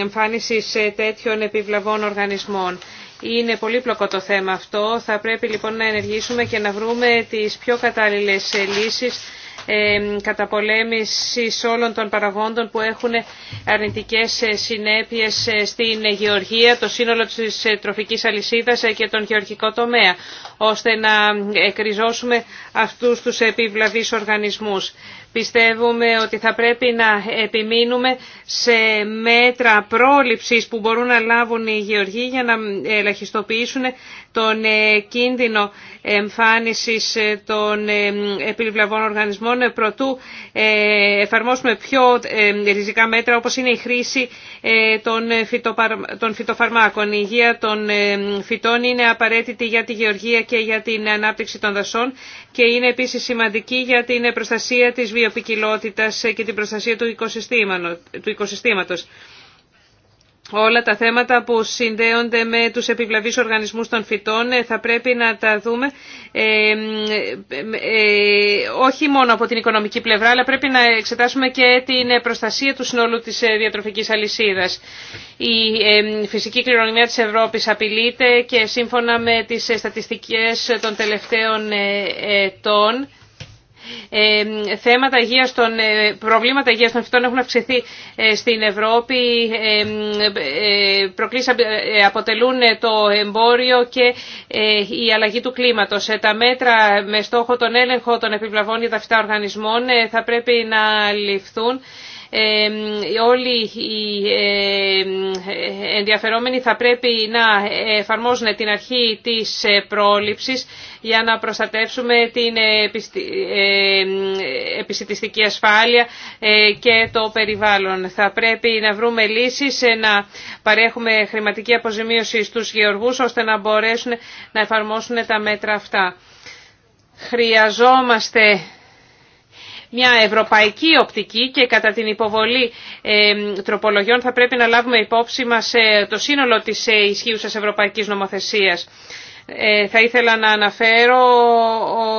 εμφάνισης τέτοιων επιβλαβών οργανισμών. Είναι πολύπλοκο το θέμα αυτό. Θα πρέπει λοιπόν να ενεργήσουμε και να βρούμε τις πιο κατάλληλες λύσεις καταπολέμησης όλων των παραγόντων που έχουν αρνητικές ε, συνέπειες ε, στην γεωργία, το σύνολο της ε, τροφικής αλυσίδας και τον γεωργικό τομέα, ώστε να εκριζώσουμε αυτούς τους επιβλαβείς οργανισμούς. Πιστεύουμε ότι θα πρέπει να επιμείνουμε σε μέτρα πρόληψης που μπορούν να λάβουν οι γεωργοί για να ελαχιστοποιήσουν τον ε, κίνδυνο εμφάνισης ε, των ε, επιβλαβών οργανισμών προτού εφαρμόσουμε πιο ριζικά μέτρα όπως είναι η χρήση των φυτοφαρμάκων. Η υγεία των φυτών είναι απαραίτητη για τη γεωργία και για την ανάπτυξη των δασών και είναι επίσης σημαντική για την προστασία της βιοπικιλότητας και την προστασία του οικοσυστήματος όλα τα θέματα που συνδέονται με τους επιβλαβείς οργανισμούς των φυτών ε, θα πρέπει να τα δούμε ε, ε, όχι μόνο από την οικονομική πλευρά αλλά πρέπει να εξετάσουμε και την προστασία του συνόλου της ε, διατροφικής αλυσίδας. Η φυσική κληρονομιά της Ευρώπης απειλείται και σύμφωνα με τις στατιστικές των τελευταίων ετών θέματα υγείας των, ε, προβλήματα υγείας των φυτών έχουν αυξηθεί ε, στην Ευρώπη, ε, αποτελούν το εμπόριο και η αλλαγή του κλίματος. Τα μέτρα με στόχο τον έλεγχο των επιβλαβών για τα φυτά οργανισμών θα πρέπει να ληφθούν όλοι οι ενδιαφερόμενοι θα πρέπει να εφαρμόζουν την αρχή της ε, πρόληψης για να προστατεύσουμε την ε, επιστητική ε, ασφάλεια και το περιβάλλον. Θα πρέπει να βρούμε λύσεις, να παρέχουμε χρηματική αποζημίωση στους γεωργούς ώστε να μπορέσουν να εφαρμόσουν τα μέτρα αυτά. Χρειαζόμαστε μια ευρωπαϊκή οπτική και κατά την υποβολή ε, τροπολογιών θα πρέπει να λάβουμε υπόψη μας ε, το σύνολο της ε, ισχύουσας ευρωπαϊκής νομοθεσίας. Θα ήθελα να αναφέρω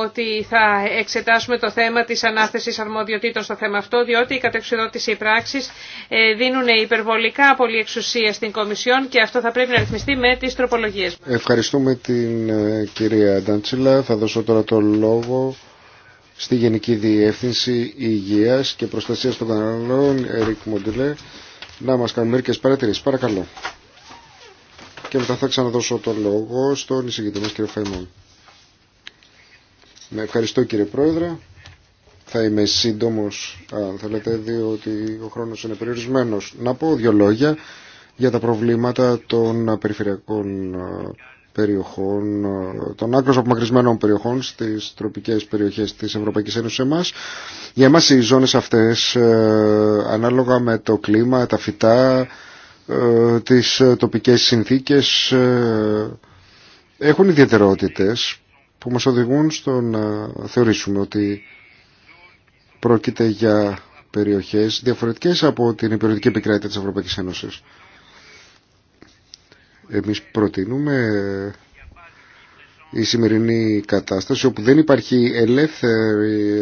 ότι θα εξετάσουμε το θέμα της ανάθεσης αρμοδιοτήτων στο θέμα αυτό, διότι η κατεξουδότηση πράξη δίνουν υπερβολικά πολλή εξουσία στην Κομισιόν και αυτό θα πρέπει να ρυθμιστεί με τις τροπολογίες. Ευχαριστούμε την κυρία Ντάντσιλα. Θα δώσω τώρα το λόγο στη Γενική Διεύθυνση Υγείας και Προστασίας των Καναλών, Ερικ Μοντιλέ, να μας κάνουν μερικές παρατηρήσεις. Παρακαλώ. Και μετά θα ξαναδώσω το λόγο στον εισηγητή μας κύριο Φαϊμόν. Με ναι, ευχαριστώ κύριε Πρόεδρε. Θα είμαι σύντομος, αν θέλετε, διότι ο χρόνος είναι περιορισμένος. Να πω δύο λόγια για τα προβλήματα των περιφερειακών περιοχών, των άκρως απομακρυσμένων περιοχών στις τροπικές περιοχές της Ευρωπαϊκής Ένωσης εμάς. Για εμάς οι ζώνες αυτές ε, ανάλογα με το κλίμα, τα φυτά, ε, τις ε, τοπικές συνθήκες έχουν ιδιαιτερότητες που μας οδηγούν στο να θεωρήσουμε ότι πρόκειται για περιοχές διαφορετικές από την υπηρετική επικράτητα της Ευρωπαϊκής Ένωσης. Εμείς προτείνουμε η σημερινή κατάσταση όπου δεν υπάρχει ελεύθερη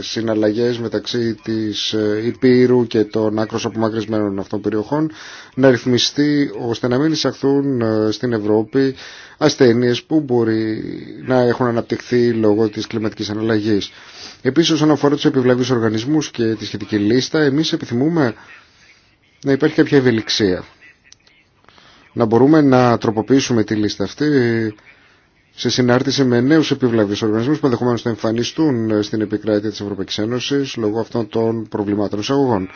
συναλλαγές μεταξύ της Υπήρου και των άκρως απομακρυσμένων αυτών περιοχών να ρυθμιστεί ώστε να μην εισαχθούν ε, στην Ευρώπη ασθένειες που μπορεί να έχουν αναπτυχθεί λόγω της κλιματικής αναλλαγής. Επίσης όσον αφορά τους επιβλαβείς οργανισμούς και τη σχετική λίστα εμείς επιθυμούμε να υπάρχει κάποια ευελιξία να μπορούμε να τροποποιήσουμε τη λίστα αυτή σε συνάρτηση με νέου επιβλαβεί οργανισμού που ενδεχομένω θα εμφανιστούν στην επικράτεια τη Ευρωπαϊκή Ένωση λόγω αυτών των προβλημάτων εισαγωγών.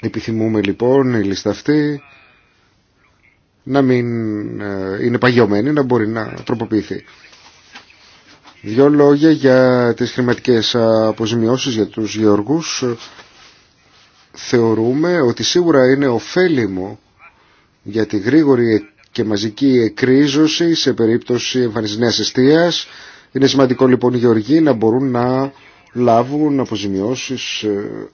Επιθυμούμε λοιπόν η λίστα αυτή να μην ε, είναι παγιωμένη, να μπορεί να τροποποιηθεί. Δύο λόγια για τις χρηματικές αποζημιώσεις για τους γεωργούς θεωρούμε ότι σίγουρα είναι ωφέλιμο για τη γρήγορη και μαζική εκρίζωση σε περίπτωση εμφανισής νέας Είναι σημαντικό λοιπόν οι γεωργοί να μπορούν να λάβουν αποζημιώσεις ε,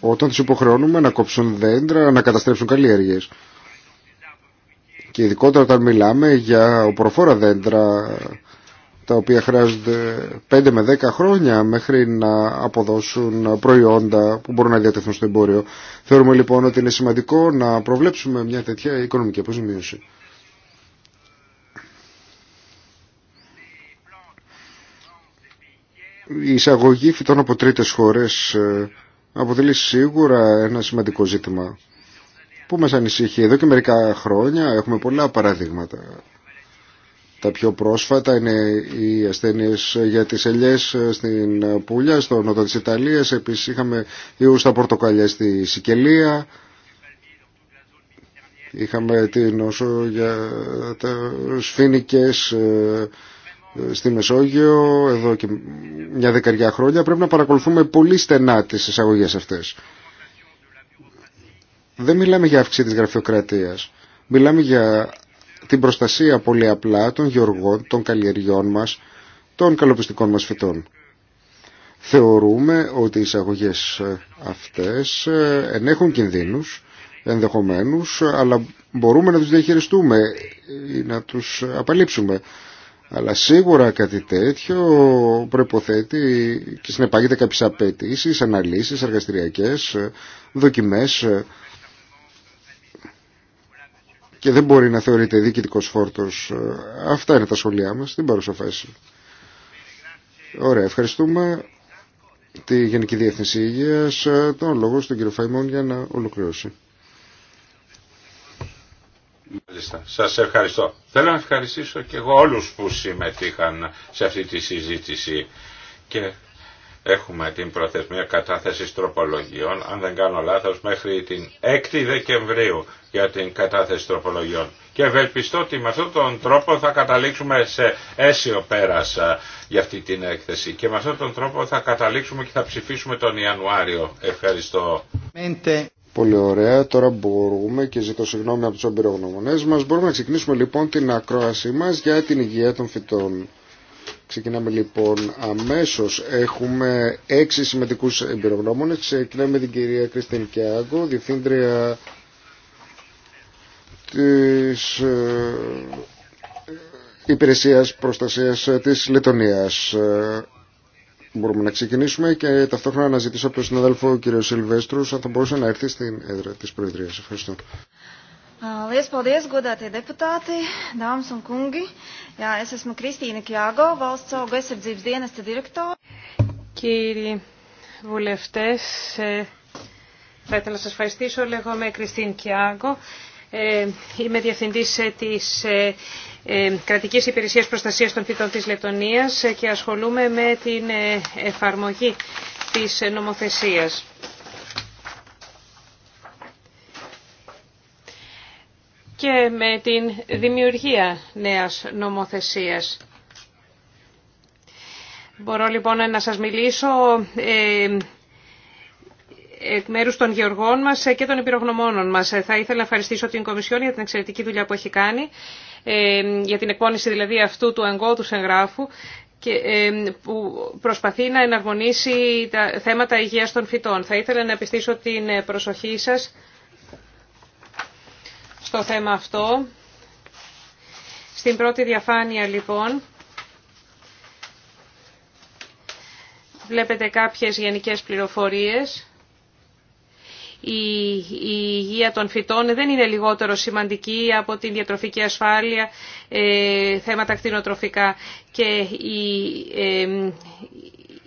όταν τους υποχρεώνουμε να κόψουν δέντρα, να καταστρέψουν καλλιέργειες. Και ειδικότερα όταν μιλάμε για οπροφόρα δέντρα τα οποία χρειάζονται 5 με 10 χρόνια μέχρι να αποδώσουν προϊόντα που μπορούν να διατεθούν στο εμπόριο. Θεωρούμε λοιπόν ότι είναι σημαντικό να προβλέψουμε μια τέτοια οικονομική αποζημίωση. Η εισαγωγή φυτών από τρίτες χώρες ε, αποτελεί σίγουρα ένα σημαντικό ζήτημα που μας ανησυχεί. Εδώ και μερικά χρόνια έχουμε πολλά παραδείγματα τα πιο πρόσφατα είναι οι ασθένειε για τις ελιές στην Πουλιά, στο νότο της Ιταλίας. Επίσης είχαμε ίου στα πορτοκαλιά στη Σικελία. Είχαμε την όσο για τα σφήνικες ε, στη Μεσόγειο εδώ και μια δεκαριά χρόνια. Πρέπει να παρακολουθούμε πολύ στενά τις εισαγωγές αυτές. Δεν μιλάμε για αύξηση της γραφειοκρατίας. Μιλάμε για την προστασία πολύ απλά των γεωργών, των καλλιεργιών μας, των καλοπιστικών μας φυτών. Θεωρούμε ότι οι εισαγωγές ε, αυτές ε, ενέχουν κινδύνους ενδεχομένους, αλλά μπορούμε να τους διαχειριστούμε ή να τους απαλείψουμε. Αλλά σίγουρα κάτι τέτοιο προποθέτει και συνεπάγεται κάποιες απαιτήσει, αναλύσεις, εργαστηριακές, ε, δοκιμές και δεν μπορεί να θεωρείται διοικητικό φόρτο. Ε, αυτά είναι τα σχολεία μα στην παρούσα φάση. Ωραία, ευχαριστούμε τη Γενική Διεύθυνση Υγεία. Ε, τον λόγο στον κύριο Φαϊμόν για να ολοκληρώσει. Μάλιστα. Σας ευχαριστώ. Θέλω να ευχαριστήσω και εγώ όλους που συμμετείχαν σε αυτή τη συζήτηση και έχουμε την προθεσμία κατάθεσης τροπολογιών, αν δεν κάνω λάθος, μέχρι την 6η Δεκεμβρίου για την κατάθεση τροπολογιών. Και ευελπιστώ ότι με αυτόν τον τρόπο θα καταλήξουμε σε αίσιο πέρασα για αυτή την έκθεση. Και με αυτόν τον τρόπο θα καταλήξουμε και θα ψηφίσουμε τον Ιανουάριο. Ευχαριστώ. Πολύ ωραία. Τώρα μπορούμε και ζητώ συγγνώμη από τους εμπειρογνωμονές μας. Μπορούμε να ξεκινήσουμε λοιπόν την ακρόαση μας για την υγεία των φυτών. Ξεκινάμε λοιπόν αμέσως. Έχουμε έξι σημαντικούς εμπειρογνώμονες. Ξεκινάμε με την κυρία Κρίστιν Κιάγκο, διευθύντρια της ε, Υπηρεσίας Προστασίας της Λετωνίας. Μπορούμε να ξεκινήσουμε και ταυτόχρονα να ζητήσω από τον συναδέλφο κύριο Σιλβέστρους αν θα μπορούσε να έρθει στην έδρα της Προεδρίας. Ευχαριστώ. Lies paldies, godātie deputāti, dāmas un kungi. Jā, es esmu Kristīna Kjāgo, valsts auga aizsardzības dienesta direktora. Κύριοι βουλευτές, θα ήθελα να σας ευχαριστήσω. Λέγομαι Κριστίν Κιάγκο. Είμαι διευθυντής της Κρατικής Υπηρεσίας Προστασίας των Φυτών της Λετωνίας και ασχολούμαι με την εφαρμογή της νομοθεσίας. και με την δημιουργία νέας νομοθεσίας. Μπορώ λοιπόν να σας μιλήσω ε, εκ μέρους των γεωργών μας και των επιρρογνωμόνων μας. Θα ήθελα να ευχαριστήσω την Κομισιόν για την εξαιρετική δουλειά που έχει κάνει, ε, για την εκπόνηση δηλαδή αυτού του εγκώδους εγγράφου, ε, που προσπαθεί να εναρμονίσει τα θέματα υγείας των φυτών. Θα ήθελα να επιστήσω την προσοχή σας στο θέμα αυτό. Στην πρώτη διαφάνεια λοιπόν βλέπετε κάποιες γενικές πληροφορίες. Η, η υγεία των φυτών δεν είναι λιγότερο σημαντική από την διατροφική ασφάλεια, ε, θέματα κτηνοτροφικά και η, ε, η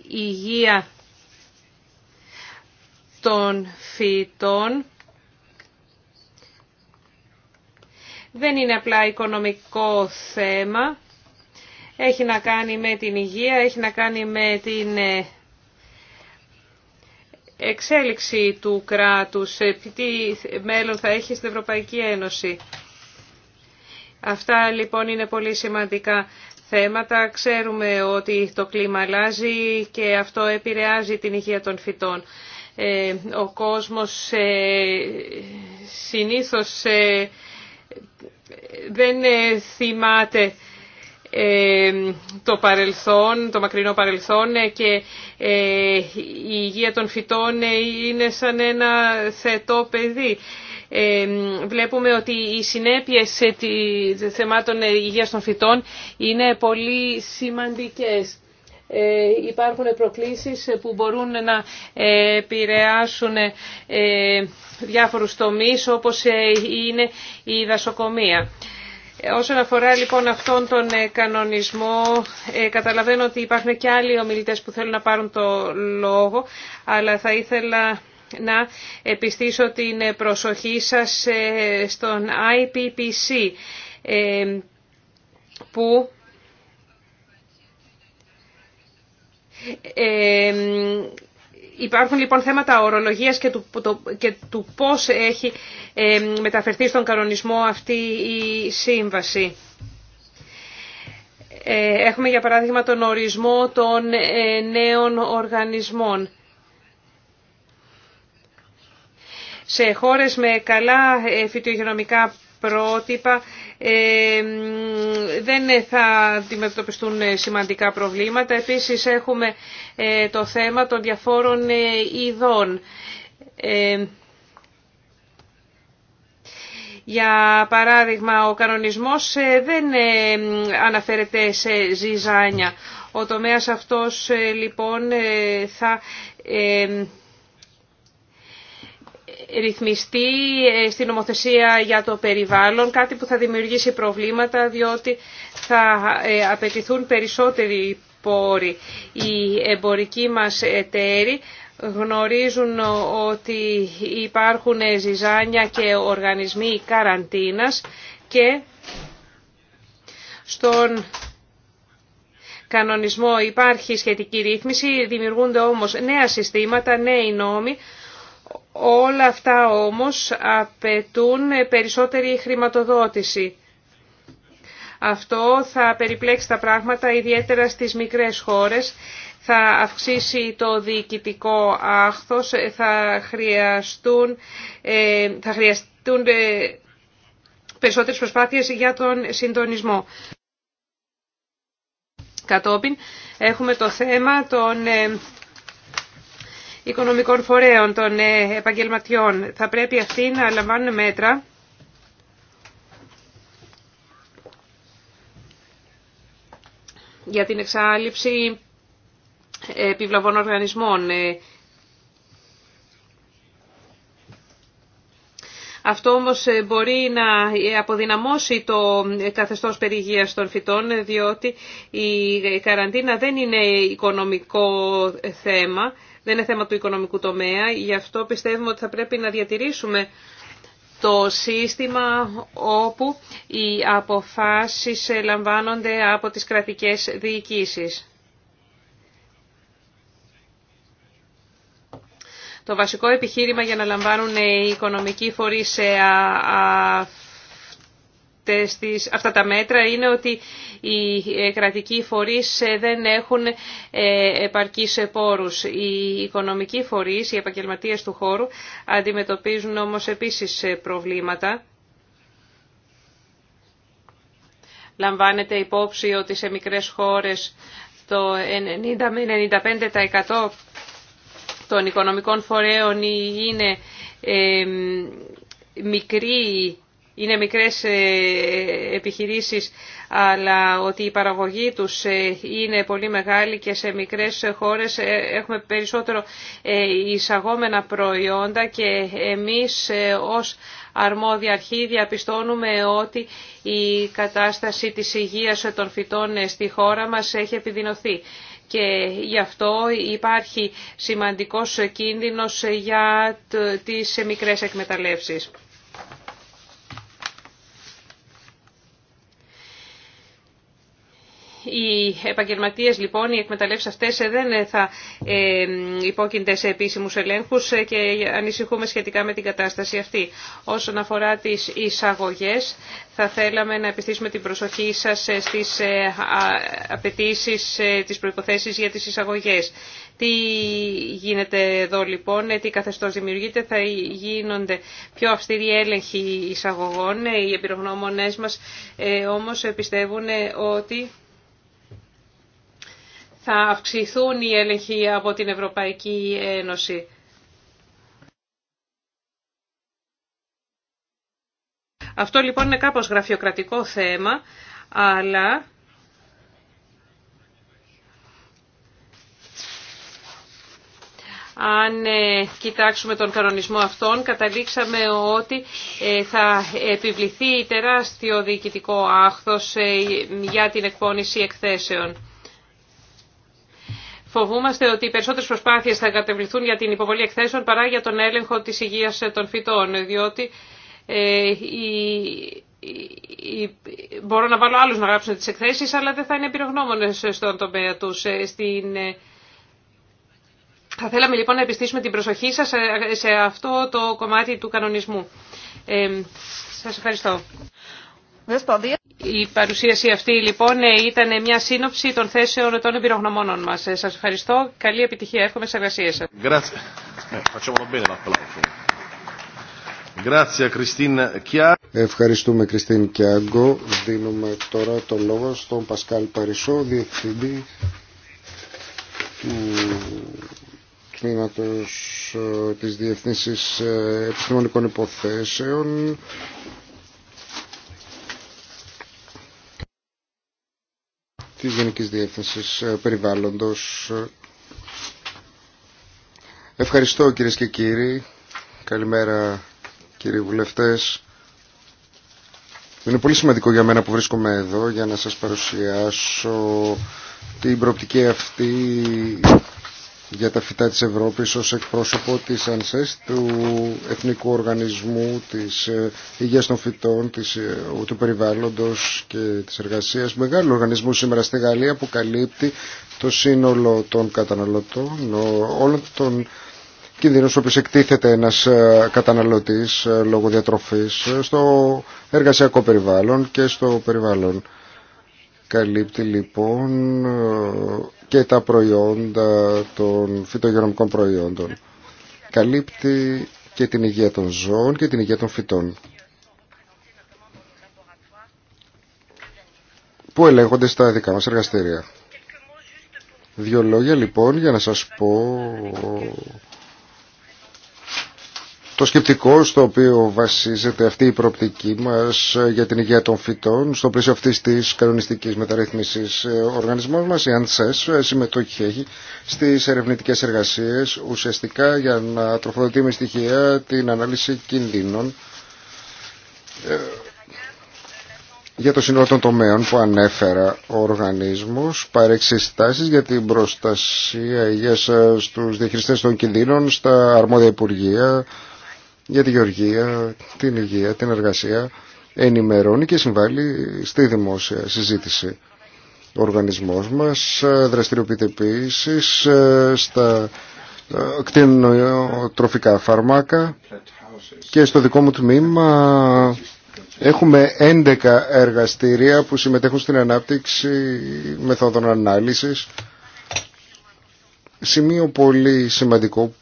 υγεία των φυτών δεν είναι απλά οικονομικό θέμα. Έχει να κάνει με την υγεία, έχει να κάνει με την ε, εξέλιξη του κράτους, ε, τι μέλλον θα έχει στην Ευρωπαϊκή Ένωση. Αυτά λοιπόν είναι πολύ σημαντικά θέματα. Ξέρουμε ότι το κλίμα αλλάζει και αυτό επηρεάζει την υγεία των φυτών. Ε, ο κόσμος συνήθως δεν ε, θυμάται ε, το παρελθόν, το μακρινό παρελθόν ε, και η υγεία των φυτών είναι σαν ένα θετό παιδί. Βλέπουμε ότι οι συνέπειες θεμάτων υγείας των φυτών είναι πολύ σημαντικές. Ε, υπάρχουν προκλήσεις που μπορούν να ε, επηρεάσουν ε, διάφορους τομείς όπως είναι η δασοκομεία. Όσον αφορά λοιπόν αυτόν τον κανονισμό, καταλαβαίνω ότι υπάρχουν και άλλοι ομιλητές που θέλουν να πάρουν το λόγο, αλλά θα ήθελα να επιστήσω την προσοχή σας στον IPPC, που Υπάρχουν λοιπόν θέματα ορολογίας και του, το, πώς έχει μεταφερθεί στον κανονισμό αυτή η σύμβαση. Ε, έχουμε για παράδειγμα τον ορισμό των ε, νέων οργανισμών. Σε χώρες με καλά ε, φυτογενομικά πρότυπα ε, δεν θα αντιμετωπιστούν σημαντικά προβλήματα. Επίσης έχουμε ε, το θέμα των διαφόρων ε, ειδών. Για παράδειγμα, ο κανονισμός δεν αναφέρεται σε ζυζάνια. Ο τομέας αυτός λοιπόν θα ρυθμιστεί ε, στην νομοθεσία για το περιβάλλον, κάτι που θα δημιουργήσει προβλήματα διότι θα ε, απαιτηθούν περισσότεροι πόροι. Οι εμπορικοί μας εταίροι γνωρίζουν ότι υπάρχουν ζυζάνια και οργανισμοί καραντίνας και στον κανονισμό υπάρχει σχετική ρύθμιση, δημιουργούνται όμως νέα συστήματα, νέοι νόμοι Όλα αυτά όμως απαιτούν περισσότερη χρηματοδότηση. Αυτό θα περιπλέξει τα πράγματα ιδιαίτερα στις μικρές χώρες, θα αυξήσει το διοικητικό άχθος, θα χρειαστούν, ε, θα χρειαστούν ε, περισσότερες προσπάθειες για τον συντονισμό. Κατόπιν έχουμε το θέμα των ε, οικονομικών φορέων, των ε, επαγγελματιών. Θα πρέπει αυτοί να λαμβάνουν μέτρα για την εξάλληψη ε, επιβλαβών οργανισμών. Ε. Αυτό όμως μπορεί να αποδυναμώσει το καθεστώς περιγείας των φυτών, διότι η καραντίνα δεν είναι οικονομικό θέμα, δεν είναι θέμα του οικονομικού τομέα. Γι' αυτό πιστεύουμε ότι θα πρέπει να διατηρήσουμε το σύστημα όπου οι αποφάσεις λαμβάνονται από τις κρατικές διοικήσεις. Το βασικό επιχείρημα για να λαμβάνουν οι οικονομικοί φορείς σε αυτά τα μέτρα είναι ότι οι ε, κρατικοί φορείς ε, δεν έχουν ε, επαρκείς πόρους. Οι οικονομικοί φορείς, οι επαγγελματίες του χώρου αντιμετωπίζουν όμως επίσης προβλήματα. Λαμβάνεται υπόψη ότι σε μικρές χώρες το 95% των οικονομικών φορέων είναι μικροί είναι μικρές ε, επιχειρήσεις, αλλά ότι η παραγωγή τους ε, είναι πολύ μεγάλη και σε μικρές χώρες ε, έχουμε περισσότερο εισαγόμενα προϊόντα και εμείς ως αρμόδια αρχή διαπιστώνουμε ότι η κατάσταση της υγείας των φυτών στη χώρα μας έχει επιδεινωθεί και γι' αυτό υπάρχει σημαντικός κίνδυνος για τις μικρές εκμεταλλεύσεις. Οι επαγγελματίες λοιπόν, οι εκμεταλλεύσεις αυτές ε, δεν ε, θα ε, υπόκεινται σε επίσημους ελέγχους και ανησυχούμε σχετικά με την κατάσταση αυτή. Όσον αφορά τις εισαγωγές, θα θέλαμε να επιστήσουμε την προσοχή σας στις απαιτήσει τις προϋποθέσεις για τις εισαγωγές. Τι γίνεται εδώ λοιπόν, τι καθεστώς δημιουργείται, θα γίνονται πιο αυστηροί έλεγχοι εισαγωγών. Οι εμπειρογνώμονές μας όμως πιστεύουν ότι θα αυξηθούν οι έλεγχοι από την Ευρωπαϊκή Ένωση. Αυτό λοιπόν είναι κάπως γραφειοκρατικό θέμα, αλλά αν ε, κοιτάξουμε τον κανονισμό αυτόν, καταλήξαμε ότι ε, θα επιβληθεί τεράστιο διοικητικό άχθος ε, για την εκπόνηση εκθέσεων. Φοβούμαστε ότι οι περισσότερε προσπάθειε θα κατευληθούν για την υποβολή εκθέσεων παρά για τον έλεγχο τη υγεία ε, των φυτών, διότι ε, η, η, μπορώ να βάλω άλλου να γράψουν τι εκθέσει, αλλά δεν θα είναι εμπειρογνώμονε στον τομέα του. Ε, ε, θα θέλαμε λοιπόν να επιστήσουμε την προσοχή σας σε αυτό το κομμάτι του κανονισμού. Ε, σας ευχαριστώ. Η παρουσίαση αυτή λοιπόν ε, ήταν μια σύνοψη των θέσεων των εμπειρογνωμόνων μας. Ε, σας ευχαριστώ. Καλή επιτυχία. Εύχομαι σε εργασία σας. Ε, Ευχαριστούμε Κριστίν Κιάγκο. Δίνουμε τώρα το λόγο στον Πασκάλ Παρισό, διευθυντή του τμήματος της Διεθνής Επιστημονικών Υποθέσεων της Γενικής Διεύθυνσης ε, Περιβάλλοντος. Ευχαριστώ κυρίες και κύριοι. Καλημέρα κύριοι βουλευτές. Είναι πολύ σημαντικό για μένα που βρίσκομαι εδώ για να σας παρουσιάσω την προοπτική αυτή για τα φυτά της Ευρώπης ως εκπρόσωπο της ΑΝΣΕΣ, του Εθνικού Οργανισμού της ε, Υγείας των Φυτών, της, ε, του Περιβάλλοντος και της Εργασίας. Μεγάλο οργανισμό σήμερα στη Γαλλία που καλύπτει το σύνολο των καταναλωτών, όλων των κινδύνους όπως εκτίθεται ένας ε, καταναλωτής λόγω διατροφής στο εργασιακό περιβάλλον και στο περιβάλλον. Καλύπτει λοιπόν και τα προϊόντα των φυτογενομικών προϊόντων. Καλύπτει και την υγεία των ζώων και την υγεία των φυτών. που ελέγχονται στα δικά μας εργαστήρια. Δύο λόγια λοιπόν για να σας πω το σκεπτικό στο οποίο βασίζεται αυτή η προοπτική μας για την υγεία των φυτών στο πλαίσιο αυτής της κανονιστικής μεταρρύθμισης ε, ο οργανισμός μας, η ANSES, ε, συμμετοχή έχει στις ερευνητικές εργασίες ουσιαστικά για να τροφοδοτεί με στοιχεία την ανάλυση κινδύνων ε, για το σύνολο των τομέων που ανέφερα ο οργανισμός παρέξει στάσει για την προστασία υγείας στους διαχειριστές των κινδύνων στα αρμόδια υπουργεία για τη γεωργία, την υγεία, την εργασία, ενημερώνει και συμβάλλει στη δημόσια συζήτηση. Ο οργανισμός μας ε, δραστηριοποιείται επίση ε, στα ε, κτηνοτροφικά φάρμακα και στο δικό μου τμήμα έχουμε 11 εργαστήρια που συμμετέχουν στην ανάπτυξη μεθόδων ανάλυσης σημείο πολύ σημαντικό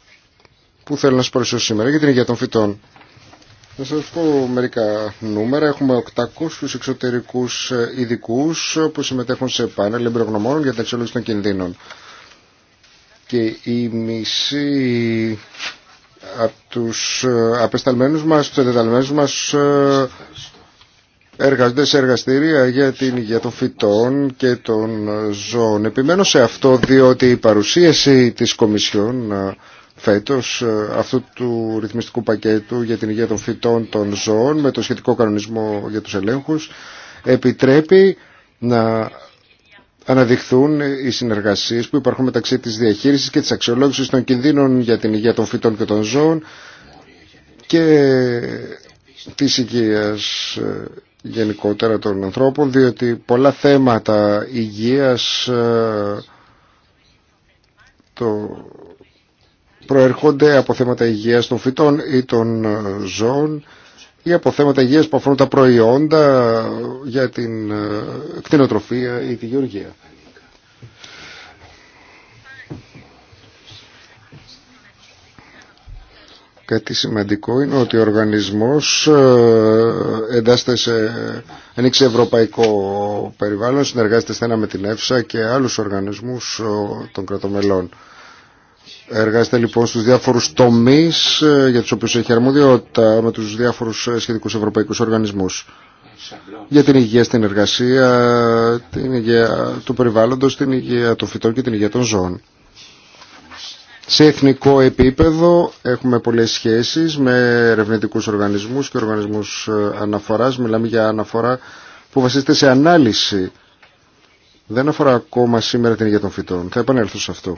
που θέλω να σας παρουσιάσω σήμερα για την υγεία των φυτών. Να σας πω μερικά νούμερα. Έχουμε 800 εξωτερικούς ε, ειδικού που συμμετέχουν σε πάνελ εμπειρογνωμόνων για την αξιολόγηση των κινδύνων. Και η μισή ε, από τους ε, απεσταλμένους μας, τους εντεταλμένους μας εργαζόνται σε εργαστήρια για την υγεία των φυτών και των ζώων. Επιμένω σε αυτό διότι η παρουσίαση της Κομισιόν φέτος ε, αυτού του ρυθμιστικού πακέτου για την υγεία των φυτών των ζώων με το σχετικό κανονισμό για τους ελέγχους επιτρέπει να αναδειχθούν οι συνεργασίες που υπάρχουν μεταξύ της διαχείρισης και της αξιολόγησης των κινδύνων για την υγεία των φυτών και των ζώων και της υγείας ε, γενικότερα των ανθρώπων διότι πολλά θέματα υγείας ε, το προερχόνται από θέματα υγείας των φυτών ή των ε, ζώων ή από θέματα υγείας που αφορούν τα προϊόντα για την ε, κτηνοτροφία ή τη γεωργία. Κάτι σημαντικό είναι ότι ο οργανισμός ε, εντάσσεται σε ανοίξει ευρωπαϊκό περιβάλλον, συνεργάζεται στενά με την ΕΦΣΑ και άλλους οργανισμούς των κρατομελών. Εργάζεται λοιπόν στους διάφορους τομείς ε, για τους οποίους έχει αρμοδιότητα με τους διάφορους ε, σχετικούς ευρωπαϊκούς οργανισμούς. Για την υγεία στην εργασία, την υγεία του περιβάλλοντος, την υγεία των φυτών και την υγεία των ζώων. Σε εθνικό επίπεδο έχουμε πολλές σχέσεις με ερευνητικούς οργανισμούς και οργανισμούς ε, αναφοράς. Μιλάμε για αναφορά που βασίζεται σε ανάλυση. Δεν αφορά ακόμα σήμερα την υγεία των φυτών. Θα επανέλθω σε αυτό.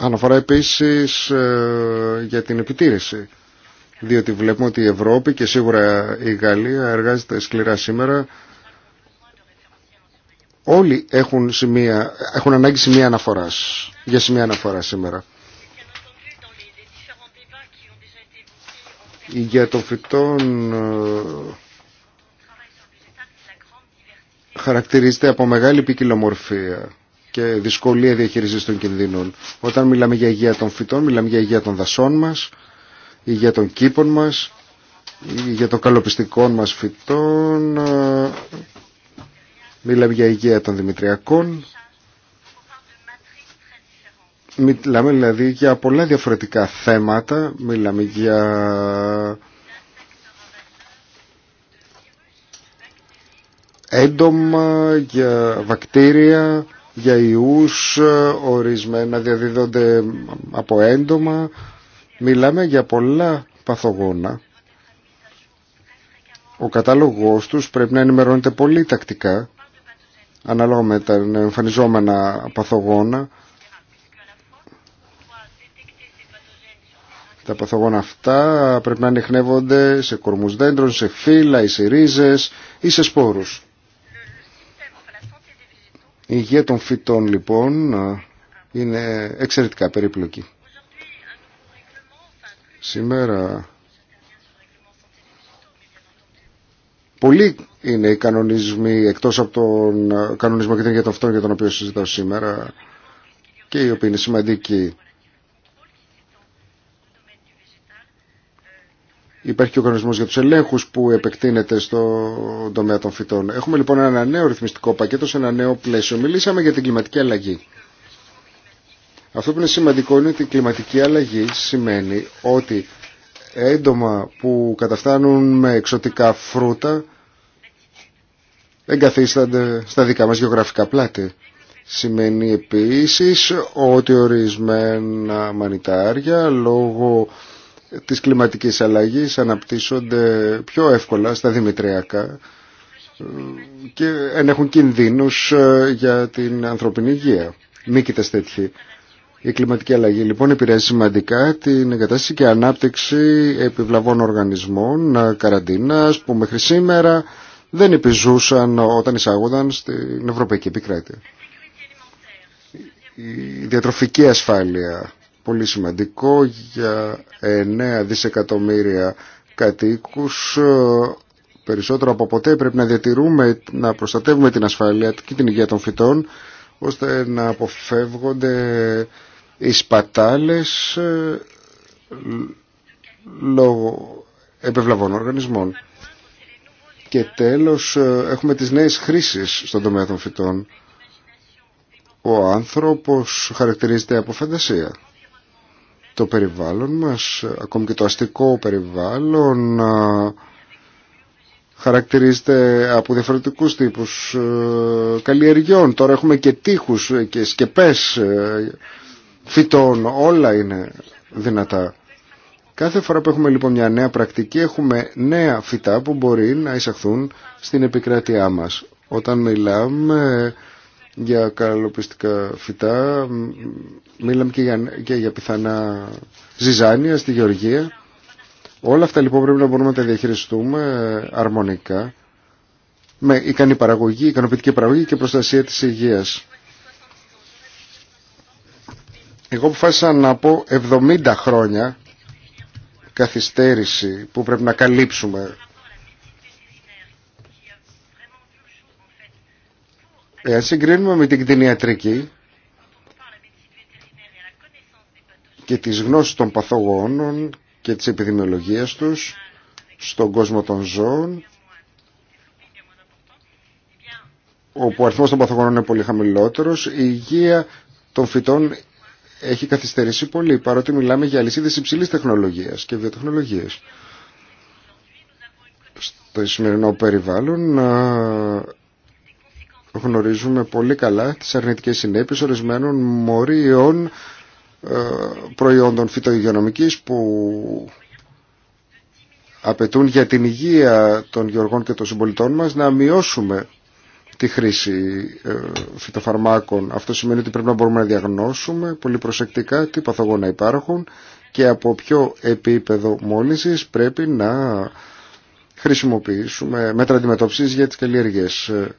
Αναφορά επίσης ε, για την επιτήρηση, διότι βλέπουμε ότι η Ευρώπη και σίγουρα η Γαλλία εργάζεται σκληρά σήμερα. Όλοι έχουν, σημεία, έχουν ανάγκη σημεία αναφοράς, για σημεία αναφορά σήμερα. Η για το ε, χαρακτηρίζεται από μεγάλη ποικιλομορφία και δυσκολία διαχείριση των κινδύνων. Όταν μιλάμε για υγεία των φυτών, μιλάμε για υγεία των δασών μας, υγεία των κήπων μας, υγεία των καλοπιστικών μας φυτών, μιλάμε για υγεία των δημητριακών. Μιλάμε δηλαδή για πολλά διαφορετικά θέματα, μιλάμε για... έντομα, για βακτήρια, για ιούς, ε, ορισμένα διαδίδονται από έντομα. Μιλάμε για πολλά παθογόνα. Ο κατάλογος τους πρέπει να ενημερώνεται πολύ τακτικά, ανάλογα με τα εμφανιζόμενα παθογόνα. Τα παθογόνα αυτά πρέπει να ανιχνεύονται σε κορμούς δέντρων, σε φύλλα ή σε ρίζες ή σε σπόρους. Η υγεία των φυτών λοιπόν είναι εξαιρετικά περίπλοκη. Σήμερα πολλοί είναι οι κανονισμοί εκτός από τον κανονισμό και την υγεία των φυτών για τον οποίο συζητάω σήμερα και οι οποίοι είναι σημαντικοί. Υπάρχει και ο κανονισμό για του ελέγχου που επεκτείνεται στο τομέα των φυτών. Έχουμε λοιπόν ένα νέο ρυθμιστικό πακέτο σε ένα νέο πλαίσιο. Μιλήσαμε για την κλιματική αλλαγή. Αυτό που είναι σημαντικό είναι ότι η κλιματική αλλαγή σημαίνει ότι έντομα που καταφτάνουν με εξωτικά φρούτα εγκαθίστανται στα δικά μας γεωγραφικά πλάτη. Σημαίνει επίσης ότι ορισμένα μανιτάρια λόγω της κλιματικής αλλαγής αναπτύσσονται πιο εύκολα στα δημητριακά ε, και ενέχουν κινδύνους ε, για την ανθρωπινή υγεία. Μη κοιτάς τέτοιοι. Η κλιματική αλλαγή λοιπόν επηρεάζει σημαντικά την εγκατάσταση και ανάπτυξη επιβλαβών οργανισμών, ε, καραντίνας που μέχρι σήμερα δεν επιζούσαν όταν εισάγονταν στην Ευρωπαϊκή Επικράτεια. Η διατροφική ασφάλεια πολύ σημαντικό για 9 δισεκατομμύρια κατοίκους περισσότερο από ποτέ πρέπει να διατηρούμε, να προστατεύουμε την ασφάλεια και την υγεία των φυτών ώστε να αποφεύγονται οι σπατάλες ε, λόγω επευλαβών οργανισμών. Και τέλος ε, έχουμε τις νέες χρήσεις στον τομέα των φυτών. Ο άνθρωπος χαρακτηρίζεται από φαντασία το περιβάλλον μας, ακόμη και το αστικό περιβάλλον, χαρακτηρίζεται από διαφορετικούς τύπους καλλιεργιών. Τώρα έχουμε και τείχους ε, και σκεπές ε, φυτών, όλα είναι δυνατά. Κάθε φορά που έχουμε λοιπόν μια νέα πρακτική έχουμε νέα φυτά που μπορεί να εισαχθούν στην επικράτειά μας. Όταν μιλάμε για καλοπιστικά φυτά, μίλαμε και για, και για πιθανά ζυζάνια στη Γεωργία. Όλα αυτά λοιπόν πρέπει να μπορούμε να τα διαχειριστούμε αρμονικά με ικανή παραγωγή, ικανοποιητική παραγωγή και προστασία της υγείας. Εγώ αποφάσισα να πω 70 χρόνια καθυστέρηση που πρέπει να καλύψουμε Εάν συγκρίνουμε με την κτηνιατρική και τις γνώσεις των παθογόνων και τις επιδημιολογίες τους στον κόσμο των ζώων, όπου ο αριθμός των παθογόνων είναι πολύ χαμηλότερος, η υγεία των φυτών έχει καθυστερήσει πολύ, παρότι μιλάμε για αλυσίδες υψηλής τεχνολογίας και βιοτεχνολογίας Στο σημερινό περιβάλλον γνωρίζουμε πολύ καλά τις αρνητικές συνέπειες ορισμένων μορίων ε, προϊόντων φυτοϊγειονομικής που απαιτούν για την υγεία των γεωργών και των συμπολιτών μας να μειώσουμε τη χρήση ε, φυτοφαρμάκων. Αυτό σημαίνει ότι πρέπει να μπορούμε να διαγνώσουμε πολύ προσεκτικά τι παθογόνα υπάρχουν και από ποιο επίπεδο μόλυνσης πρέπει να χρησιμοποιήσουμε μέτρα αντιμετώπισης για τις καλλιεργίες. Ε,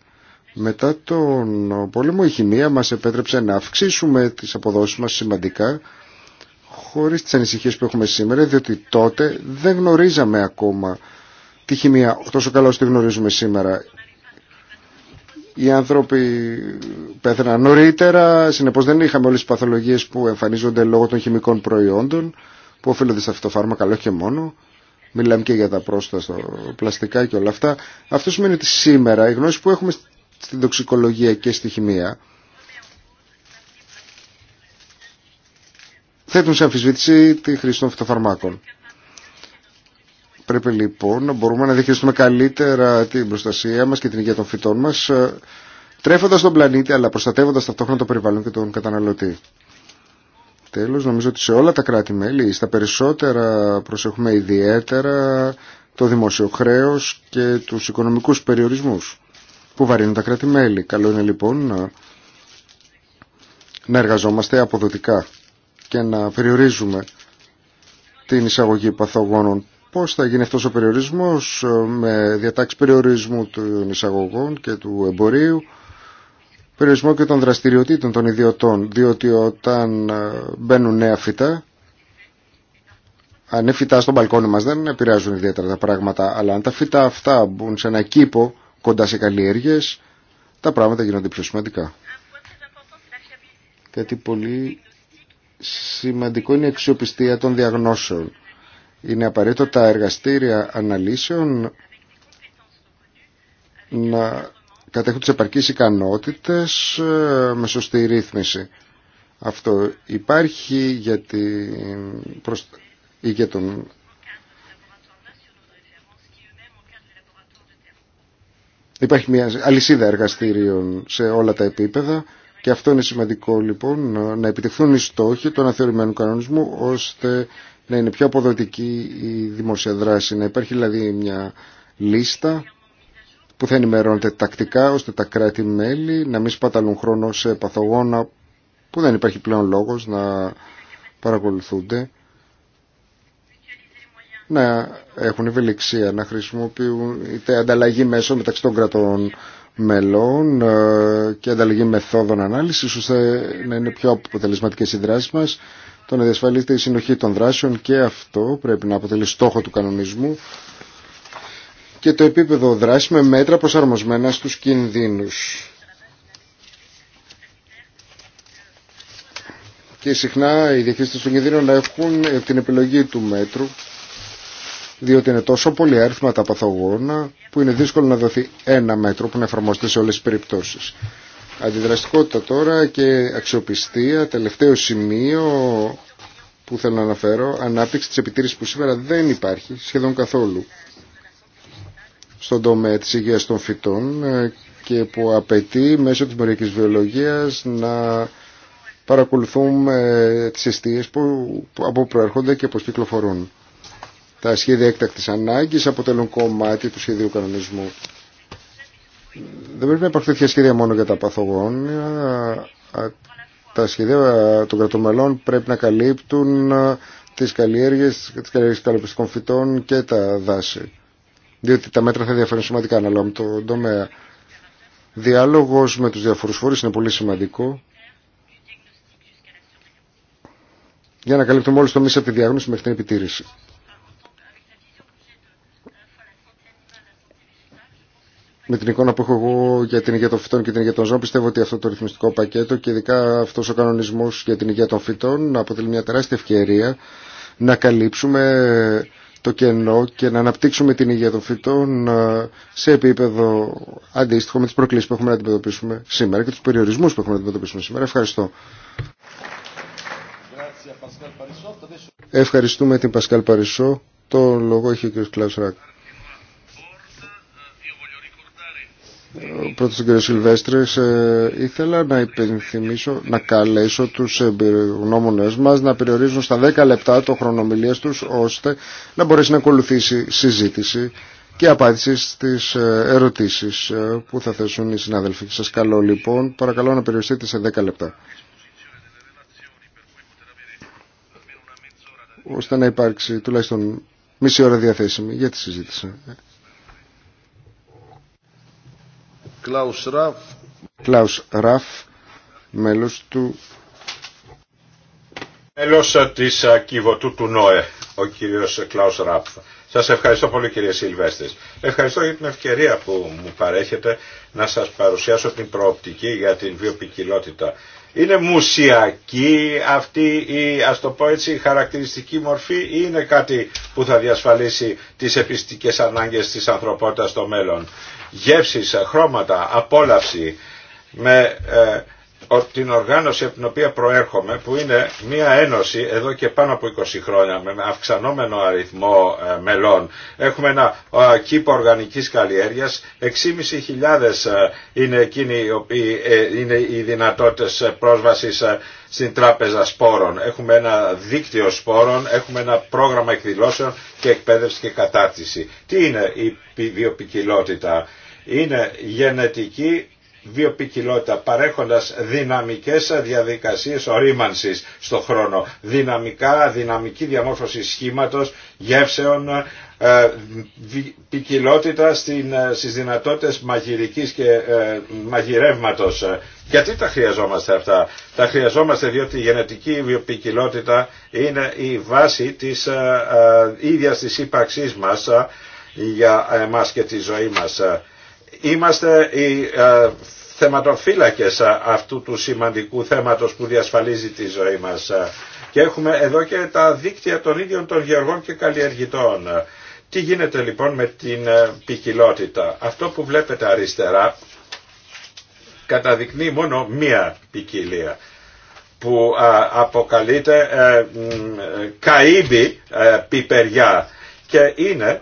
μετά τον πόλεμο η χημεία μας επέτρεψε να αυξήσουμε τις αποδόσεις μας σημαντικά χωρίς τις ανησυχίες που έχουμε σήμερα διότι τότε δεν γνωρίζαμε ακόμα τη χημεία τόσο καλά όσο τη γνωρίζουμε σήμερα. Οι άνθρωποι πέθαναν νωρίτερα, συνεπώς δεν είχαμε όλες τις παθολογίες που εμφανίζονται λόγω των χημικών προϊόντων που οφείλονται σε αυτό φάρμακα, αλλά και μόνο. Μιλάμε και για τα πρόσθετα πλαστικά και όλα αυτά. Αυτό σημαίνει ότι σήμερα η γνώση που έχουμε στην τοξικολογία και στη χημεία θέτουν σε αμφισβήτηση τη χρήση των φυτοφαρμάκων. Πρέπει λοιπόν να μπορούμε να διαχειριστούμε καλύτερα την προστασία μας και την υγεία των φυτών μας ε, τρέφοντας τον πλανήτη αλλά προστατεύοντας ταυτόχρονα το περιβάλλον και τον καταναλωτή. Τέλος, νομίζω ότι σε όλα τα κράτη-μέλη, στα περισσότερα προσέχουμε ιδιαίτερα το δημόσιο χρέος και τους οικονομικούς περιορισμούς που βαρύνουν τα κράτη-μέλη. Καλό είναι λοιπόν να, εργαζόμαστε αποδοτικά και να περιορίζουμε την εισαγωγή παθογόνων. Πώς θα γίνει αυτός ο περιορισμός ε, με διατάξει περιορισμού των εισαγωγών και του εμπορίου, περιορισμό και των δραστηριοτήτων των ιδιωτών, διότι όταν ε, μπαίνουν νέα φυτά, αν είναι φυτά στο μπαλκόνι μας δεν επηρεάζουν ιδιαίτερα τα πράγματα, αλλά αν τα φυτά αυτά μπουν σε ένα κήπο κοντά σε καλλιέργειες, τα πράγματα γίνονται πιο σημαντικά. Κάτι πολύ σημαντικό είναι η αξιοπιστία των διαγνώσεων. Είναι απαραίτητο τα εργαστήρια αναλύσεων να κατέχουν τις επαρκείς ικανότητες ε, με σωστή ρύθμιση. Αυτό υπάρχει για, την... για τον Υπάρχει μια αλυσίδα εργαστήριων σε όλα τα επίπεδα και αυτό είναι σημαντικό λοιπόν να επιτευχθούν οι στόχοι του αναθεωρημένου κανονισμού ώστε να είναι πιο αποδοτική η δημόσια Να υπάρχει δηλαδή μια λίστα που θα ενημερώνεται τακτικά ώστε τα κράτη-μέλη να μην σπαταλούν χρόνο σε παθογόνα που δεν υπάρχει πλέον λόγος να παρακολουθούνται να έχουν ευελιξία, να χρησιμοποιούν είτε ανταλλαγή μέσων μεταξύ των κρατών μελών ε, και ανταλλαγή μεθόδων ανάλυσης ώστε να είναι πιο αποτελεσματικές οι δράσεις μας το να διασφαλίζεται η συνοχή των δράσεων και αυτό πρέπει να αποτελεί στόχο του κανονισμού και το επίπεδο δράση με μέτρα προσαρμοσμένα στους κινδύνους. Και συχνά οι διαχείριστες των κινδύνων έχουν την επιλογή του μέτρου διότι είναι τόσο πολλοί αριθμα τα παθογόνα που είναι δύσκολο να δοθεί ένα μέτρο που να εφαρμοστεί σε όλες τις περιπτώσεις. Αντιδραστικότητα τώρα και αξιοπιστία, τελευταίο σημείο που θέλω να αναφέρω, ανάπτυξη της επιτήρησης που σήμερα δεν υπάρχει σχεδόν καθόλου στον τομέα της υγείας των φυτών ε, και που απαιτεί μέσω της μοριακής βιολογίας να παρακολουθούμε ε, τις αιστείες που, από προέρχονται και πώς κυκλοφορούν. Τα σχέδια έκτακτης ανάγκης αποτελούν κομμάτι του σχεδίου κανονισμού. Δεν πρέπει να υπάρχουν τέτοια σχέδια μόνο για τα παθογόνια. Τα σχέδια των κρατομελών πρέπει να καλύπτουν τις καλλιέργειες, τις καλλιέργειες καλοπιστικών φυτών και τα δάση. Διότι τα μέτρα θα διαφέρουν σημαντικά ανάλογα με τον τομέα. Διάλογος με τους διαφορούς φορείς είναι πολύ σημαντικό. Για να καλύπτουμε όλους το μίσο από τη διάγνωση μέχρι την επιτήρηση. με την εικόνα που έχω εγώ για την υγεία των φυτών και την υγεία των ζώων, πιστεύω ότι αυτό το ρυθμιστικό πακέτο και ειδικά αυτό ο κανονισμό για την υγεία των φυτών αποτελεί μια τεράστια ευκαιρία να καλύψουμε το κενό και να αναπτύξουμε την υγεία των φυτών ε, σε επίπεδο αντίστοιχο με τι προκλήσει που έχουμε να αντιμετωπίσουμε σήμερα και του περιορισμού που έχουμε να αντιμετωπίσουμε σήμερα. Ευχαριστώ. Ευχαριστούμε την Πασκάλ Παρισό. Το λόγο έχει ο κ. Κλάου Ράκ. πρώτος τον κύριο Σιλβέστρης ε, ήθελα να υπενθυμίσω να καλέσω τους εμπειρογνώμονες μας να περιορίζουν στα 10 λεπτά το χρονομιλία τους ώστε να μπορέσει να ακολουθήσει συζήτηση και απάντηση στις ε, ερωτήσεις ε, που θα θέσουν οι συνάδελφοι. Σας καλώ λοιπόν, παρακαλώ να περιοριστείτε σε 10 λεπτά. ώστε να υπάρξει τουλάχιστον μισή ώρα διαθέσιμη για τη συζήτηση. Κλάους Ραφ. Κλάους Ραφ, μέλος του... Μέλος ε, της ε, Κιβωτού του ΝΟΕ, ο κύριος ε, Κλάους Ραφ. Σας ευχαριστώ πολύ κύριε Σιλβέστης. Ευχαριστώ για την ευκαιρία που μου παρέχετε να σας παρουσιάσω την προοπτική για την βιοπικιλότητα είναι μουσιακή αυτή η ας το πω χαρακτηριστική μορφή ή είναι κάτι που θα διασφαλίσει τις επιστικές ανάγκες της ανθρωπότητας στο μέλλον. Γεύσεις, χρώματα, απόλαυση με... Ε, την οργάνωση από την οποία προέρχομαι που είναι μια ένωση εδώ και πάνω από 20 χρόνια με αυξανόμενο αριθμό ε, μελών. Έχουμε ένα κήπο οργανικής καλλιέργειας, 6.500 ε, είναι εκείνοι οι οποίοι ε, είναι οι δυνατότητες πρόσβασης στην τράπεζα σπόρων. Έχουμε ένα δίκτυο σπόρων, έχουμε ένα πρόγραμμα εκδηλώσεων και εκπαίδευση και κατάρτιση. Τι είναι η βιοπικιλότητα. Είναι γενετική βιοπικιλότητα παρέχοντας δυναμικές διαδικασίες ορίμανσης στο χρόνο. Δυναμικά, δυναμική διαμόρφωση σχήματος, γεύσεων, ε, ποικιλότητα στην, ε, στις δυνατότητες μαγειρικής και ε, μαγειρεύματος. Γιατί τα χρειαζόμαστε αυτά. Τα χρειαζόμαστε διότι η γενετική βιοπικιλότητα είναι η βάση της ίδιας της ύπαρξής μας για εμάς και τη ζωή μας είμαστε οι ε, θεματοφύλακες αυτού του σημαντικού θέματος που διασφαλίζει τη ζωή μας. Και έχουμε εδώ και τα δίκτυα των ίδιων των γεωργών και καλλιεργητών. Τι γίνεται λοιπόν με την ε, ποικιλότητα. Αυτό που βλέπετε αριστερά καταδεικνύει μόνο μία ποικιλία που αποκαλείται ε, καΐμπι πιπεριά και είναι,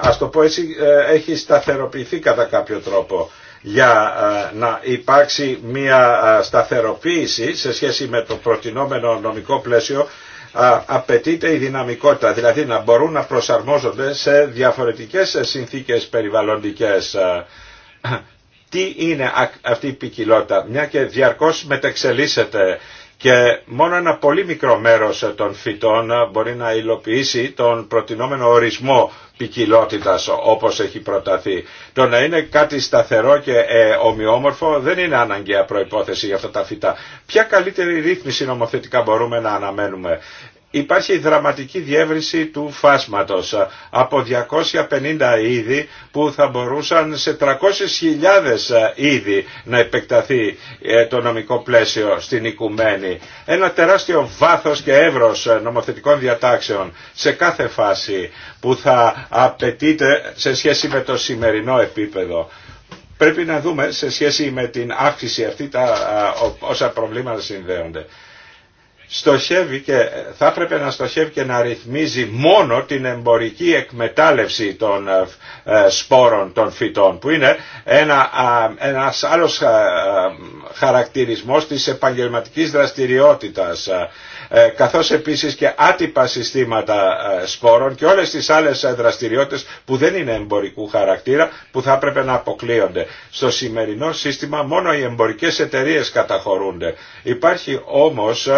ας το πω έτσι, ε, έχει σταθεροποιηθεί κατά κάποιο τρόπο για ε, να υπάρξει μια ε, σταθεροποίηση σε σχέση με το προτινόμενο νομικό πλαίσιο απαιτείται η δυναμικότητα, δηλαδή να μπορούν να προσαρμόζονται σε διαφορετικές συνθήκες περιβαλλοντικές. *clears throat* Τι είναι αυτή η ποικιλότητα, μια και διαρκώς μετεξελίσσεται και μόνο ένα πολύ μικρό μέρος των φυτών μπορεί να υλοποιήσει τον προτινόμενο ορισμό ποικιλότητα όπως έχει προταθεί. Το να είναι κάτι σταθερό και ε, ομοιόμορφο δεν είναι αναγκαία προϋπόθεση για αυτά τα φυτά. Ποια καλύτερη ρύθμιση νομοθετικά μπορούμε να αναμένουμε υπάρχει δραματική διεύρυνση του φάσματος από 250 είδη που θα μπορούσαν σε 300.000 είδη να επεκταθεί ε, το νομικό πλαίσιο στην οικουμένη. Ένα τεράστιο βάθος και εύρος νομοθετικών διατάξεων σε κάθε φάση που θα απαιτείται σε σχέση με το σημερινό επίπεδο. Πρέπει να δούμε σε σχέση με την αύξηση αυτή όσα προβλήματα συνδέονται στοχεύει και θα έπρεπε να στοχεύει και να ρυθμίζει μόνο την εμπορική εκμετάλλευση των ε, ε, σπόρων των φυτών που είναι ένα, ένας άλλος ε, χαρακτηρισμός της επαγγελματικής δραστηριότητας ε, καθώς επίσης και άτυπα συστήματα ε, σπόρων και όλες τις άλλες ε, δραστηριότητες που δεν είναι εμπορικού χαρακτήρα που θα έπρεπε να αποκλείονται. Στο σημερινό σύστημα μόνο οι εμπορικές εταιρείες καταχωρούνται. Υπάρχει όμως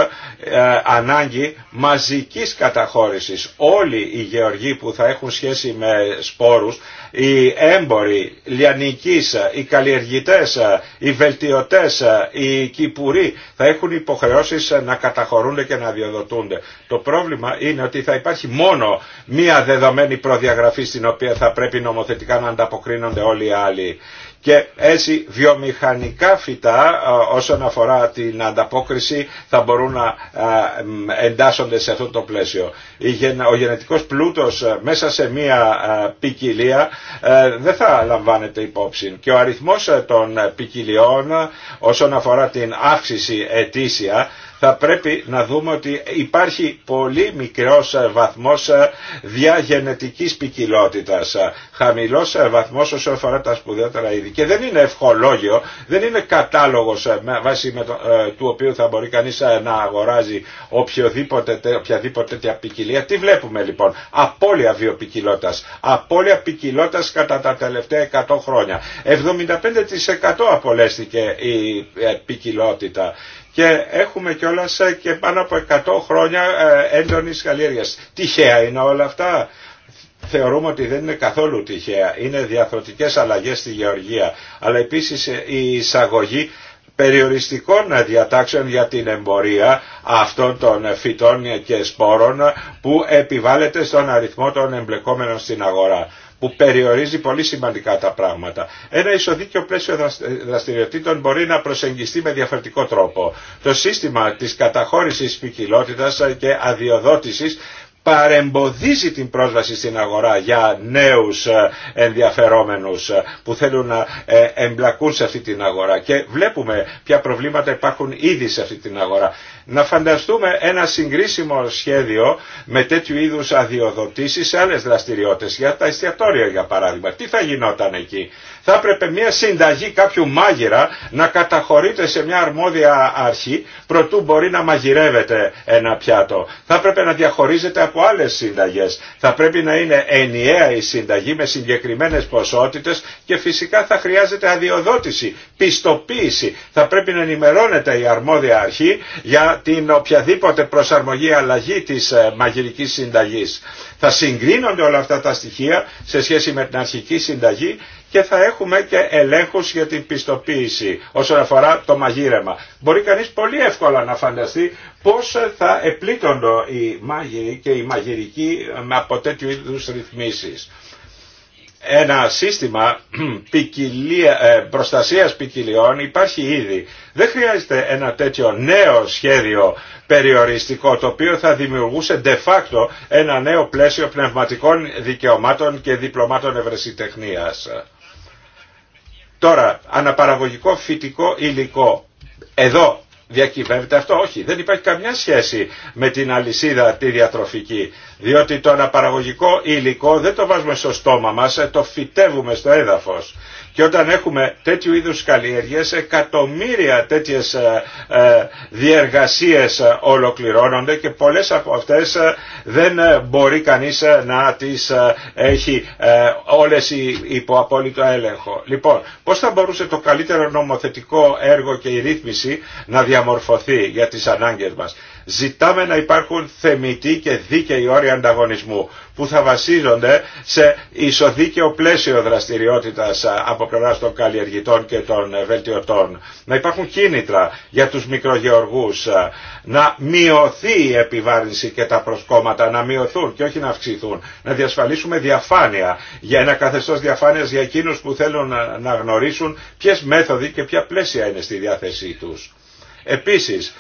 ανάγκη μαζικής καταχώρησης. Όλοι οι γεωργοί που θα έχουν σχέση με σπόρους, οι έμποροι, λιανικής, οι καλλιεργητές, οι βελτιωτές, οι κυπουροί θα έχουν υποχρεώσεις να καταχωρούνται και να να Το πρόβλημα είναι ότι θα υπάρχει μόνο μία δεδομένη προδιαγραφή στην οποία θα πρέπει νομοθετικά να ανταποκρίνονται όλοι οι άλλοι. Και έτσι βιομηχανικά φυτά ε, όσον αφορά την ανταπόκριση θα μπορούν να ε, εντάσσονται σε αυτό το πλαίσιο. Ο γενετικός πλούτος ε, μέσα σε μία ποικιλία δεν θα λαμβάνεται υπόψη. Και ο αριθμός των ποικιλιών όσον αφορά την αύξηση ετήσια θα πρέπει να δούμε ότι υπάρχει πολύ μικρός ε, βαθμός ε, διαγενετικής ποικιλότητα, ε, χαμηλός βαθμός όσο αφορά τα σπουδαιότερα είδη και δεν είναι ευχολόγιο, δεν είναι κατάλογος βάση με το, του οποίου θα μπορεί κανείς να αγοράζει οποιοδήποτε, οποιαδήποτε τέτοια ποικιλία. Τι βλέπουμε λοιπόν, απώλεια βιοποικιλότητας. απώλεια ποικιλότητας κατά τα τελευταία 100 χρόνια. 75% απολέστηκε η ποικιλότητα και έχουμε κιόλας ε, και πάνω από 100 χρόνια ε, έντονη καλλιέργεια. Τυχαία είναι όλα αυτά. Θεωρούμε ότι δεν είναι καθόλου τυχαία. Είναι διαθροτικές αλλαγές στη γεωργία. Αλλά επίσης ε, η εισαγωγή περιοριστικών διατάξεων για την εμπορία αυτών των φυτών και σπόρων που επιβάλλεται στον αριθμό των εμπλεκόμενων στην αγορά που περιορίζει πολύ σημαντικά τα πράγματα. Ένα ισοδίκιο πλαίσιο δραστηριοτήτων μπορεί να προσεγγιστεί με διαφορετικό τρόπο. Το σύστημα της καταχώρησης ποικιλότητας και αδειοδότησης παρεμποδίζει την πρόσβαση στην αγορά για νέους ε, ενδιαφερόμενους ε, που θέλουν να ε, εμπλακούν σε αυτή την αγορά και βλέπουμε ποια προβλήματα υπάρχουν ήδη σε αυτή την αγορά. Να φανταστούμε ένα συγκρίσιμο σχέδιο με τέτοιου είδους αδειοδοτήσεις σε άλλες δραστηριότητες, για τα εστιατόρια για παράδειγμα. Τι θα γινόταν εκεί. Θα έπρεπε μια συνταγή κάποιου μάγειρα να καταχωρείται σε μια αρμόδια αρχή προτού μπορεί να μαγειρεύεται ένα πιάτο. Θα έπρεπε να διαχωρίζεται από άλλες συνταγές. Θα πρέπει να είναι ενιαία η συνταγή με συγκεκριμένες ποσότητες και φυσικά θα χρειάζεται αδειοδότηση, πιστοποίηση. Θα πρέπει να ενημερώνεται η αρμόδια αρχή για την οποιαδήποτε προσαρμογή αλλαγή της ε, μαγειρικής συνταγής. Θα συγκρίνονται όλα αυτά τα στοιχεία σε σχέση με την αρχική συνταγή και θα έχουμε και ελέγχους για την πιστοποίηση όσον αφορά το μαγείρεμα. Μπορεί κανείς πολύ εύκολα να φανταστεί πώς θα επλήττονται οι μάγειροι και οι μαγειρικοί ε, από τέτοιου είδους ρυθμίσεις ένα σύστημα *clears throat* ποικιλία, ε, προστασίας ποικιλιών υπάρχει ήδη. Δεν χρειάζεται ένα τέτοιο νέο σχέδιο περιοριστικό το οποίο θα δημιουργούσε de facto ένα νέο πλαίσιο πνευματικών δικαιωμάτων και διπλωμάτων ευρεσιτεχνίας. Τώρα, αναπαραγωγικό φυτικό υλικό. Εδώ διακυβεύεται αυτό. Όχι, δεν υπάρχει καμιά σχέση με την αλυσίδα τη διατροφική. Διότι το αναπαραγωγικό υλικό δεν το βάζουμε στο στόμα μας, το φυτεύουμε στο έδαφος. Και όταν έχουμε τέτοιου είδους καλλιέργειες, εκατομμύρια τέτοιες ε, ε, διεργασίες ε, ολοκληρώνονται και πολλές από αυτές δεν μπορεί κανείς να τις έχει όλες υπό απόλυτο έλεγχο. Λοιπόν, πώς θα μπορούσε το καλύτερο νομοθετικό έργο και η ρύθμιση να διαμορφωθεί για τις ανάγκες μας. Ζητάμε να υπάρχουν θεμητοί και δίκαιοι όροι ανταγωνισμού που θα βασίζονται σε ισοδίκαιο πλαίσιο δραστηριότητα από πλευρά των καλλιεργητών και των ε, βελτιωτών. Να υπάρχουν κίνητρα για τους μικρογεωργούς, να μειωθεί η επιβάρυνση και τα προσκόμματα, να μειωθούν και όχι να αυξηθούν. Να διασφαλίσουμε διαφάνεια, για ένα καθεστώ διαφάνεια για εκείνου που θέλουν να γνωρίσουν ποιε μέθοδοι και ποια πλαίσια είναι στη διάθεσή του. Επίσης,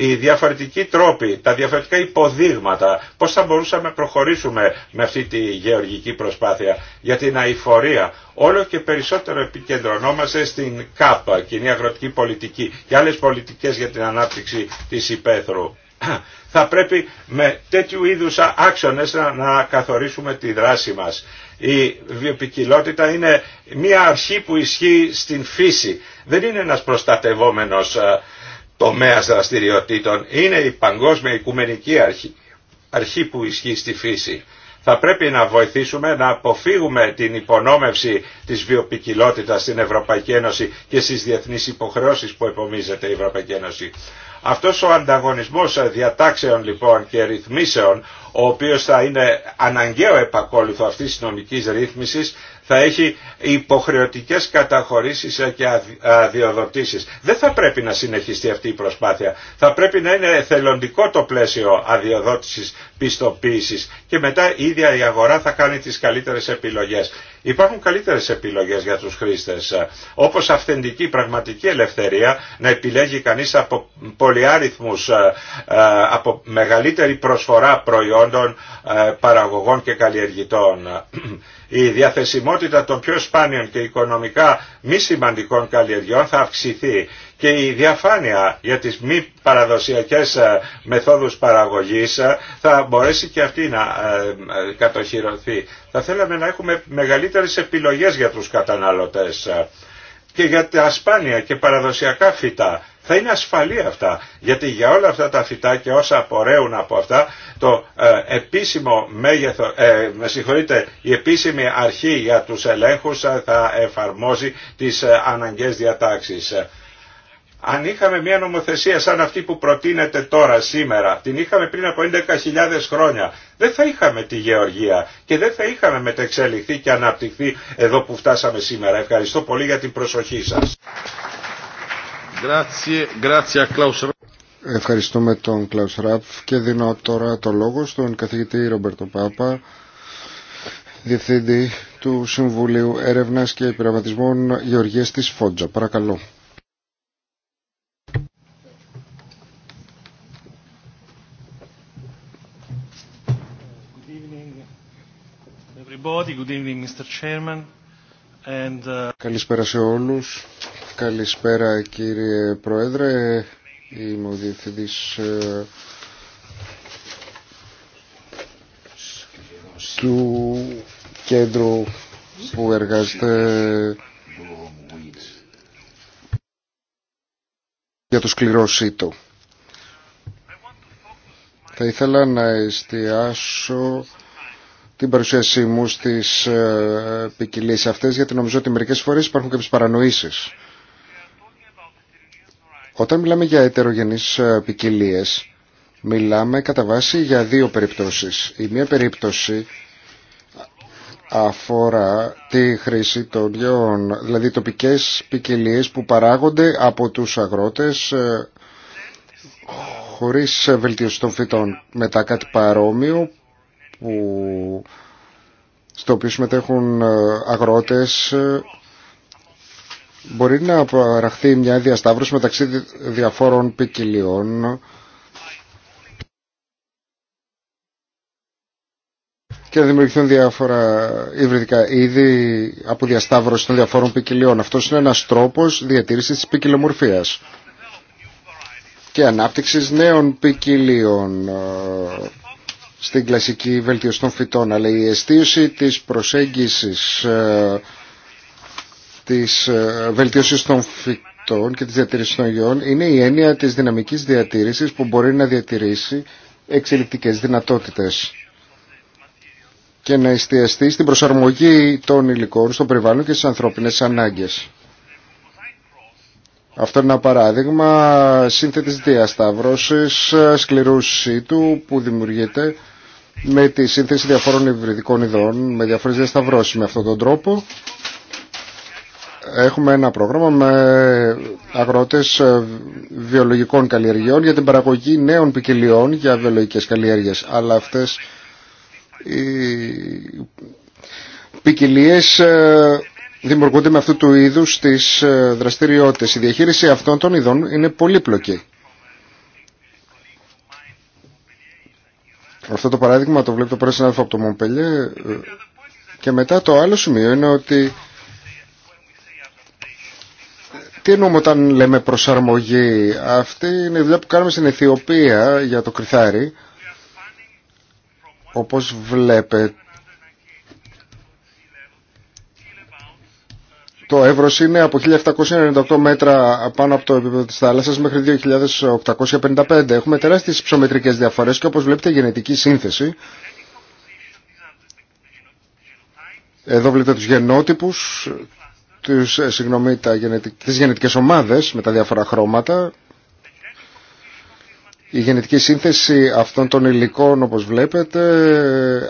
οι διαφορετικοί τρόποι, τα διαφορετικά υποδείγματα, πώς θα μπορούσαμε να προχωρήσουμε με αυτή τη γεωργική προσπάθεια για την αηφορία. Όλο και περισσότερο επικεντρωνόμαστε στην ΚΑΠΑ, Κοινή Αγροτική Πολιτική και άλλες πολιτικές για την ανάπτυξη της υπαίθρου *clears throat* θα πρέπει με τέτοιου είδους άξονες να, να, καθορίσουμε τη δράση μας. Η βιοπικιλότητα είναι μια αρχή που ισχύει στην φύση. Δεν είναι ένας προστατευόμενος τομέας δραστηριοτήτων είναι η παγκόσμια οικουμενική αρχή, αρχή που ισχύει στη φύση. Θα πρέπει να βοηθήσουμε να αποφύγουμε την υπονόμευση της βιοπικιλότητας στην Ευρωπαϊκή Ένωση και στις διεθνείς υποχρεώσεις που επομίζεται η Ευρωπαϊκή Ένωση. Αυτός ο ανταγωνισμός διατάξεων λοιπόν και ρυθμίσεων, ο οποίος θα είναι αναγκαίο επακόλουθο αυτής της νομικής ρύθμισης, θα έχει υποχρεωτικές καταχωρήσεις και αδειοδοτήσεις. Δεν θα πρέπει να συνεχιστεί αυτή η προσπάθεια. Θα πρέπει να είναι θελοντικό το πλαίσιο αδειοδότησης πιστοποίησης και μετά η ίδια η αγορά θα κάνει τις καλύτερες επιλογές. Υπάρχουν καλύτερες επιλογές για τους χρήστες, ε, όπως αυθεντική πραγματική ελευθερία να επιλέγει κανείς από πολυάριθμους, ε, ε, από μεγαλύτερη προσφορά προϊόντων, παραγωγών και καλλιεργητών. Η διαθεσιμότητα των πιο σπάνιων και οικονομικά μη σημαντικών καλλιεργειών θα αυξηθεί και η διαφάνεια για τις μη παραδοσιακές ε, μεθόδους παραγωγής ε, θα μπορέσει και αυτή να ε, κατοχυρωθεί. Θα θέλαμε να έχουμε μεγαλύτερες επιλογές για τους καταναλωτές και για τα ασπάνια και παραδοσιακά φυτά. Θα είναι ασφαλή αυτά, γιατί για όλα αυτά τα φυτά και όσα απορρέουν από αυτά, το επίσημο με συγχωρείτε, η επίσημη αρχή για τους ελέγχους θα εφαρμόζει τις ε, αναγκαίες διατάξεις. Αν είχαμε μια νομοθεσία σαν αυτή που προτείνεται τώρα, σήμερα, την είχαμε πριν από 11.000 χρόνια, δεν θα είχαμε τη γεωργία και δεν θα είχαμε μετεξελιχθεί και αναπτυχθεί εδώ που φτάσαμε σήμερα. Ευχαριστώ πολύ για την προσοχή σας. Ευχαριστούμε τον Κλάους Ραπφ και δίνω τώρα το λόγο στον καθηγητή Ρομπερτο Πάπα, διευθύντη του Συμβουλίου Έρευνας και Πειραματισμών Γεωργίας της Φόντζα. Παρακαλώ. Uh, Καλησπέρα σε όλους. Καλησπέρα κύριε Πρόεδρε. Είμαι ο Διευθυντής ε, του κέντρου που εργάζεται για το σκληρό σύτο. Θα ήθελα να εστιάσω την παρουσίασή μου στις ε, ποικιλίε αυτές γιατί νομίζω ότι μερικές φορές υπάρχουν κάποιες παρανοήσεις. Όταν μιλάμε για ετερογενείς ε, ποικιλίε, μιλάμε κατά βάση για δύο περιπτώσεις. Η μία περίπτωση αφορά τη χρήση των γεών, δηλαδή τοπικές ποικιλίε που παράγονται από τους αγρότες ε, χωρίς βελτίωση των φυτών. Μετά κάτι παρόμοιο που, στο οποίο συμμετέχουν ε, αγρότες ε, μπορεί να παραχθεί μια διασταύρωση μεταξύ διαφόρων ποικιλιών και να δημιουργηθούν διάφορα υβριδικά είδη από διασταύρωση των διαφόρων ποικιλιών. Αυτός είναι ένας τρόπος διατήρησης της ποικιλομορφίας και ανάπτυξης νέων ποικιλίων ε, στην κλασική βελτιωσή των φυτών, αλλά η εστίωση της προσέγγισης ε, της ε, βελτιώσης των φυτών και της διατήρησης των γεών είναι η έννοια της δυναμικής διατήρησης που μπορεί να διατηρήσει εξελικτικές δυνατότητες και να εστιαστεί στην προσαρμογή των υλικών, στο περιβάλλον και στις ανθρώπινες ανάγκες. Αυτό είναι ένα παράδειγμα σύνθετης διασταύρωσης σκληρού σύτου που δημιουργείται με τη σύνθεση διαφόρων υβριδικών ειδών, με διάφορες διασταυρώσεις. Με αυτόν τον τρόπο έχουμε ένα πρόγραμμα με αγρότες βιολογικών καλλιεργειών για την παραγωγή νέων ποικιλιών για βιολογικές καλλιέργειες. Αλλά αυτές οι ποικιλίες... Ε, δημιουργούνται με αυτού του είδους τις ε, δραστηριότητες. Η διαχείριση αυτών των ειδών είναι πολύπλοκη. Αυτό το παράδειγμα το βλέπει το συνάδελφο από το Μομπελιέ ε, και μετά το άλλο σημείο είναι ότι ε, τι εννοούμε όταν λέμε προσαρμογή. Αυτή είναι η δουλειά που κάνουμε στην Αιθιοπία για το κρυθάρι. Όπως βλέπετε Το εύρος είναι από 1798 μέτρα πάνω από το επίπεδο της θάλασσας μέχρι 2855. Έχουμε τεράστιες ψωμετρικές διαφορές και όπως βλέπετε γενετική σύνθεση. Εδώ βλέπετε τους γενότυπους, τους, ε, συγγνώμη, τα τις γενετικές ομάδες με τα διάφορα χρώματα. Η γενετική σύνθεση αυτών των υλικών όπως βλέπετε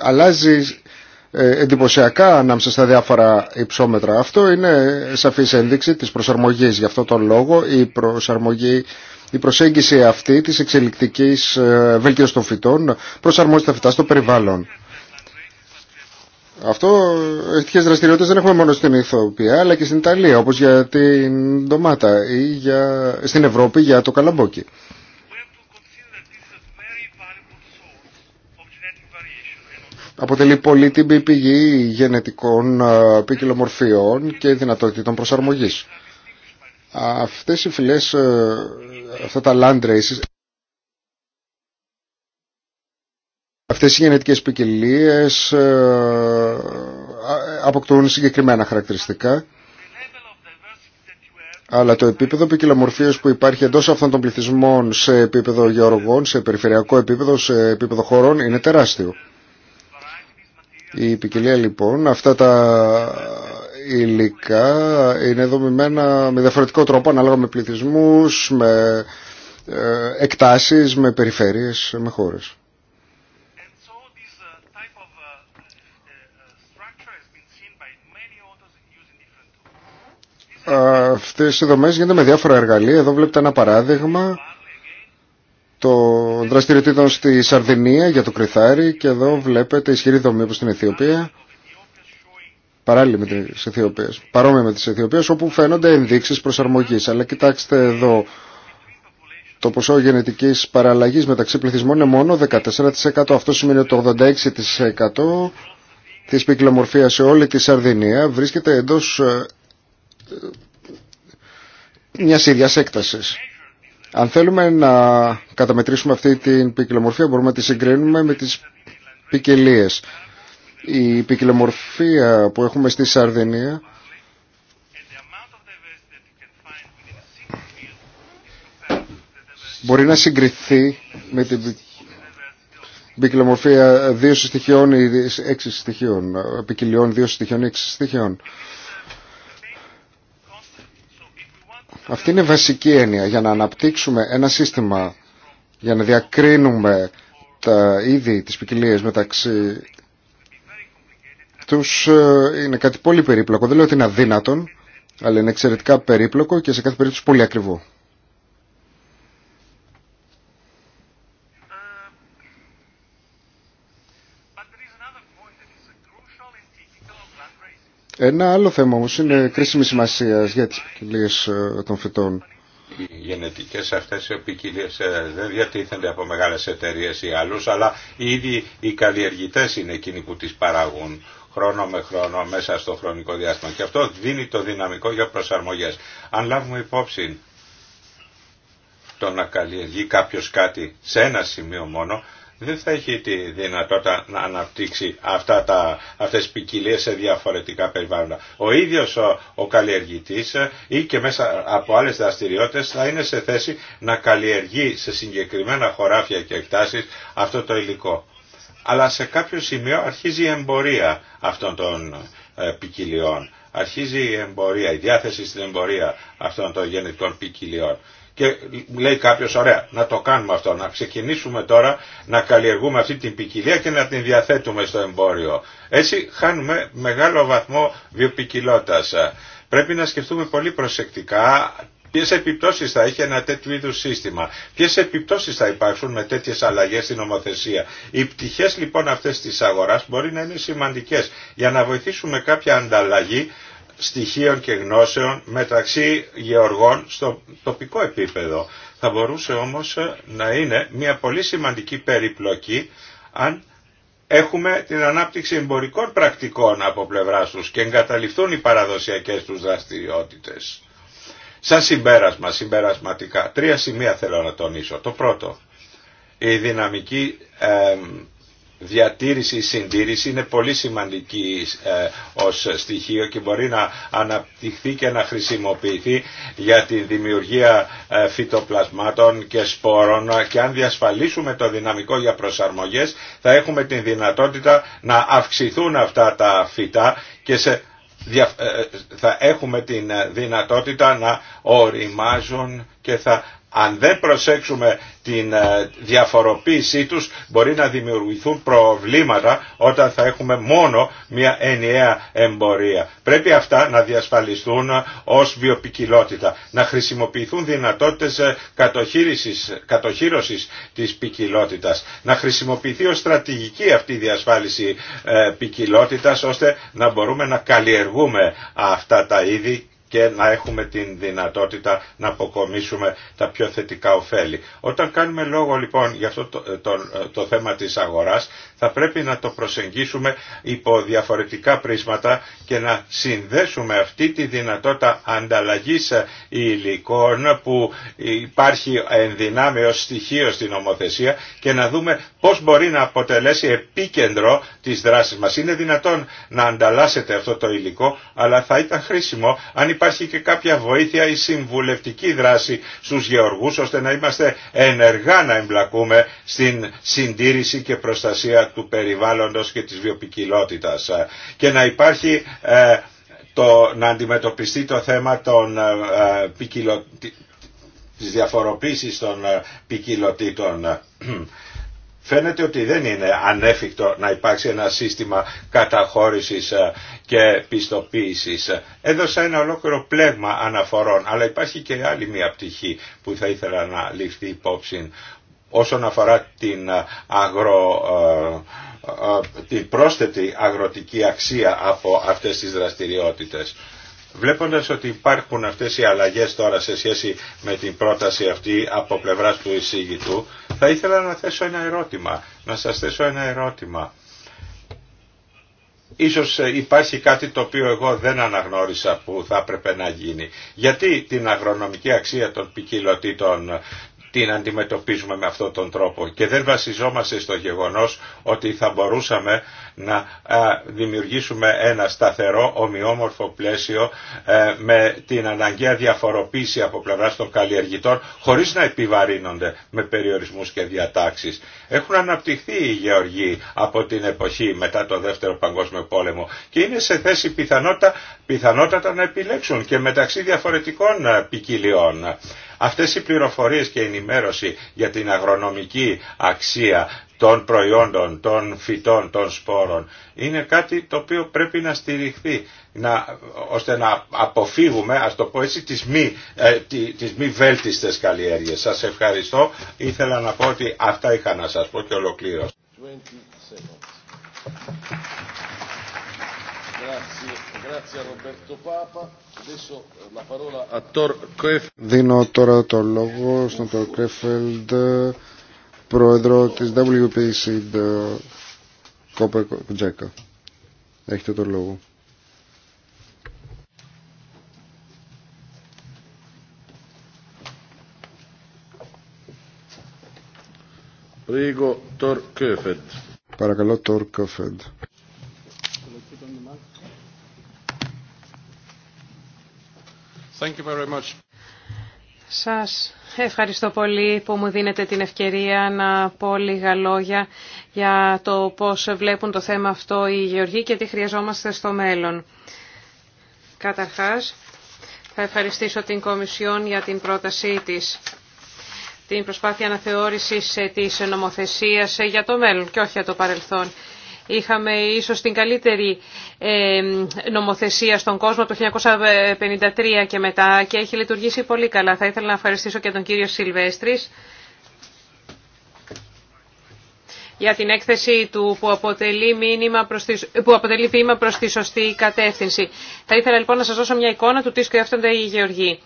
αλλάζει ε, εντυπωσιακά ανάμεσα στα διάφορα υψόμετρα. Αυτό είναι σαφής ένδειξη της προσαρμογής. Γι' αυτό τον λόγο η, προσαρμογή, η προσέγγιση αυτή της εξελικτικής ε, βελτίωσης των φυτών προσαρμόζει τα φυτά στο περιβάλλον. Αυτό, ειδικέ δραστηριότητε δεν έχουμε μόνο στην Ιθοπία αλλά και στην Ιταλία όπως για την ντομάτα ή για, στην Ευρώπη για το καλαμπόκι. αποτελεί την πηγή γενετικών ε, ποικιλομορφιών και δυνατότητων προσαρμογής. Αυτές οι φυλές, ε, αυτά τα land races, αυτές οι γενετικές ποικιλίε ε, αποκτούν συγκεκριμένα χαρακτηριστικά αλλά το επίπεδο ποικιλομορφίας που υπάρχει εντός αυτών των πληθυσμών σε επίπεδο γεωργών, σε περιφερειακό επίπεδο, σε επίπεδο χωρών είναι τεράστιο. Η ποικιλία λοιπόν, αυτά τα υλικά είναι δομημένα με διαφορετικό τρόπο ανάλογα με πληθυσμούς, με ε, εκτάσεις, με περιφέρειες, με χώρες. Αυτές οι δομές γίνονται με διάφορα εργαλεία. Εδώ βλέπετε ένα παράδειγμα το δραστηριοτήτων στη Σαρδινία για το Κρυθάρι και εδώ βλέπετε ισχυρή δομή όπως στην Αιθιοπία παράλληλη με τις Αιθιοπίες, παρόμοια με τις Αιθιοπίες όπου φαίνονται ενδείξεις προσαρμογής αλλά κοιτάξτε εδώ το ποσό γενετικής παραλλαγής μεταξύ πληθυσμών είναι μόνο 14% αυτό σημαίνει ότι το 86% της ποικιλομορφίας σε όλη τη Σαρδινία βρίσκεται εντός ε, μιας ίδιας έκτασης αν θέλουμε να καταμετρήσουμε αυτή την ποικιλομορφία μπορούμε να τη συγκρίνουμε με τις ποικιλίε. Η ποικιλομορφία που έχουμε στη Σαρδενία μπορεί να συγκριθεί με την ποικιλομορφία δύο στοιχειών ή έξι στοιχείων, ποικιλιών δύο στοιχείων ή έξι στοιχείων. Αυτή είναι βασική έννοια για να αναπτύξουμε ένα σύστημα για να διακρίνουμε τα είδη, τις ποικιλίε μεταξύ τους ε, είναι κάτι πολύ περίπλοκο. Δεν λέω ότι είναι αδύνατον, αλλά είναι εξαιρετικά περίπλοκο και σε κάθε περίπτωση πολύ ακριβό. Ένα άλλο θέμα όμως είναι κρίσιμη σημασία για τις ποικιλίε ε, των φυτών. Οι γενετικές αυτές οι ποικιλίε ε, δεν διατίθενται από μεγάλες εταιρείες ή άλλους, αλλά ήδη οι καλλιεργητές είναι εκείνοι που τις παράγουν χρόνο με χρόνο μέσα στο χρονικό διάστημα. Και αυτό δίνει το δυναμικό για προσαρμογές. Αν λάβουμε υπόψη το να καλλιεργεί κάποιος κάτι σε ένα σημείο μόνο, δεν θα έχει τη δυνατότητα να αναπτύξει αυτά τα, αυτές τις ποικιλίε σε διαφορετικά περιβάλλοντα. Ο ίδιος ο, ο καλλιεργητής ή και μέσα από άλλες δραστηριότητες θα είναι σε θέση να καλλιεργεί σε συγκεκριμένα χωράφια και εκτάσεις αυτό το υλικό. Αλλά σε κάποιο σημείο αρχίζει η εμπορία αυτών των ε, ποικιλιών. Αρχίζει η εμπορία, η διάθεση στην εμπορία αυτών των γενετικών ποικιλιών. Και λέει κάποιος, ωραία, να το κάνουμε αυτό, να ξεκινήσουμε τώρα να καλλιεργούμε αυτή την ποικιλία και να την διαθέτουμε στο εμπόριο. Έτσι χάνουμε μεγάλο βαθμό βιοποικιλότητας. Πρέπει να σκεφτούμε πολύ προσεκτικά Ποιε επιπτώσει θα έχει ένα τέτοιου είδου σύστημα, ποιε επιπτώσει θα υπάρξουν με τέτοιε αλλαγέ στην νομοθεσία. Οι πτυχέ λοιπόν αυτέ τη αγορά μπορεί να είναι σημαντικέ για να βοηθήσουμε κάποια ανταλλαγή στοιχείων και γνώσεων μεταξύ γεωργών στο τοπικό επίπεδο. Θα μπορούσε όμως ε, να είναι μια πολύ σημαντική περιπλοκή αν έχουμε την ανάπτυξη εμπορικών πρακτικών από πλευρά τους και εγκαταλειφθούν οι παραδοσιακές τους δραστηριότητες. Σαν συμπέρασμα, συμπερασματικά, τρία σημεία θέλω να τονίσω. Το πρώτο, η δυναμική ε, διατήρηση συντήρηση είναι πολύ σημαντική ε, ως στοιχείο και μπορεί να αναπτυχθεί και να χρησιμοποιηθεί για τη δημιουργία ε, φυτοπλασμάτων και σπόρων και αν διασφαλίσουμε το δυναμικό για προσαρμογές θα έχουμε την δυνατότητα να αυξηθούν αυτά τα φυτά και ε, θα έχουμε την δυνατότητα να οριμάζουν και θα αν δεν προσέξουμε την ε, διαφοροποίησή τους μπορεί να δημιουργηθούν προβλήματα όταν θα έχουμε μόνο μια ενιαία εμπορία. Πρέπει αυτά να διασφαλιστούν ως βιοπικιλότητα. Να χρησιμοποιηθούν δυνατότητες ε, κατοχύρωσης της ποικιλότητα. Να χρησιμοποιηθεί ως στρατηγική αυτή η διασφάλιση ε, ποικιλότητα ώστε να μπορούμε να καλλιεργούμε αυτά τα είδη και να έχουμε την δυνατότητα να αποκομίσουμε τα πιο θετικά ωφέλη. Όταν κάνουμε λόγο λοιπόν για αυτό το, το, θέμα της αγοράς θα πρέπει να το προσεγγίσουμε υπό διαφορετικά πρίσματα και να συνδέσουμε αυτή τη δυνατότητα ανταλλαγής υλικών που υπάρχει ενδυνάμει ως στοιχείο στην ομοθεσία και να δούμε πώς μπορεί να αποτελέσει επίκεντρο της δράσης μας. Είναι δυνατόν να ανταλλάσσεται αυτό το υλικό αλλά θα ήταν χρήσιμο αν υπάρχει και κάποια βοήθεια ή συμβουλευτική δράση στους γεωργούς ώστε να είμαστε ενεργά να εμπλακούμε στην συντήρηση και προστασία του περιβάλλοντος και της βιοπικιλότητας ε, και να υπάρχει ε, το, να αντιμετωπιστεί το θέμα των ε, ποικιλο, της διαφοροποίησης των ε, ποικιλοτήτων Φαίνεται ότι δεν είναι ανέφικτο να υπάρξει ένα σύστημα καταχώρησης ε, και πιστοποίησης. Έδωσα ένα ολόκληρο πλέγμα αναφορών, αλλά υπάρχει και άλλη μία πτυχή που θα ήθελα να ληφθεί υπόψη όσον αφορά την ε, αγρο ε, την πρόσθετη αγροτική αξία από αυτές τις δραστηριότητες. Βλέποντας ότι υπάρχουν αυτές οι αλλαγές τώρα σε σχέση με την πρόταση αυτή από πλευράς του εισήγητου, θα ήθελα να θέσω ένα ερώτημα, να σας θέσω ένα ερώτημα. Ίσως ε, υπάρχει κάτι το οποίο εγώ δεν αναγνώρισα που θα έπρεπε να γίνει. Γιατί την αγρονομική αξία των ποικιλωτήτων, την αντιμετωπίζουμε με αυτόν τον τρόπο και δεν βασιζόμαστε στο γεγονός ότι θα μπορούσαμε να δημιουργήσουμε ένα σταθερό ομοιόμορφο πλαίσιο ε, με την αναγκαία διαφοροποίηση από πλευράς των καλλιεργητών χωρίς να επιβαρύνονται με περιορισμούς και διατάξεις. Έχουν αναπτυχθεί οι γεωργοί από την εποχή μετά το Δεύτερο Παγκόσμιο Πόλεμο και είναι σε θέση πιθανότατα να επιλέξουν και μεταξύ διαφορετικών ε, ποικιλιών. Αυτές οι πληροφορίες και η ενημέρωση για την αγρονομική αξία των προϊόντων, των φυτών, των σπόρων είναι κάτι το οποίο πρέπει να στηριχθεί να, ώστε να αποφύγουμε, ας το πω τις μη, ε, τις μη βέλτιστες καλλιέργειες. Σας ευχαριστώ. Ήθελα να πω ότι αυτά είχα να σας πω και ολοκλήρωσα. Δίνω τώρα το λόγο στον Τόρ Κρέφελντ, πρόεδρο της WPC Κόπερ Τζέκα. Έχετε το λόγο. Παρακαλώ, Τόρ Κρέφελντ. Thank Σας ευχαριστώ πολύ που μου δίνετε την ευκαιρία να πω λίγα λόγια για το πώς βλέπουν το θέμα αυτό οι γεωργοί και τι χρειαζόμαστε στο μέλλον. Καταρχάς, θα ευχαριστήσω την Κομισιόν για την πρότασή της την προσπάθεια αναθεώρησης της νομοθεσίας για το μέλλον και όχι για το παρελθόν. Είχαμε ίσως την καλύτερη ε, νομοθεσία στον κόσμο το 1953 και μετά και έχει λειτουργήσει πολύ καλά. Θα ήθελα να ευχαριστήσω και τον κύριο Σιλβέστρης για την έκθεση του που αποτελεί, μήνυμα προς τη, που αποτελεί βήμα προς τη σωστή κατεύθυνση. Θα ήθελα λοιπόν να σας δώσω μια εικόνα του τι σκέφτονται οι γεωργοί.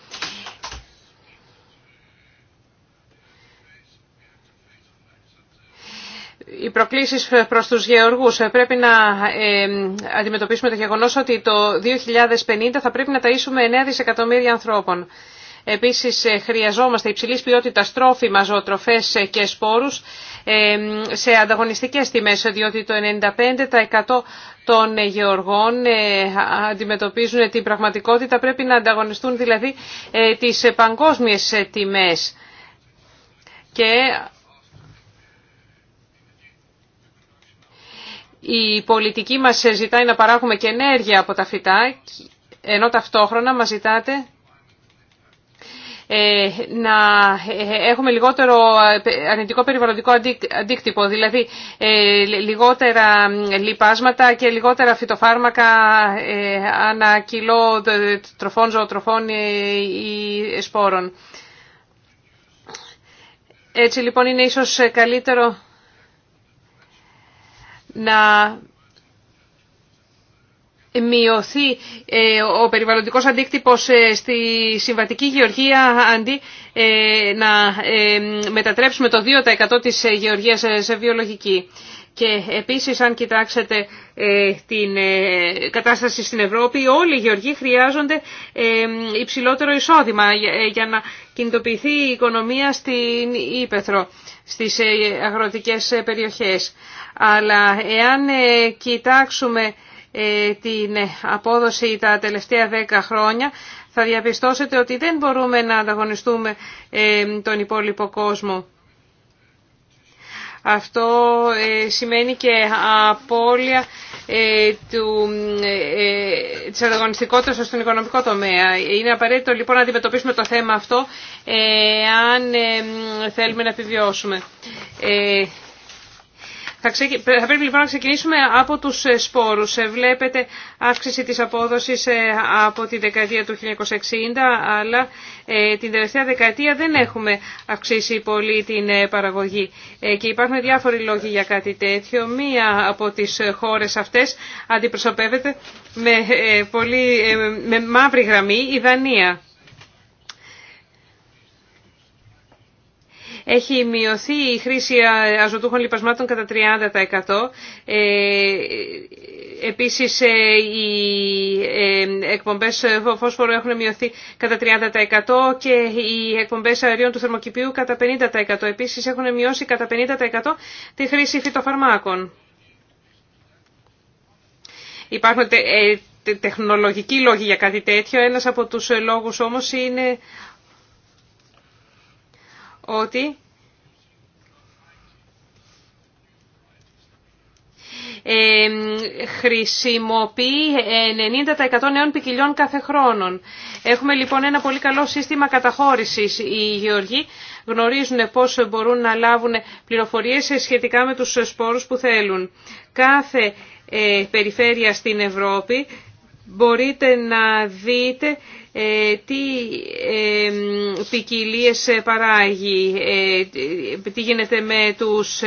οι προκλήσει προς τους γεωργούς. Πρέπει να ε, αντιμετωπίσουμε το γεγονός ότι το 2050 θα πρέπει να ταΐσουμε 9 δισεκατομμύρια ανθρώπων. Επίσης ε, χρειαζόμαστε υψηλή ποιότητα, τρόφιμα, ζωοτροφέ και σπόρους ε, σε ανταγωνιστικέ τιμέ, διότι το 95% των γεωργών αντιμετωπίζουν την πραγματικότητα, πρέπει να ανταγωνιστούν δηλαδή τις παγκόσμιες τιμές. Και Η πολιτική μας ζητάει να παράγουμε και ενέργεια από τα φυτά, ενώ ταυτόχρονα μας ζητάτε ε, να ε, έχουμε λιγότερο ε, αρνητικό περιβαλλοντικό αντίκτυπο, δηλαδή λιγότερα λιπάσματα και λιγότερα φυτοφάρμακα ανά κιλό τροφών, ζωοτροφών ή σπόρων. Έτσι λοιπόν είναι ίσως καλύτερο να μειωθεί ε, ο περιβαλλοντικός αντίκτυπος ε, στη συμβατική γεωργία αντί ε, να μετατρέψουμε το 2% της γεωργίας σε βιολογική. Και επίσης αν κοιτάξετε ε, την ε, κατάσταση στην Ευρώπη, όλοι οι γεωργοί χρειάζονται ε, υψηλότερο εισόδημα για να κινητοποιηθεί η οικονομία στην Ήπεθρο, στις αγροτικές περιοχές. Αλλά εάν κοιτάξουμε την απόδοση τα τελευταία δέκα χρόνια, θα διαπιστώσετε ότι δεν μπορούμε να ανταγωνιστούμε τον υπόλοιπο κόσμο. Αυτό ε, σημαίνει και απώλεια ε, του, ε, της ανταγωνιστικότητας στον οικονομικό τομέα. Είναι απαραίτητο λοιπόν να αντιμετωπίσουμε το θέμα αυτό αν θέλουμε να επιβιώσουμε. Θα, πρέπει λοιπόν να ξεκινήσουμε από τους ε, σπόρους. Ε, βλέπετε αύξηση της απόδοσης ε, από τη δεκαετία του 1960, αλλά την τελευταία δεκαετία δεν έχουμε αυξήσει πολύ την παραγωγή. Και υπάρχουν διάφοροι λόγοι για κάτι τέτοιο. Μία από τις χώρες αυτές αντιπροσωπεύεται με, πολύ... με μαύρη γραμμή η Δανία. Έχει μειωθεί η χρήση αζωτούχων λιπασμάτων κατά 30%. Ε, επίσης ε, οι ε, εκπομπές φόσφορου έχουν μειωθεί κατά 30% και οι εκπομπές αερίων του θερμοκηπίου κατά 50%. Επίσης έχουν μειώσει κατά 50% τη χρήση φυτοφαρμάκων. Υπάρχουν τεχνολογικοί λόγοι για κάτι τέτοιο. Ένας από τους λόγους όμως είναι ότι ε, χρησιμοποιεί 90% νέων ποικιλιών κάθε χρόνο. Έχουμε λοιπόν ένα πολύ καλό σύστημα καταχώρησης. Οι γεωργοί γνωρίζουν πώς μπορούν να λάβουν πληροφορίες σχετικά με τους σπόρους που θέλουν. Κάθε ε, περιφέρεια στην Ευρώπη μπορείτε να δείτε ε, τι ε, ποικιλίε παράγει, ε, τι γίνεται με τους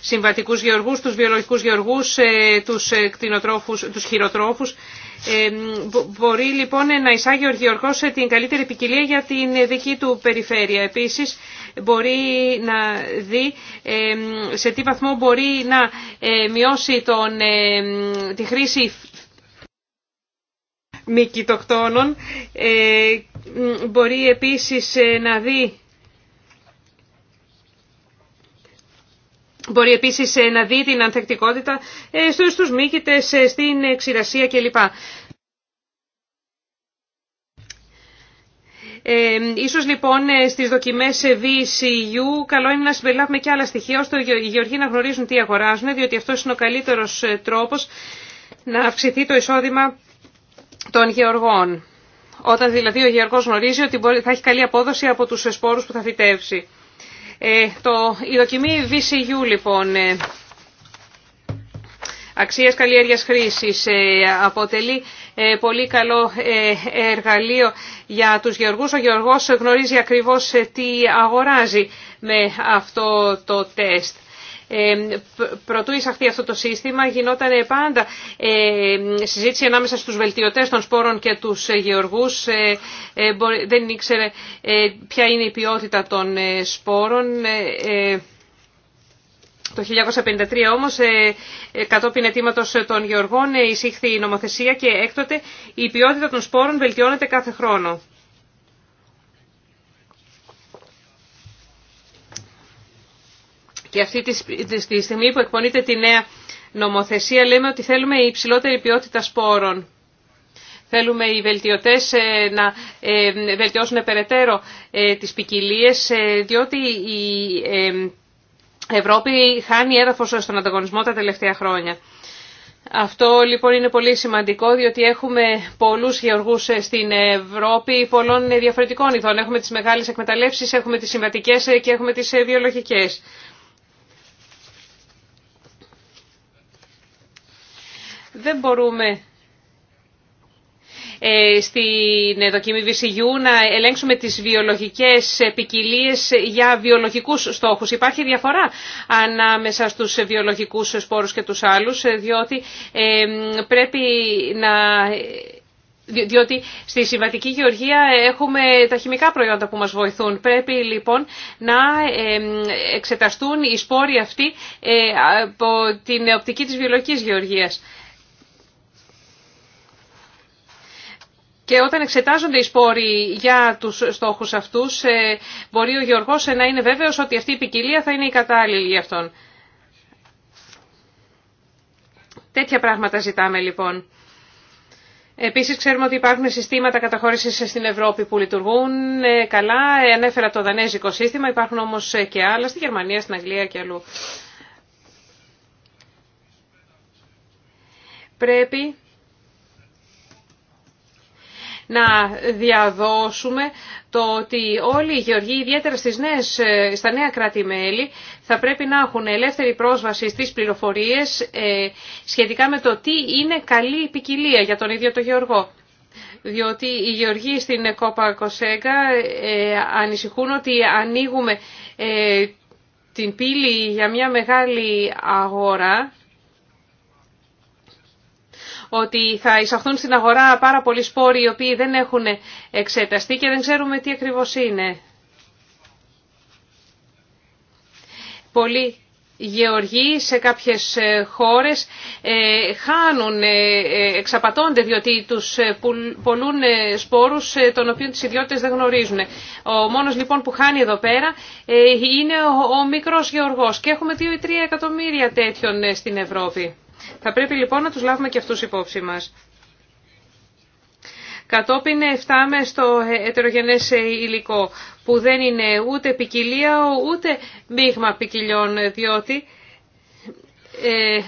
συμβατικούς γεωργούς, τους βιολογικούς γεωργούς, τους κτηνοτρόφους, τους χειροτρόφους. Μπορεί λοιπόν να εισάγει ο γεωργός την καλύτερη ποικιλία για την δική του περιφέρεια. Επίσης μπορεί να δει σε τι βαθμό μπορεί να μειώσει τον, τη χρήση μη κοιτοκτόνων. Ε, μπορεί επίσης ε, να δει Μπορεί επίσης ε, να δει την ανθεκτικότητα στους μήκητες, στην ξηρασία κλπ. Ε, ίσως λοιπόν στις δοκιμές VCU καλό είναι να συμπεριλάβουμε και άλλα στοιχεία ώστε οι γεωργοί να γνωρίζουν τι αγοράζουν διότι αυτός είναι ο καλύτερος τρόπος να αυξηθεί το εισόδημα των γεωργών. Όταν δηλαδή ο γεωργός γνωρίζει ότι θα έχει καλή απόδοση από τους σπόρους που θα φυτέψει. Ε, το, η δοκιμή VCU λοιπόν, ε, αξίας καλλιέργειας χρήσης, ε, αποτελεί ε, πολύ καλό ε, εργαλείο για τους γεωργούς. Ο γεωργός γνωρίζει ακριβώς τι αγοράζει με αυτό το τεστ. Προτού εισαχθεί αυτό το σύστημα γινόταν πάντα συζήτηση ανάμεσα στους βελτιωτές των σπόρων και τους ε, γεωργούς. Ε, ε, δεν ήξερε ποια είναι η ποιότητα των σπόρων. Το 1953 όμως, κατόπιν αιτήματος των γεωργών, εισήχθη η νομοθεσία και έκτοτε η ποιότητα των σπόρων βελτιώνεται κάθε χρόνο. Και αυτή τη στιγμή που εκπονείται τη νέα νομοθεσία λέμε ότι θέλουμε η υψηλότερη ποιότητα σπόρων. Θέλουμε οι βελτιωτές ε, να ε, βελτιώσουν περαιτέρω ε, τις ποικιλίε, διότι η Ευρώπη χάνει έδαφος στον ανταγωνισμό τα τελευταία χρόνια. Αυτό λοιπόν είναι πολύ σημαντικό διότι έχουμε πολλούς γεωργούς στην Ευρώπη πολλών διαφορετικών ειδών. Έχουμε τις μεγάλες εκμεταλλεύσεις, έχουμε τις συμβατικές και έχουμε τις βιολογικές. Δεν μπορούμε ε, στην δοκιμή VCU να ελέγξουμε τις βιολογικές ποικιλίε για βιολογικούς στόχους. Υπάρχει διαφορά ανάμεσα στους βιολογικούς σπόρους και τους άλλους, διότι ε, πρέπει να... Διότι στη συμβατική γεωργία έχουμε τα χημικά προϊόντα που μας βοηθούν. Πρέπει λοιπόν να ε, εξεταστούν οι σπόροι αυτοί από την οπτική της βιολογικής γεωργίας. Και όταν εξετάζονται οι σπόροι για τους στόχους αυτούς, ε, μπορεί ο Γιώργος ε, να είναι βέβαιος ότι αυτή η ποικιλία θα είναι η κατάλληλη για αυτόν. Τέτοια πράγματα ζητάμε λοιπόν. Επίσης ξέρουμε ότι υπάρχουν συστήματα καταχώρησης στην Ευρώπη που λειτουργούν ε, καλά. Ανέφερα το δανέζικο σύστημα, υπάρχουν όμως και άλλα στη Γερμανία, στην Αγγλία και αλλού. Πρέπει να διαδώσουμε το ότι όλοι οι γεωργοί, ιδιαίτερα στις νέες, στα νέα κράτη-μέλη, θα πρέπει να έχουν ελεύθερη πρόσβαση στις πληροφορίες ε, σχετικά με το τι είναι καλή ποικιλία για τον ίδιο τον γεωργό διότι οι γεωργοί στην Κόπα Κοσέγκα ε, ανησυχούν ότι ανοίγουμε ε, την πύλη για μια μεγάλη αγορά ότι θα εισαχθούν στην αγορά πάρα πολλοί σπόροι οι οποίοι δεν έχουν εξεταστεί και δεν ξέρουμε τι ακριβώς είναι. Πολλοί γεωργοί σε κάποιες ε, χώρες ε, χάνουν, ε, εξαπατώνται διότι τους πολλούν σπόρους των οποίων τις ιδιότητες δεν γνωρίζουν. Ο μόνος λοιπόν που χάνει εδώ πέρα είναι ο μικρός γεωργός και έχουμε 2 3 εκατομμύρια τέτοιων στην Ευρώπη. Θα πρέπει λοιπόν να τους λάβουμε και αυτούς υπόψη μας. Κατόπιν φτάμε στο ετερογενές υλικό που δεν είναι ούτε ποικιλία ούτε μείγμα ποικιλιών διότι ε,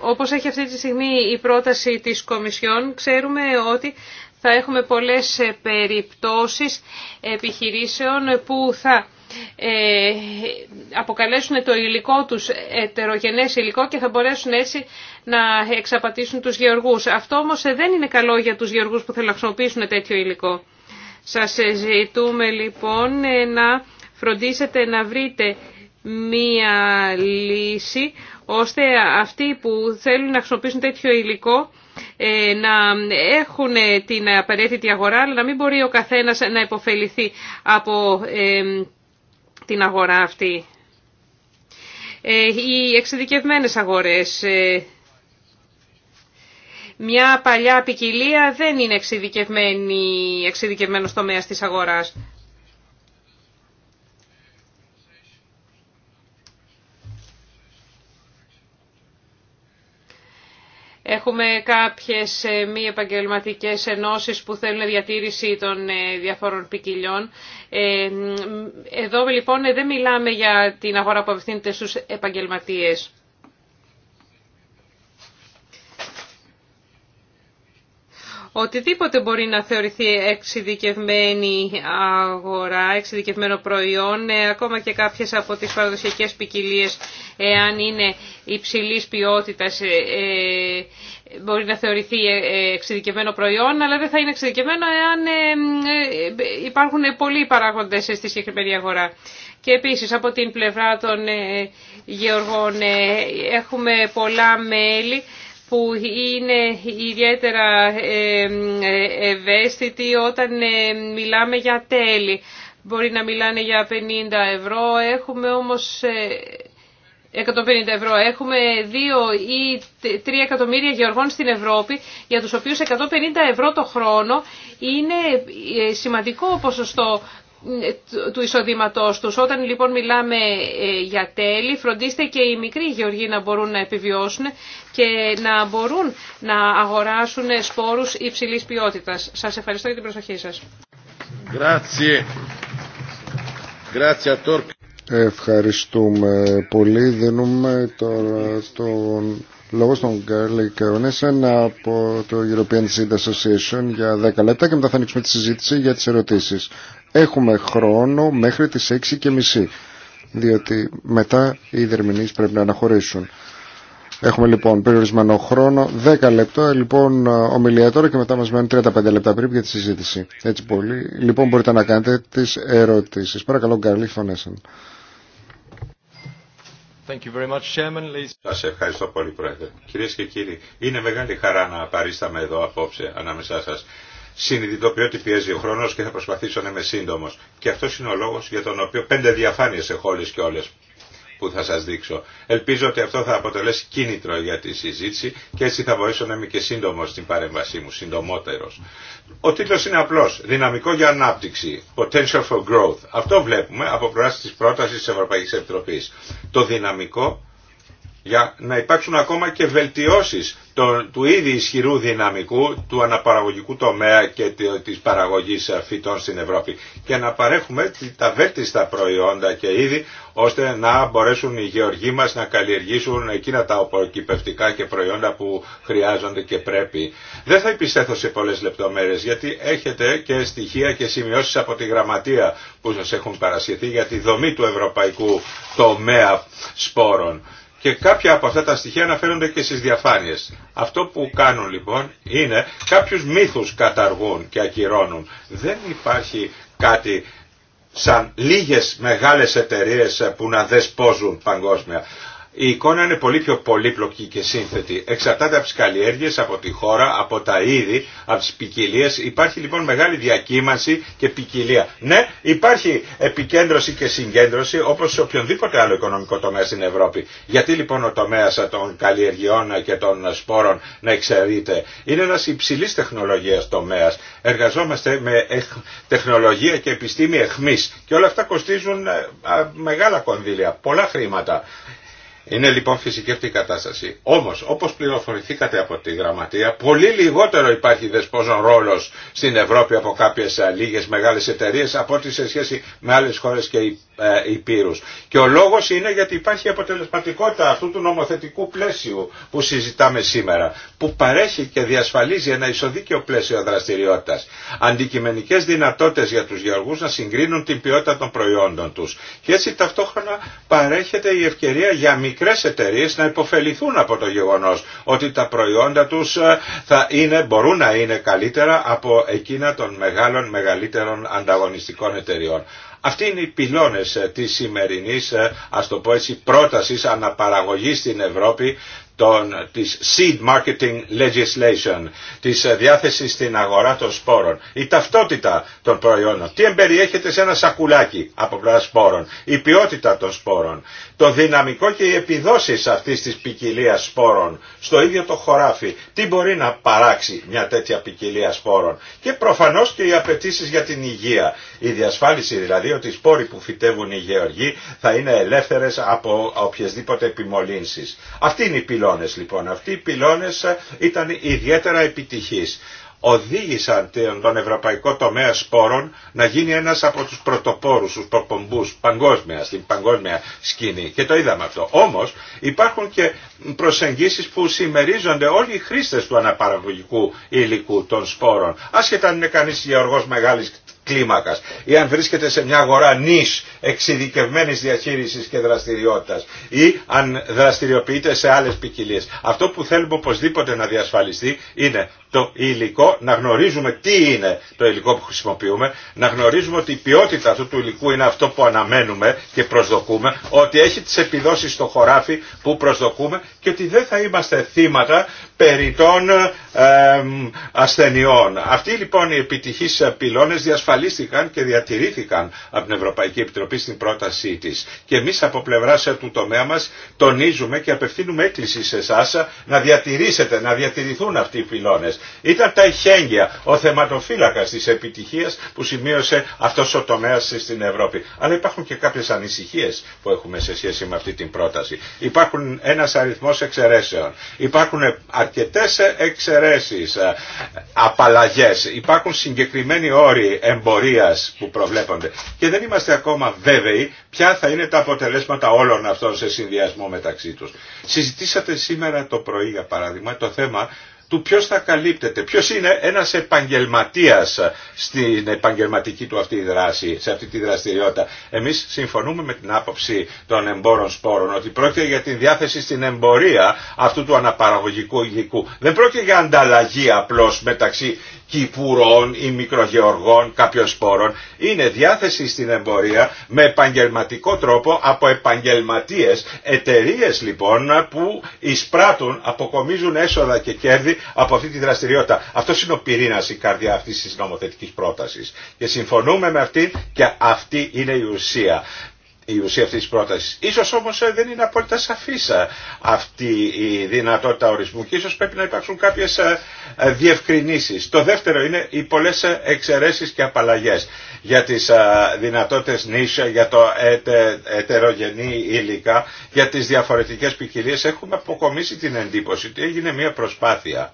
όπως έχει αυτή τη στιγμή η πρόταση της Κομισιόν ξέρουμε ότι θα έχουμε πολλές περιπτώσεις επιχειρήσεων που θα ε, αποκαλέσουν το υλικό τους ετερογενές υλικό και θα μπορέσουν έτσι να εξαπατήσουν τους γεωργούς. Αυτό όμως ε, δεν είναι καλό για τους γεωργούς που θέλουν να χρησιμοποιήσουν τέτοιο υλικό. Σας ε, ζητούμε λοιπόν να φροντίσετε να βρείτε μία λύση ώστε αυτοί που θέλουν να χρησιμοποιήσουν τέτοιο υλικό να έχουν την απαραίτητη αγορά αλλά να μην μπορεί ο καθένας να υποφεληθεί από την αγορά αυτή. Ε, οι εξειδικευμένες αγορές. Ε, μια παλιά ποικιλία δεν είναι εξειδικευμένη, εξειδικευμένος τομέας της αγοράς. Έχουμε κάποιες ε, μη επαγγελματικές ενώσεις που θέλουν διατήρηση των ε, διαφόρων ποικιλιών. Ε, εδώ λοιπόν δεν μιλάμε για την αγορά που απευθύνεται στους επαγγελματίες. Οτιδήποτε μπορεί να θεωρηθεί εξειδικευμένη αγορά, εξειδικευμένο προϊόν, ε, ακόμα και κάποιες από τις παραδοσιακές ποικιλίε, εάν είναι υψηλής ποιότητας, ε, ε, μπορεί να θεωρηθεί εξειδικευμένο προϊόν, αλλά δεν θα είναι εξειδικευμένο εάν υπάρχουν πολλοί παράγοντες στη συγκεκριμένη αγορά. Και επίσης από την πλευρά των γεωργών έχουμε πολλά μέλη που είναι ιδιαίτερα ευαίσθητοι όταν ε, μιλάμε για τέλη. Μπορεί να μιλάνε για 50 ευρώ, έχουμε όμως 150 ε, ευρώ. Έχουμε 2 ή 3 εκατομμύρια γεωργών στην Ευρώπη, για τους οποίους 150 ευρώ το χρόνο είναι ε, σημαντικό ποσοστό του εισοδήματό του. Όταν λοιπόν μιλάμε ε, για τέλη, φροντίστε και οι μικροί γεωργοί να μπορούν να επιβιώσουν και να μπορούν να αγοράσουν σπόρους υψηλής ποιότητας. Σας ευχαριστώ για την προσοχή σας. Ευχαριστούμε πολύ. Δίνουμε τώρα τον λόγο στον Γκάρλι Καρονέσεν από το European Seed Association για 10 λεπτά και μετά θα ανοίξουμε τη συζήτηση για τι ερωτήσει έχουμε χρόνο μέχρι τις 6 και μισή διότι μετά οι δερμηνείς πρέπει να αναχωρήσουν. Έχουμε λοιπόν περιορισμένο χρόνο, 10 λεπτά λοιπόν ομιλία τώρα και μετά μας μένουν 35 λεπτά πριν για τη συζήτηση. Έτσι πολύ. Λοιπόν μπορείτε να κάνετε τις ερωτήσεις. Παρακαλώ Γκαρλή Φωνέσεν. Σα ευχαριστώ πολύ, Πρόεδρε. Κυρίε και κύριοι, είναι μεγάλη χαρά να παρίσταμε εδώ απόψε ανάμεσά σα συνειδητοποιώ ότι πιέζει ο χρόνος και θα προσπαθήσω να είμαι σύντομος. Και αυτό είναι ο λόγος για τον οποίο πέντε διαφάνειες έχω όλες και όλες που θα σας δείξω. Ελπίζω ότι αυτό θα αποτελέσει κίνητρο για τη συζήτηση και έτσι θα βοηθήσω να είμαι και σύντομος στην παρέμβασή μου, συντομότερος. Ο τίτλος είναι απλός. Δυναμικό για ανάπτυξη. Potential for growth. Αυτό βλέπουμε από προτάσεις της πρότασης της Ευρωπαϊκής Επιτροπής. Το δυναμικό για να υπάρξουν ακόμα και βελτιώσεις του ήδη ισχυρού δυναμικού του αναπαραγωγικού τομέα και της παραγωγής φυτών στην Ευρώπη και να παρέχουμε τα βέλτιστα προϊόντα και ήδη ώστε να μπορέσουν οι γεωργοί μας να καλλιεργήσουν εκείνα τα οποροκυπευτικά και προϊόντα που χρειάζονται και πρέπει. Δεν θα επιστέθω σε πολλές λεπτομέρειες γιατί έχετε και στοιχεία και σημειώσεις από τη γραμματεία που σας έχουν παρασχεθεί για τη δομή του ευρωπαϊκού τομέα σπόρων και κάποια από αυτά τα στοιχεία αναφέρονται και στις διαφάνειες. Αυτό που κάνουν λοιπόν είναι κάποιους μύθους καταργούν και ακυρώνουν. Δεν υπάρχει κάτι σαν λίγες μεγάλες εταιρείες που να δεσπόζουν παγκόσμια η εικόνα είναι πολύ πιο πολύπλοκη και σύνθετη. Εξαρτάται από τι καλλιέργειε, από τη χώρα, από τα είδη, από τι ποικιλίε. Υπάρχει λοιπόν μεγάλη διακύμανση και ποικιλία. Ναι, υπάρχει επικέντρωση και συγκέντρωση όπω σε οποιονδήποτε άλλο οικονομικό τομέα στην Ευρώπη. Γιατί λοιπόν ο τομέα των καλλιεργειών και των σπόρων να εξαιρείται. Είναι ένα υψηλή τεχνολογία τομέα. Εργαζόμαστε με τεχνολογία και επιστήμη εχμή. Και όλα αυτά κοστίζουν ε, μεγάλα κονδύλια, πολλά χρήματα. Είναι λοιπόν φυσική αυτή η κατάσταση. Όμως, όπως πληροφορηθήκατε από τη γραμματεία, πολύ λιγότερο υπάρχει δεσπόζων ρόλος στην Ευρώπη από κάποιες λίγες μεγάλες εταιρείες από ό,τι σε σχέση με άλλες χώρες και η ε, και ο λόγος είναι γιατί υπάρχει αποτελεσματικότητα αυτού του νομοθετικού πλαίσιου που συζητάμε σήμερα, που παρέχει και διασφαλίζει ένα ισοδίκαιο πλαίσιο δραστηριότητας. Αντικειμενικές δυνατότητες για τους γεωργούς να συγκρίνουν την ποιότητα των προϊόντων τους. Και έτσι ταυτόχρονα παρέχεται η ευκαιρία για μικρές εταιρείες να υποφεληθούν από το γεγονός ότι τα προϊόντα τους ε, θα είναι, μπορούν να είναι καλύτερα από εκείνα των μεγάλων μεγαλύτερων ανταγωνιστικών εταιριών. Αυτοί είναι οι πυλώνες ε, της σημερινής, ε, ας το πω έτσι, πρότασης αναπαραγωγής στην Ευρώπη των, της Seed Marketing Legislation, της ε, διάθεσης στην αγορά των σπόρων, η ταυτότητα των προϊόντων, τι εμπεριέχεται σε ένα σακουλάκι από πλευρά σπόρων, η ποιότητα των σπόρων, το δυναμικό και οι επιδόσεις αυτής της ποικιλία σπόρων στο ίδιο το χωράφι, τι μπορεί να παράξει μια τέτοια ποικιλία σπόρων και προφανώς και οι απαιτήσει για την υγεία. Η διασφάλιση δηλαδή ότι οι σπόροι που φυτεύουν οι γεωργοί θα είναι ελεύθερες από οποιασδήποτε επιμολύνσεις. Αυτή είναι η πυλώνες λοιπόν. Αυτοί οι πυλώνες ε, ήταν ιδιαίτερα επιτυχείς οδήγησαν τον ευρωπαϊκό τομέα σπόρων να γίνει ένας από τους πρωτοπόρους, τους προπομπούς παγκόσμια, στην παγκόσμια σκηνή. Και το είδαμε αυτό. Όμως υπάρχουν και προσεγγίσεις που συμμερίζονται όλοι οι χρήστες του αναπαραγωγικού υλικού των σπόρων. Άσχετα αν είναι κανείς γεωργός μεγάλης κλίμακας ή αν βρίσκεται σε μια αγορά νης εξειδικευμένης διαχείρισης και δραστηριότητας ή αν δραστηριοποιείται σε άλλες ποικιλίε. Αυτό που θέλουμε οπωσδήποτε να διασφαλιστεί είναι το υλικό, να γνωρίζουμε τι είναι το υλικό που χρησιμοποιούμε, να γνωρίζουμε ότι η ποιότητα αυτού του υλικού είναι αυτό που αναμένουμε και προσδοκούμε, ότι έχει τις επιδόσεις στο χωράφι που προσδοκούμε και ότι δεν θα είμαστε θύματα των ε, ασθενειών. Αυτοί λοιπόν οι επιτυχείς πυλώνες διασφαλίστηκαν και διατηρήθηκαν από την Ευρωπαϊκή Επιτροπή στην πρότασή της. Και εμείς από πλευρά του τομέα μας τονίζουμε και απευθύνουμε έκκληση σε εσά να διατηρήσετε, να διατηρηθούν αυτοί οι πυλώνες. Ήταν τα ειχέγγυα, ο θεματοφύλακα τη επιτυχία που σημείωσε αυτό ο τομέα στην Ευρώπη. Αλλά υπάρχουν και κάποιε ανησυχίε που έχουμε σε σχέση με αυτή την πρόταση. Υπάρχουν ένα αριθμό εξαιρέσεων. Υπάρχουν αρκετέ εξαιρεσει, ε, απαλλαγέ. Υπάρχουν συγκεκριμένοι όροι εμπορία που προβλέπονται. Και δεν είμαστε ακόμα βέβαιοι ποια θα είναι τα αποτελέσματα όλων αυτών σε συνδυασμό μεταξύ του. Συζητήσατε σήμερα το πρωί για παράδειγμα το θέμα του ποιος θα καλύπτεται, ποιος είναι ένας επαγγελματίας στην επαγγελματική του αυτή δράση, σε αυτή τη δραστηριότητα. Εμείς συμφωνούμε με την άποψη των εμπόρων σπόρων ότι πρόκειται για την διάθεση στην εμπορία αυτού του αναπαραγωγικού υλικού. Δεν πρόκειται για ανταλλαγή απλώς μεταξύ κυπουρών ή μικρογεωργών κάποιων σπόρων είναι διάθεση στην εμπορία με επαγγελματικό τρόπο από επαγγελματίες εταιρείε λοιπόν που εισπράττουν, αποκομίζουν έσοδα και κέρδη από αυτή τη δραστηριότητα. Αυτό είναι ο πυρήνα η καρδιά αυτή τη νομοθετική πρόταση. Και συμφωνούμε με αυτήν και αυτή είναι η καρδια αυτη τη νομοθετικη προταση και συμφωνουμε με αυτη και αυτη ειναι η ουσια η ουσία αυτής της πρότασης. Ίσως όμως ε, δεν είναι απόλυτα σαφής ε, αυτή η δυνατότητα ορισμού και ίσως πρέπει να υπάρξουν κάποιες ε, διευκρινήσεις. Το δεύτερο είναι οι πολλές εξαιρέσεις και απαλλαγές για τις δυνατότητες νίσια, για το ετε, ετερογενή υλικά, για τις διαφορετικές ποικιλίε. Έχουμε αποκομίσει την εντύπωση ότι έγινε μια προσπάθεια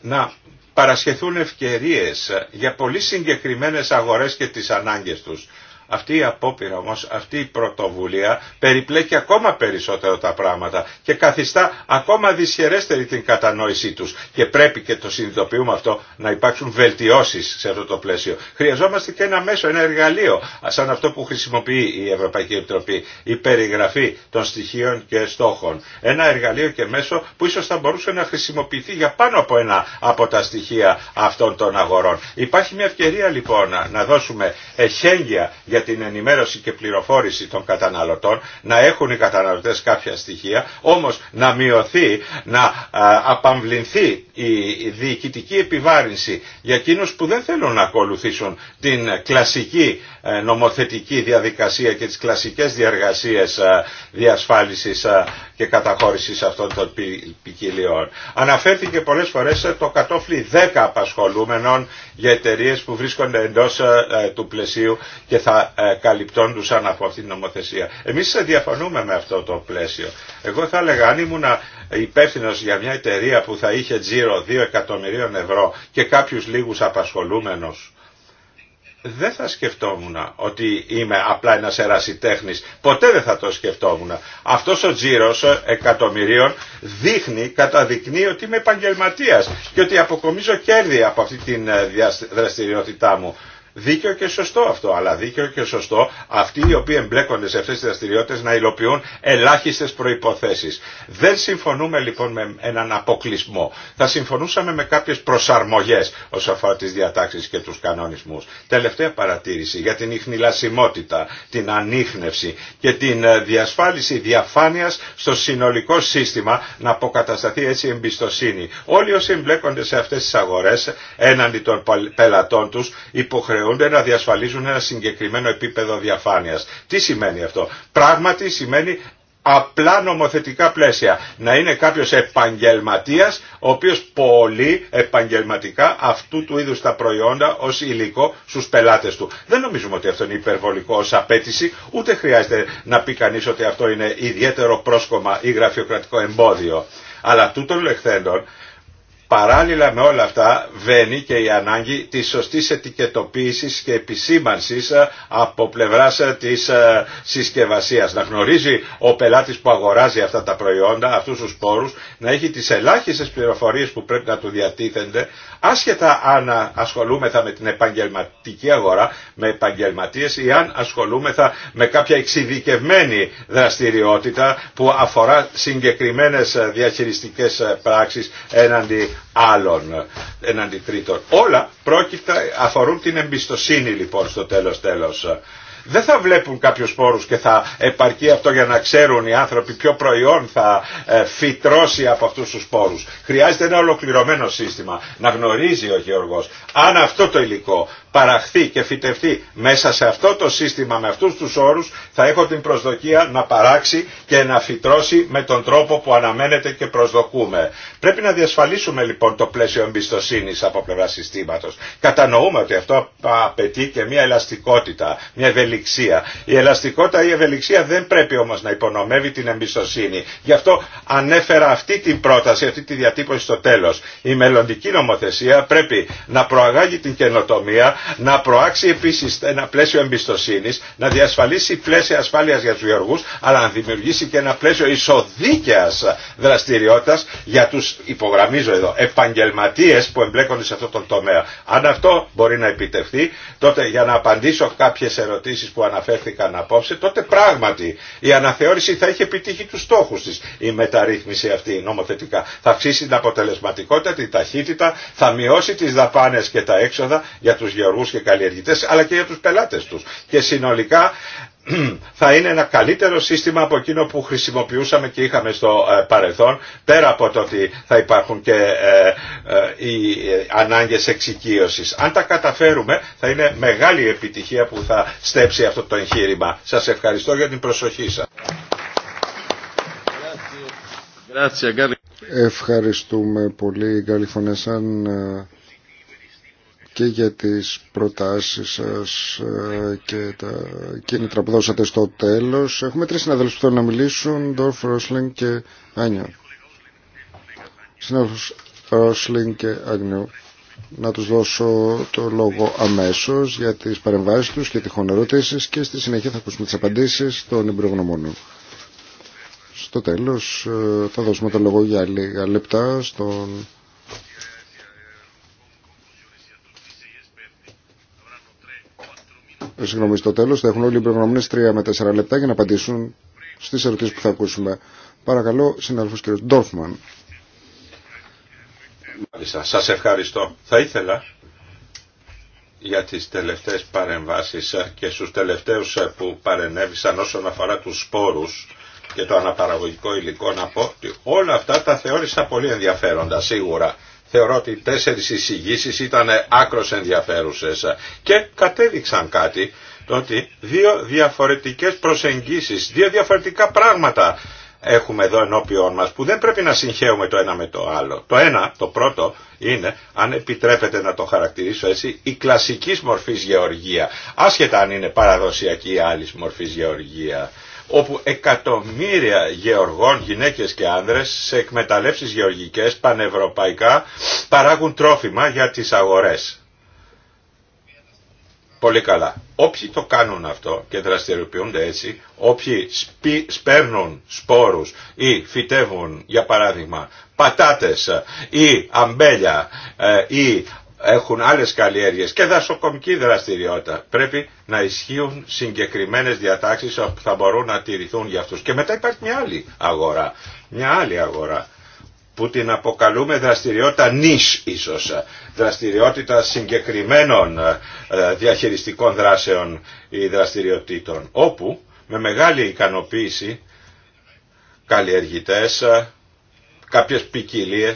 να παρασχεθούν ευκαιρίες για πολύ συγκεκριμένες αγορές και τις ανάγκες τους αυτή η απόπειρα όμως, αυτή η πρωτοβουλία περιπλέκει ακόμα περισσότερο τα πράγματα και καθιστά ακόμα δυσχερέστερη την κατανόησή τους και πρέπει και το συνειδητοποιούμε αυτό να υπάρξουν βελτιώσεις σε αυτό το πλαίσιο. Χρειαζόμαστε και ένα μέσο, ένα εργαλείο σαν αυτό που χρησιμοποιεί η Ευρωπαϊκή Επιτροπή, η περιγραφή των στοιχείων και στόχων. Ένα εργαλείο και μέσο που ίσως θα μπορούσε να χρησιμοποιηθεί για πάνω από ένα από τα στοιχεία αυτών των αγορών. Υπάρχει μια ευκαιρία λοιπόν να δώσουμε εχέγγυα για την ενημέρωση και πληροφόρηση των καταναλωτών, να έχουν οι καταναλωτές κάποια στοιχεία, όμως να μειωθεί, να απαμβληνθεί η διοικητική επιβάρυνση για εκείνους που δεν θέλουν να ακολουθήσουν την κλασική ε, νομοθετική διαδικασία και τις κλασικές διαργασίες ε, διασφάλισης ε, και καταχώρησης αυτών των ποικιλίων. Αναφέρθηκε πολλές φορές το κατόφλι 10 απασχολούμενων για εταιρείε που βρίσκονται εντός του πλαισίου και θα καλυπτόντουσαν από αυτήν την νομοθεσία. Εμείς διαφωνούμε με αυτό το πλαίσιο. Εγώ θα έλεγα αν ήμουν υπεύθυνο για μια εταιρεία που θα είχε τζίρο 2 εκατομμυρίων ευρώ και κάποιους λίγους απασχολούμενους δεν θα σκεφτόμουν ότι είμαι απλά ένας ερασιτέχνης. Ποτέ δεν θα το σκεφτόμουν. Αυτός ο τζίρο εκατομμυρίων δείχνει, καταδεικνύει ότι είμαι επαγγελματίας και ότι αποκομίζω κέρδη από αυτή τη ε, δραστηριότητά μου. Δίκαιο και σωστό αυτό, αλλά δίκαιο και σωστό αυτοί οι οποίοι εμπλέκονται σε αυτέ τι δραστηριότητε να υλοποιούν ελάχιστε προποθέσει. Δεν συμφωνούμε λοιπόν με έναν αποκλεισμό. Θα συμφωνούσαμε με κάποιε προσαρμογέ όσον αφορά τις διατάξει και του κανονισμού. Τελευταία παρατήρηση για την ιχνηλασιμότητα, την ανείχνευση και την ε, διασφάλιση διαφάνεια στο συνολικό σύστημα να αποκατασταθεί έτσι η εμπιστοσύνη. Όλοι όσοι εμπλέκονται σε αυτέ τι αγορέ έναντι των πελατών του υποχρεούνται να διασφαλίζουν ένα συγκεκριμένο επίπεδο διαφάνειας. Τι σημαίνει αυτό. Πράγματι σημαίνει απλά νομοθετικά πλαίσια. Να είναι κάποιος επαγγελματίας, ο οποίος πολύ επαγγελματικά αυτού του είδους τα προϊόντα ως υλικό στους πελάτες του. Δεν νομίζουμε ότι αυτό είναι υπερβολικό ως απέτηση, ούτε χρειάζεται να πει κανείς ότι αυτό είναι ιδιαίτερο πρόσκομα ή γραφειοκρατικό εμπόδιο. Αλλά τούτων λεχθέντων Παράλληλα με όλα αυτά βαίνει και η ανάγκη της σωστής ετικετοποίησης και επισήμανσης ε, από πλευράς ε, της ε, συσκευασίας. Να γνωρίζει ο πελάτης που αγοράζει αυτά τα προϊόντα, αυτούς τους πόρους, να έχει τις ελάχιστες πληροφορίες που πρέπει να του διατίθενται, άσχετα αν ασχολούμεθα με την επαγγελματική αγορά, με επαγγελματίες ή αν ασχολούμεθα με κάποια εξειδικευμένη δραστηριότητα που αφορά συγκεκριμένες διαχειριστικές πράξεις έναντι άλλων εναντί τρίτων. Όλα πρόκειται, αφορούν την εμπιστοσύνη λοιπόν στο τέλος τέλος. Δεν θα βλέπουν κάποιους πόρους και θα επαρκεί αυτό για να ξέρουν οι άνθρωποι ποιο προϊόν θα ε, φυτρώσει από αυτούς τους πόρους. Χρειάζεται ένα ολοκληρωμένο σύστημα να γνωρίζει ο γεωργός αν αυτό το υλικό παραχθεί και φυτευτεί μέσα σε αυτό το σύστημα με αυτούς τους όρους θα έχω την προσδοκία να παράξει και να φυτρώσει με τον τρόπο που αναμένεται και προσδοκούμε. Πρέπει να διασφαλίσουμε λοιπόν το πλαίσιο εμπιστοσύνη από πλευρά συστήματος. Κατανοούμε ότι αυτό απαιτεί και μια ελαστικότητα, μια ευελιξία. Η ελαστικότητα ή η ευελιξία δεν πρέπει όμως να υπονομεύει την εμπιστοσύνη. Γι' αυτό ανέφερα αυτή την πρόταση, αυτή τη διατύπωση στο τέλος. Η μελλοντική νομοθεσία πρέπει να προαγάγει την καινοτομία, να προάξει επίσης ένα πλαίσιο εμπιστοσύνης, να διασφαλίσει πλαίσια ασφάλειας για τους γεωργούς, αλλά να δημιουργήσει και ένα πλαίσιο ισοδίκαιας δραστηριότητας για τους, υπογραμμίζω εδώ, επαγγελματίες που εμπλέκονται σε αυτό τον τομέα. Αν αυτό μπορεί να επιτευχθεί, τότε για να απαντήσω κάποιες ερωτήσεις που αναφέρθηκαν απόψε, τότε πράγματι η αναθεώρηση θα έχει επιτύχει τους στόχους της. Η μεταρρύθμιση αυτή νομοθετικά θα αυξήσει την αποτελεσματικότητα, την ταχύτητα, θα μειώσει τις δαπάνες και τα έξοδα για τους γεωργούς και καλλιεργητές αλλά και για τους πελάτες τους. Και συνολικά *clears throat* θα είναι ένα καλύτερο σύστημα από εκείνο που χρησιμοποιούσαμε και είχαμε στο ε, παρελθόν, πέρα από το ότι θα υπάρχουν και ε, ε, οι ανάγκες εξοικείωσης. Αν τα καταφέρουμε θα είναι μεγάλη επιτυχία που θα στέψει αυτό το εγχείρημα. Σας ευχαριστώ για την προσοχή σας. Ευχαριστούμε πολύ και για τις προτάσεις σας ε, και τα κίνητρα που δώσατε στο τέλος. Έχουμε τρεις συναδέλφους που θέλουν να μιλήσουν, Ντόρφ, Ρόσλινγκ και Άνιου. Συνάδελφους Ρόσλινγκ και Άνιο. Να τους δώσω το λόγο αμέσως για τις παρεμβάσεις τους και τυχόν ερωτήσεις και στη συνέχεια θα ακούσουμε τις απαντήσεις των εμπειρογνωμόνων. Στο τέλος ε, θα δώσουμε το λόγο για λίγα λεπτά στον συγγνώμη, στο τέλος θα έχουν όλοι οι προγραμμονές 3 με 4 λεπτά για να απαντήσουν στις ερωτήσεις που θα ακούσουμε. Παρακαλώ, συνάδελφος κ. Ντόρφμαν. Μάλιστα, σας ευχαριστώ. Θα ήθελα για τις τελευταίες παρεμβάσεις και στους τελευταίους που παρενέβησαν όσον αφορά τους σπόρους και το αναπαραγωγικό υλικό να πω ότι όλα αυτά τα θεώρησα πολύ ενδιαφέροντα σίγουρα θεωρώ ότι οι τέσσερις εισηγήσει ήταν άκρος ενδιαφέρουσες και κατέδειξαν κάτι το ότι δύο διαφορετικές προσεγγίσεις, δύο διαφορετικά πράγματα έχουμε εδώ ενώπιόν μας που δεν πρέπει να συγχαίουμε το ένα με το άλλο. Το ένα, το πρώτο είναι, αν επιτρέπετε να το χαρακτηρίσω έτσι, η κλασικής μορφής γεωργία, άσχετα αν είναι παραδοσιακή ή άλλη μορφής γεωργία όπου εκατομμύρια γεωργών, γυναίκες και άνδρες σε εκμεταλλεύσεις γεωργικές πανευρωπαϊκά παράγουν τρόφιμα για τις αγορές. Πολύ καλά. Όποιοι το κάνουν αυτό και δραστηριοποιούνται έτσι, όποιοι σπέρνουν σπόρους ή φυτεύουν, για παράδειγμα, πατάτες ή αμπέλια ε, ή έχουν άλλες καλλιέργειες και δασοκομική δραστηριότητα. Πρέπει να ισχύουν συγκεκριμένες διατάξεις που θα μπορούν να τηρηθούν για αυτούς. Και μετά υπάρχει μια άλλη αγορά, μια άλλη αγορά που την αποκαλούμε δραστηριότητα νης ίσως, δραστηριότητα συγκεκριμένων ε, διαχειριστικών δράσεων ή δραστηριοτήτων, όπου με μεγάλη ικανοποίηση καλλιεργητές, ε, κάποιες ποικιλίε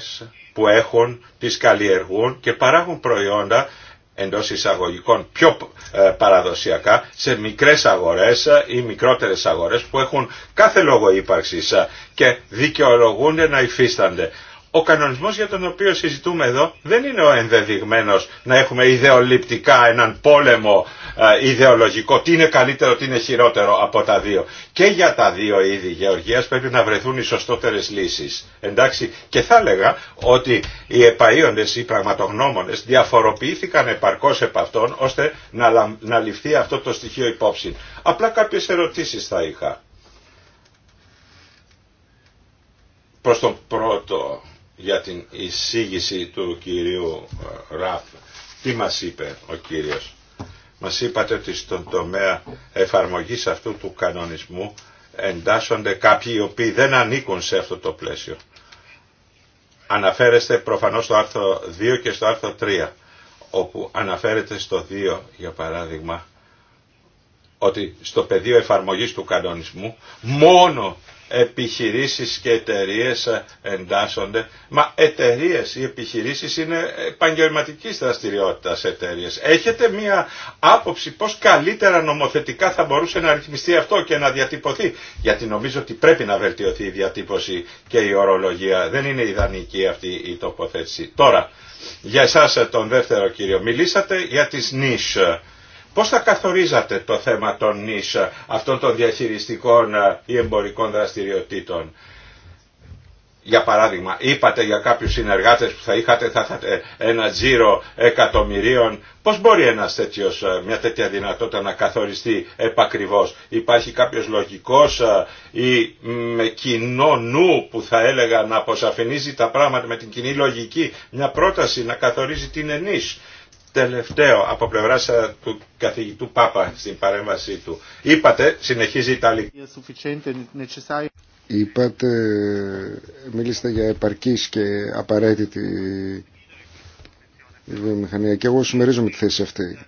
που έχουν, τις καλλιεργούν και παράγουν προϊόντα εντός εισαγωγικών πιο ε, παραδοσιακά σε μικρές αγορές ε, ή μικρότερες αγορές που έχουν κάθε λόγο ύπαρξης ε, και δικαιολογούνται να υφίστανται. Ο κανονισμός για τον οποίο συζητούμε εδώ δεν είναι ο ενδεδειγμένος να έχουμε ιδεολειπτικά έναν πόλεμο ε, ιδεολογικό, τι είναι καλύτερο, τι είναι χειρότερο από τα δύο. Και για τα δύο είδη γεωργίας πρέπει να βρεθούν οι σωστότερες λύσεις. Εντάξει, και θα έλεγα ότι οι επαΐοντες, οι πραγματογνώμονες διαφοροποιήθηκαν επαρκώς επ' αυτών ώστε να, να ληφθεί αυτό το στοιχείο υπόψη. Απλά κάποιες ερωτήσεις θα είχα. Προς τον πρώτο για την εισήγηση του κυρίου ε, Ραφ. Τι μας είπε ο κύριος μα είπατε ότι στον τομέα εφαρμογής αυτού του κανονισμού εντάσσονται κάποιοι οι οποίοι δεν ανήκουν σε αυτό το πλαίσιο. Αναφέρεστε προφανώς στο άρθρο 2 και στο άρθρο 3, όπου αναφέρεται στο 2, για παράδειγμα, ότι στο πεδίο εφαρμογής του κανονισμού μόνο επιχειρήσεις και εταιρείε εντάσσονται. Μα εταιρείε, οι επιχειρήσεις είναι επαγγελματικής δραστηριότητας εταιρείε. Έχετε μία άποψη πώς καλύτερα νομοθετικά θα μπορούσε να ρυθμιστεί αυτό και να διατυπωθεί. Γιατί νομίζω ότι πρέπει να βελτιωθεί η διατύπωση και η ορολογία. Δεν είναι ιδανική αυτή η τοποθέτηση. Τώρα, για εσάς τον δεύτερο κύριο, μιλήσατε για τις νίσες. Πώς θα καθορίζατε το θέμα των νης αυτών των διαχειριστικών ε, ή εμπορικών δραστηριοτήτων. Για παράδειγμα, είπατε για κάποιους συνεργάτες που θα είχατε ένα τζίρο εκατομμυρίων. Πώς μπορεί ένας τέτοιος, ε, μια τέτοια δυνατότητα να καθοριστεί επακριβώς. Υπάρχει κάποιος λογικός ε, ή με κοινό νου που θα έλεγα να αποσαφηνίζει τα πράγματα με την κοινή λογική. Μια πρόταση να καθορίζει την ενίσχυση τελευταίο από πλευρά ε, του καθηγητού Πάπα στην παρέμβασή του. Είπατε, συνεχίζει η Ιταλική. Είπατε, μιλήσατε για επαρκή και απαραίτητη βιομηχανία και εγώ συμμερίζομαι τη θέση αυτή.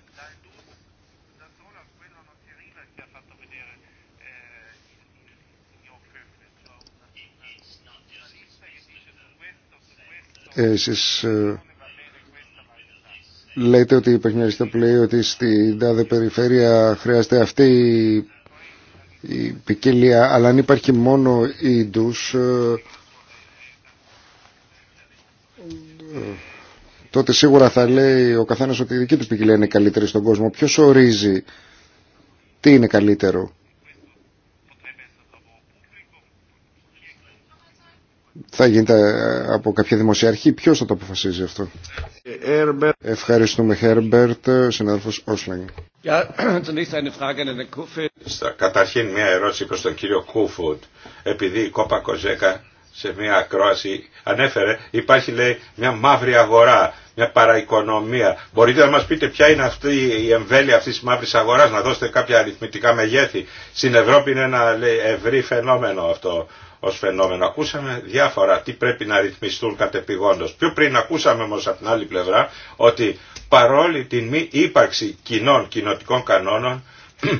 Εσείς ε, λέτε ότι που λέει ότι στην τάδε περιφέρεια χρειάζεται αυτή η, η ποικιλία, αλλά αν υπάρχει μόνο η ε, ε, τότε σίγουρα θα λέει ο καθένας ότι η δική του ποικιλία είναι καλύτερη στον κόσμο. Ποιος ορίζει τι είναι καλύτερο. θα γίνεται ε, από κάποια δημοσιαρχή. Ποιος θα το αποφασίζει αυτό. Herbert. Ευχαριστούμε Χέρμπερτ, συνάδελφος Όσλαγγ. *clears throat* Καταρχήν μια ερώτηση προς τον κύριο Κούφουτ. Επειδή η Κόπα Κοζέκα σε μια ακρόαση ανέφερε υπάρχει λέει μια μαύρη αγορά μια παραοικονομία. Μπορείτε να μας πείτε ποια είναι αυτή η εμβέλεια αυτής της μαύρης αγοράς, να δώσετε κάποια αριθμητικά μεγέθη. Στην Ευρώπη είναι ένα λέει, ευρύ φαινόμενο αυτό ως φαινόμενο. Ακούσαμε διάφορα τι πρέπει να ρυθμιστούν κατεπηγόντως. Πιο πριν ακούσαμε όμω από την άλλη πλευρά ότι παρόλη την μη ύπαρξη κοινών κοινοτικών κανόνων *clears throat* ε,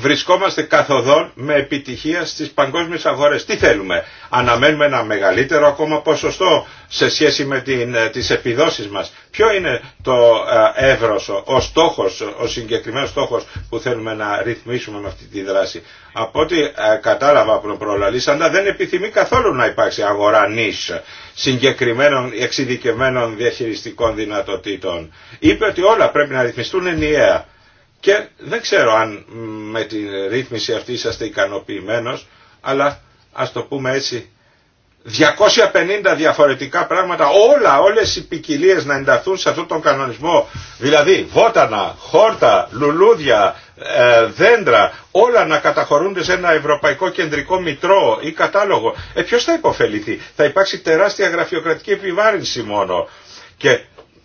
βρισκόμαστε καθοδόν με επιτυχία στις παγκόσμιες αγορές. Τι θέλουμε, αναμένουμε ένα μεγαλύτερο ακόμα ποσοστό σε σχέση με την, ε, τις επιδόσεις μας. Ποιο είναι το ε, εύρος, ο στόχος, ο συγκεκριμένος στόχος που θέλουμε να ρυθμίσουμε με αυτή τη δράση. Από ό,τι ε, κατάλαβα από τον προλαλήσαντα δεν επιθυμεί καθόλου να υπάρξει αγορά νης συγκεκριμένων εξειδικευμένων διαχειριστικών δυνατοτήτων. Είπε ότι όλα πρέπει να ρυθμιστούν ενιαία. Και δεν ξέρω αν με τη ρύθμιση αυτή είσαστε ικανοποιημένος, αλλά ας το πούμε έτσι, 250 διαφορετικά πράγματα, όλα, όλες οι ποικιλίε να ενταθούν σε αυτόν τον κανονισμό. Δηλαδή βότανα, χόρτα, λουλούδια, ε, δέντρα, όλα να καταχωρούνται σε ένα ευρωπαϊκό κεντρικό μητρό ή κατάλογο. Ε, ποιος θα υποφεληθεί. Θα υπάρξει τεράστια γραφειοκρατική επιβάρυνση μόνο. Και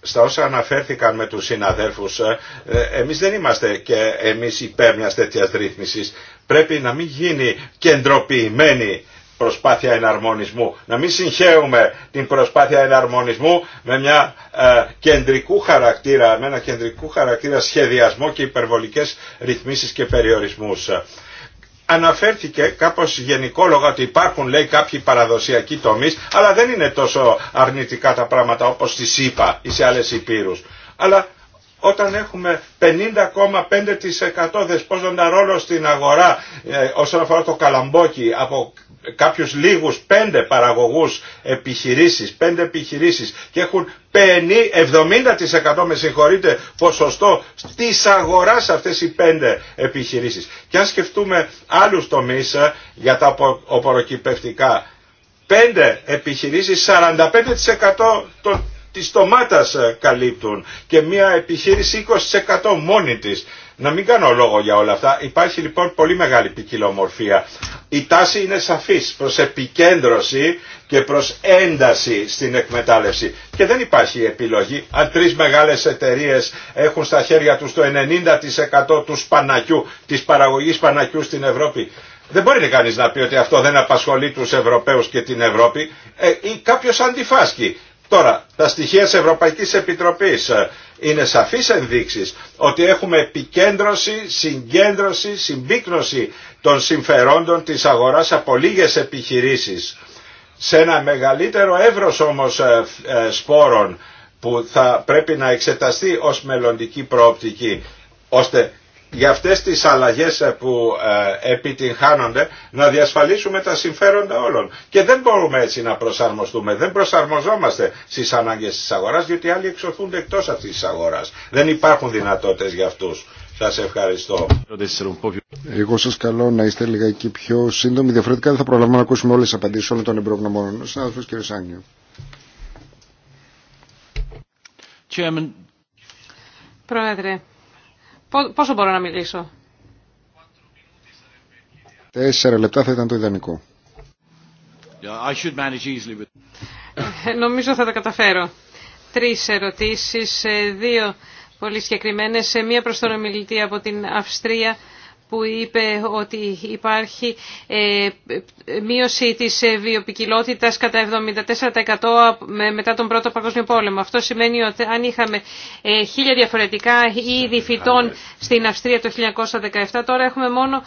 στα όσα αναφέρθηκαν με τους συναδέλφους, ε, ε, εμείς δεν είμαστε και εμείς υπέρ μιας τέτοιας ρύθμισης. Πρέπει να μην γίνει κεντροποιημένη προσπάθεια εναρμονισμού. Να μην συγχαίουμε την προσπάθεια εναρμονισμού με μια ε, κεντρικού χαρακτήρα, με ένα κεντρικού χαρακτήρα σχεδιασμό και υπερβολικές ρυθμίσεις και περιορισμούς αναφέρθηκε κάπως γενικόλογα ότι υπάρχουν λέει κάποιοι παραδοσιακοί τομείς αλλά δεν είναι τόσο αρνητικά τα πράγματα όπως στη είπα ή σε άλλες υπήρους. Αλλά όταν έχουμε 50,5% δεσπόζοντα ρόλο στην αγορά ε, όσον αφορά το καλαμπόκι από κάποιους λίγους πέντε παραγωγούς επιχειρήσεις, πέντε επιχειρήσεις και έχουν 70% με συγχωρείτε ποσοστό της αγοράς αυτές οι πέντε επιχειρήσεις. Και αν σκεφτούμε άλλους τομείς ε, για τα οποροκυπευτικά, πέντε επιχειρήσεις 45% των της τομάτας ε, καλύπτουν και μια επιχείρηση 20% μόνη της. Να μην κάνω λόγο για όλα αυτά. Υπάρχει λοιπόν πολύ μεγάλη ποικιλομορφία. Η τάση είναι σαφής προς επικέντρωση και προς ένταση στην εκμετάλλευση. Και δεν υπάρχει επιλογή αν τρεις μεγάλες εταιρείες έχουν στα χέρια τους το 90% του σπανακιού, της παραγωγής σπανακιού στην Ευρώπη. Δεν μπορεί κανείς να πει ότι αυτό δεν απασχολεί τους Ευρωπαίους και την Ευρώπη ε, ή κάποιος αντιφάσκει. Τώρα, τα στοιχεία της Ευρωπαϊκής Επιτροπής είναι σαφείς ενδείξεις ότι έχουμε επικέντρωση, συγκέντρωση, συμπίκνωση των συμφερόντων της αγοράς από λίγες επιχειρήσεις. Σε ένα μεγαλύτερο εύρος όμως ε, ε, σπόρων που θα πρέπει να εξεταστεί ως μελλοντική προοπτική ώστε για αυτές τις αλλαγές ε, που ε, επιτυγχάνονται να διασφαλίσουμε τα συμφέροντα όλων. Και δεν μπορούμε έτσι να προσαρμοστούμε, δεν προσαρμοζόμαστε στις ανάγκες της αγοράς διότι άλλοι εξωθούνται εκτός αυτής της αγοράς. Δεν υπάρχουν δυνατότητες για αυτούς. Σας ευχαριστώ. Εγώ σας καλώ να είστε εκεί πιο σύντομοι, διαφορετικά δεν θα προλαμβάνω να ακούσουμε όλες τις απαντήσεις όλων των εμπρογνωμών. Συνάδελφος κύριε Σάνιο. Πρόεδρε, Πόσο μπορώ να μιλήσω. Τέσσερα λεπτά θα ήταν το ιδανικό. Ε, νομίζω θα τα καταφέρω. Τρεις ερωτήσεις, ε, δύο πολύ συγκεκριμένες. Ε, μία προς τον ομιλητή από την Αυστρία που είπε ότι υπάρχει ε, μείωση της ε, βιοπικιλότητας κατά 74% μετά τον Πρώτο Παγκόσμιο Πόλεμο. Αυτό σημαίνει ότι αν είχαμε ε, χίλια διαφορετικά είδη φυτών στην Αυστρία το 1917, τώρα έχουμε μόνο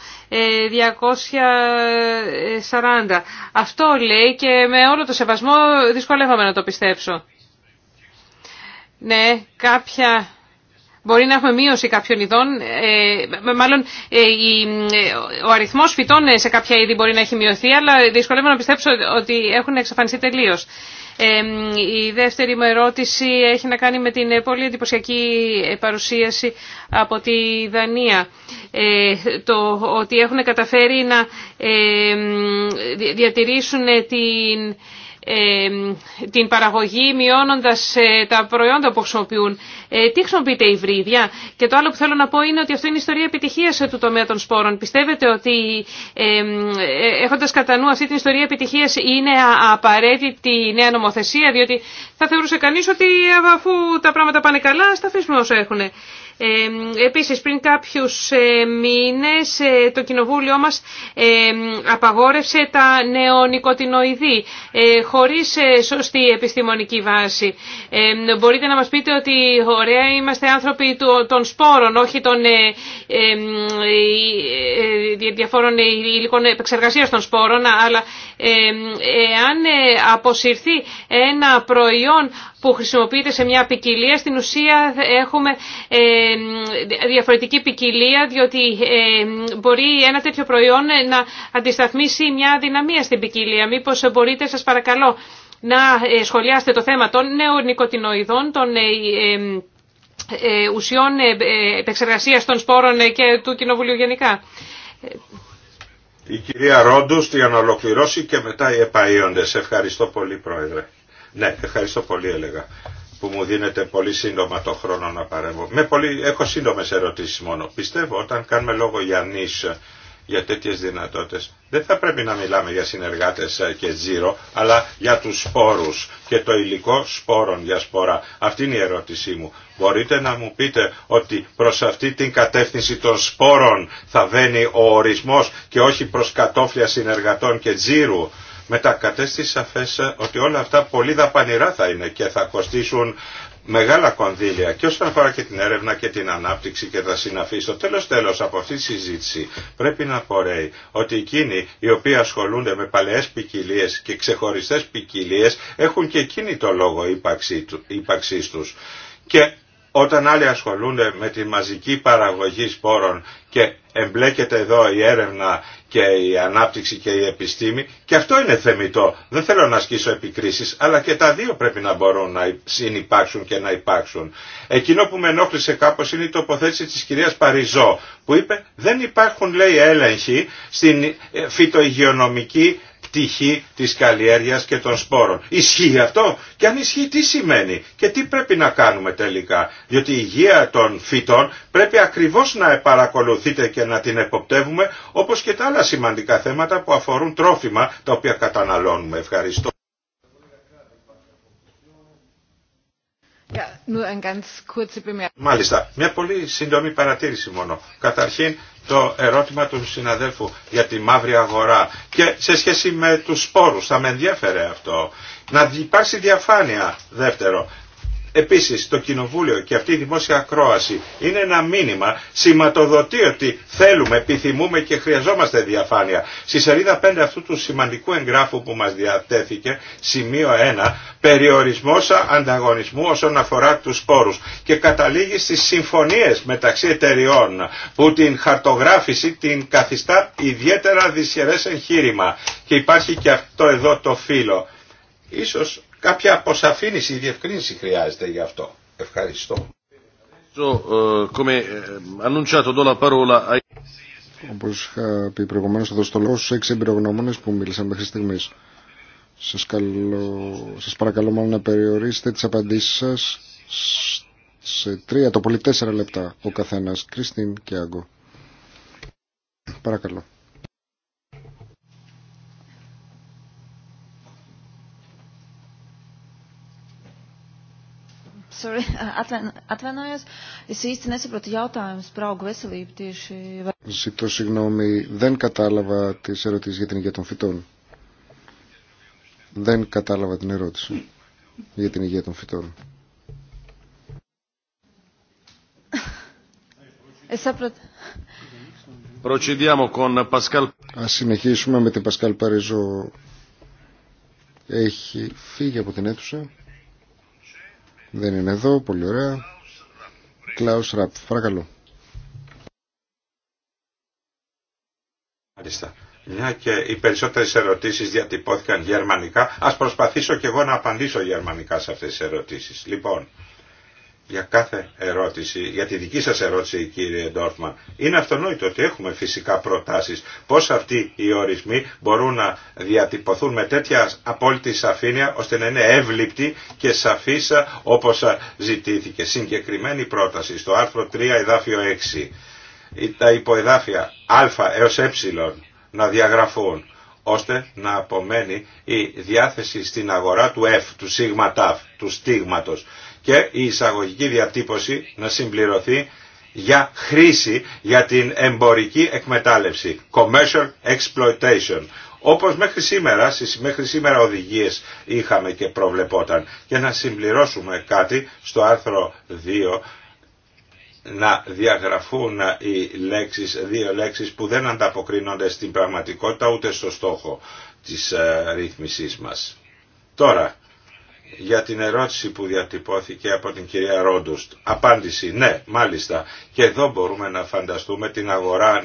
240. Αυτό λέει και με όλο το σεβασμό δυσκολεύομαι να το πιστέψω. Ναι, κάποια Μπορεί να έχουμε μείωση κάποιων ειδών, ε, μάλλον ε, ε, ο αριθμός φυτών σε κάποια είδη μπορεί να έχει μειωθεί, αλλά δυσκολεύομαι να πιστέψω ότι έχουν εξαφανιστεί τελείως. Η δεύτερη μου ερώτηση έχει να κάνει με την πολύ εντυπωσιακή παρουσίαση από τη Δανία. Το ότι έχουν καταφέρει να διατηρήσουν την ε, την παραγωγή μειώνοντας ε, τα προϊόντα που χρησιμοποιούν. Ε, τι χρησιμοποιείται η βρύδια. Και το άλλο που θέλω να πω είναι ότι αυτό είναι η ιστορία επιτυχίας του τομέα των σπόρων. Πιστεύετε ότι έχοντας κατά νου αυτή την ιστορία επιτυχίας είναι απαραίτητη η νέα νομοθεσία διότι θα θεωρούσε κανείς ότι αφού τα πράγματα πάνε καλά, στα αφήσουμε όσο έχουν. Επίσης, πριν κάποιους ε, μήνες ε, το κοινοβούλιο μας ε, απαγόρευσε τα νεονικοτινοειδή χωρίς σωστή επιστημονική βάση. Μπορείτε να μας πείτε ότι ωραία είμαστε άνθρωποι των σπόρων, όχι των διαφόρων υλικών επεξεργασίας των σπόρων, αλλά εάν αποσυρθεί ένα προϊόν που χρησιμοποιείται σε μια ποικιλία. Στην ουσία έχουμε ε, διαφορετική ποικιλία διότι ε, μπορεί ένα τέτοιο προϊόν να αντισταθμίσει μια δυναμία στην ποικιλία. Μήπως μπορείτε σας παρακαλώ να ε, σχολιάσετε το θέμα των νεονικοτινοειδών, των ουσιών επεξεργασίας των σπόρων και του Κοινοβουλίου γενικά. Η κυρία Ρόντους για να ολοκληρώσει και μετά οι επαΐοντες. Ευχαριστώ πολύ Πρόεδρε. Ναι, ευχαριστώ πολύ έλεγα που μου δίνετε πολύ σύντομα το χρόνο να παρέμβω. Με πολύ, έχω σύντομες ερωτήσεις μόνο. Πιστεύω όταν κάνουμε λόγο για νης, για τέτοιες δυνατότητες, δεν θα πρέπει να μιλάμε για συνεργάτες ε, και τζίρο, αλλά για τους σπόρους και το υλικό σπόρων για σπορά. Αυτή είναι η ερώτησή μου. Μπορείτε να μου πείτε ότι προς αυτή την κατεύθυνση των σπόρων θα βαίνει ο ορισμός και όχι προς κατόφλια συνεργατών και τζίρου μετά κατέστη σαφές ότι όλα αυτά πολύ δαπανηρά θα είναι και θα κοστίσουν μεγάλα κονδύλια και όσον αφορά και την έρευνα και την ανάπτυξη και τα συναφή. Στο τέλος τέλος από αυτή τη συζήτηση πρέπει να απορρέει ότι εκείνοι οι οποίοι ασχολούνται με παλαιές ποικιλίε και ξεχωριστές ποικιλίε έχουν και εκείνη το λόγο ύπαρξή τους. Και όταν άλλοι ασχολούνται με τη μαζική παραγωγή σπόρων και εμπλέκεται εδώ η έρευνα και η ανάπτυξη και η επιστήμη και αυτό είναι θεμητό. Δεν θέλω να ασκήσω επικρίσεις αλλά και τα δύο πρέπει να μπορούν να συνυπάρξουν και να υπάρξουν. Εκείνο που με ενόχλησε κάπως είναι η τοποθέτηση της κυρίας Παριζό που είπε δεν υπάρχουν λέει έλεγχοι στην ε, φυτοϊγειονομική πτυχή της καλλιέργειας και των σπόρων. Ισχύει αυτό και αν ισχύει τι σημαίνει και τι πρέπει να κάνουμε τελικά. Διότι η υγεία των φυτών πρέπει ακριβώς να παρακολουθείτε και να την εποπτεύουμε όπως και τα άλλα σημαντικά θέματα που αφορούν τρόφιμα τα οποία καταναλώνουμε. Ευχαριστώ. Μάλιστα, μια πολύ σύντομη παρατήρηση μόνο. Καταρχήν το ερώτημα του συναδέλφου για τη μαύρη αγορά και σε σχέση με τους σπόρους θα με ενδιαφέρε αυτό. Να υπάρξει διαφάνεια δεύτερο Επίσης το Κοινοβούλιο και αυτή η δημόσια ακρόαση είναι ένα μήνυμα σηματοδοτεί ότι θέλουμε, επιθυμούμε και χρειαζόμαστε διαφάνεια. Στη σελίδα 5 αυτού του σημαντικού εγγράφου που μας διατέθηκε, σημείο 1, περιορισμός ανταγωνισμού όσον αφορά τους πόρους και καταλήγει στις συμφωνίες μεταξύ εταιριών που την χαρτογράφηση την καθιστά ιδιαίτερα δυσχερές εγχείρημα και υπάρχει και αυτό εδώ το φύλλο. Ίσως Κάποια αποσαφήνιση ή διευκρίνηση χρειάζεται γι' αυτό. Ευχαριστώ. Ε, ε, Όπω είχα πει προηγουμένω, θα δώσω το λόγο στου έξι εμπειρογνώμονε που μίλησαν μέχρι στιγμή. Σα σας παρακαλώ μόνο να περιορίσετε τι απαντήσει σα σε τρία, το πολύ τέσσερα λεπτά ο καθένα. Κριστίν και Άγκο. Παρακαλώ. Sorry, atvaino, atvainojos. Es īsti nesaprotu jautājumus par augu veselību tieši. Zito, signomi, den katalava tis erotis getin getin fiton. Den katalava tin erotis getin getin fiton. Es saprotu. Procediamo con Pascal. A συνεχίσουμε με την Pascal Παρίζο. Έχει φύγει από την αίθουσα. Δεν είναι εδώ, πολύ ωραία. Κλάους Ραπ, παρακαλώ. Μάλιστα. Μια και οι περισσότερες ερωτήσεις διατυπώθηκαν γερμανικά, ας προσπαθήσω και εγώ να απαντήσω γερμανικά σε αυτές τις ερωτήσεις. Λοιπόν, για κάθε ερώτηση, για τη δική σας ερώτηση κύριε Ντόρφμαν. Είναι αυτονόητο ότι έχουμε φυσικά προτάσεις πώς αυτοί οι ορισμοί μπορούν να διατυπωθούν με τέτοια απόλυτη σαφήνεια ώστε να είναι εύληπτοι και σαφής όπως ζητήθηκε. Συγκεκριμένη πρόταση στο άρθρο 3 εδάφιο 6. Τα υποεδάφια α έως ε να διαγραφούν ώστε να απομένει η διάθεση στην αγορά του F, του σίγμα ταφ, του στίγματος και η εισαγωγική διατύπωση να συμπληρωθεί για χρήση για την εμπορική εκμετάλλευση, commercial exploitation. Όπως μέχρι σήμερα, στις μέχρι σήμερα οδηγίες είχαμε και προβλεπόταν. Και να συμπληρώσουμε κάτι στο άρθρο 2, να διαγραφούν οι λέξεις, δύο λέξεις που δεν ανταποκρίνονται στην πραγματικότητα ούτε στο στόχο της ε, ρύθμισής μας. Τώρα, για την ερώτηση που διατυπώθηκε από την κυρία Ρόντουστ. Απάντηση ναι, μάλιστα. Και εδώ μπορούμε να φανταστούμε την αγορά,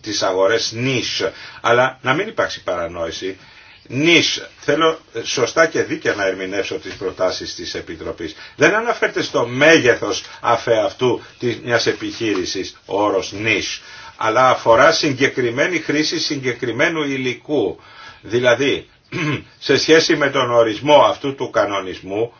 τις αγορές νης. Αλλά να μην υπάρξει παρανόηση. Νης, θέλω σωστά και δίκαια να ερμηνεύσω τις προτάσεις της Επιτροπής. Δεν αναφέρεται στο μέγεθος αφεαυτού μιας επιχείρησης ο όρος νης, αλλά αφορά συγκεκριμένη χρήση συγκεκριμένου υλικού. Δηλαδή, σε σχέση με τον ορισμό αυτού του κανονισμού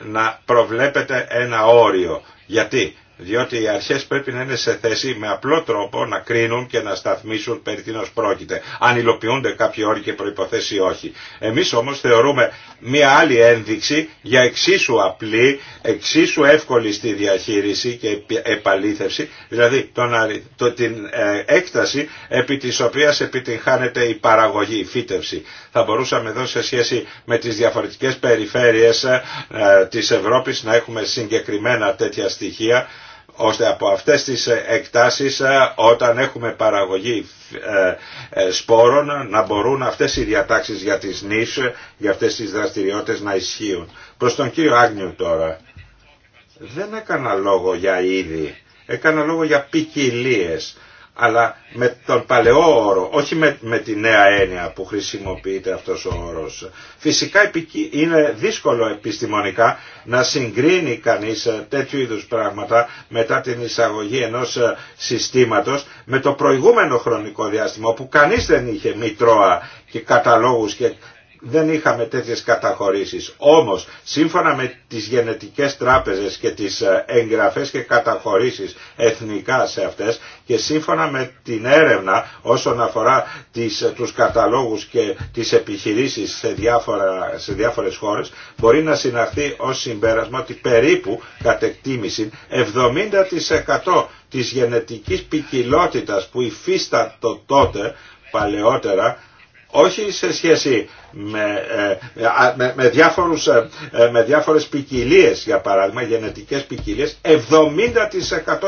να προβλέπετε ένα όριο. Γιατί διότι οι αρχές πρέπει να είναι σε θέση με απλό τρόπο να κρίνουν και να σταθμίσουν περί τίνος πρόκειται, αν υλοποιούνται κάποιοι όροι και προϋποθέσεις ή όχι. Εμείς όμως θεωρούμε μία άλλη ένδειξη για εξίσου απλή, εξίσου εύκολη στη διαχείριση και επαλήθευση, δηλαδή τον, το, την ε, έκταση επί της οποίας επιτυγχάνεται η παραγωγή, η φύτευση. Θα μπορούσαμε εδώ σε σχέση με τις διαφορετικές περιφέρειες ε, ε της Ευρώπης να έχουμε συγκεκριμένα τέτοια στοιχεία ώστε από αυτές τις ε, εκτάσεις ε, όταν έχουμε παραγωγή ε, σπόρων να μπορούν αυτές οι διατάξεις για τις νης, για αυτές τις δραστηριότητες να ισχύουν. Προς τον κύριο Άγνιου τώρα, δεν έκανα λόγο για είδη, έκανα λόγο για ποικιλίε αλλά με τον παλαιό όρο, όχι με, με τη νέα έννοια που χρησιμοποιείται αυτός ο όρος. Φυσικά είναι δύσκολο επιστημονικά να συγκρίνει κανείς ε, τέτοιου είδους πράγματα μετά την εισαγωγή ενός ε, συστήματος με το προηγούμενο χρονικό διάστημα όπου κανείς δεν είχε μητρώα και καταλόγους και δεν είχαμε τέτοιες καταχωρήσεις. Όμως, σύμφωνα με τις γενετικές τράπεζες και τις ε, εγγραφές και καταχωρήσεις εθνικά σε αυτές και σύμφωνα με την έρευνα όσον αφορά τις, ε, τους καταλόγους και τις επιχειρήσεις σε, διάφορα, σε διάφορες χώρες, μπορεί να συναρθεί ως συμπέρασμα ότι περίπου κατ' εκτίμηση 70% της γενετικής ποικιλότητας που υφίστατο τότε παλαιότερα όχι σε σχέση με, ε, με, με, διάφορους, ε, ε, με διάφορες ποικιλίε, για παράδειγμα γενετικές ποικιλίε, 70%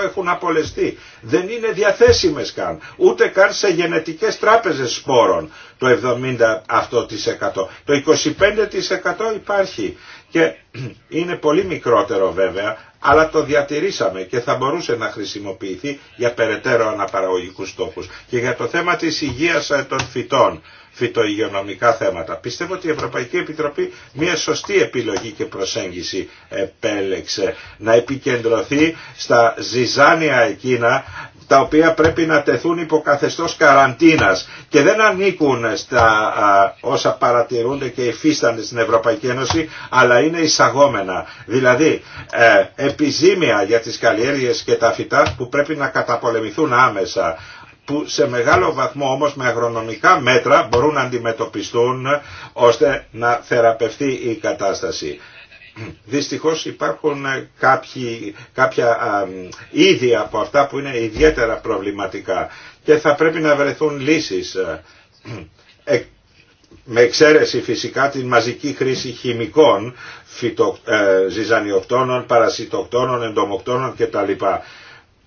έχουν απολεστεί. Δεν είναι διαθέσιμες καν, ούτε καν σε γενετικές τράπεζες σπόρων το 70% το 25% υπάρχει και *clears throat* είναι πολύ μικρότερο βέβαια αλλά το διατηρήσαμε και θα μπορούσε να χρησιμοποιηθεί για περαιτέρω αναπαραγωγικούς στόχους και για το θέμα της υγείας των φυτών φυτοϊγειονομικά θέματα. Πιστεύω ότι η Ευρωπαϊκή Επιτροπή μια σωστή επιλογή και προσέγγιση επέλεξε να επικεντρωθεί στα ζυζάνια εκείνα τα οποία πρέπει να τεθούν υπό καθεστώς καραντίνας και δεν ανήκουν στα όσα παρατηρούνται και υφίστανται στην Ευρωπαϊκή Ένωση αλλά είναι εισαγόμενα. Δηλαδή ε, επιζήμια για τις καλλιέργειες και τα φυτά που πρέπει να καταπολεμηθούν άμεσα που σε μεγάλο βαθμό όμως με αγρονομικά μέτρα μπορούν να αντιμετωπιστούν ώστε να θεραπευτεί η κατάσταση. Δυστυχώς υπάρχουν κάποια είδη από αυτά που είναι ιδιαίτερα προβληματικά και θα πρέπει να βρεθούν λύσεις ε, με εξαίρεση φυσικά την μαζική χρήση χημικών φυτο, ε, ζυζανιοκτώνων, παρασιτοκτώνων, εντομοκτώνων κτλ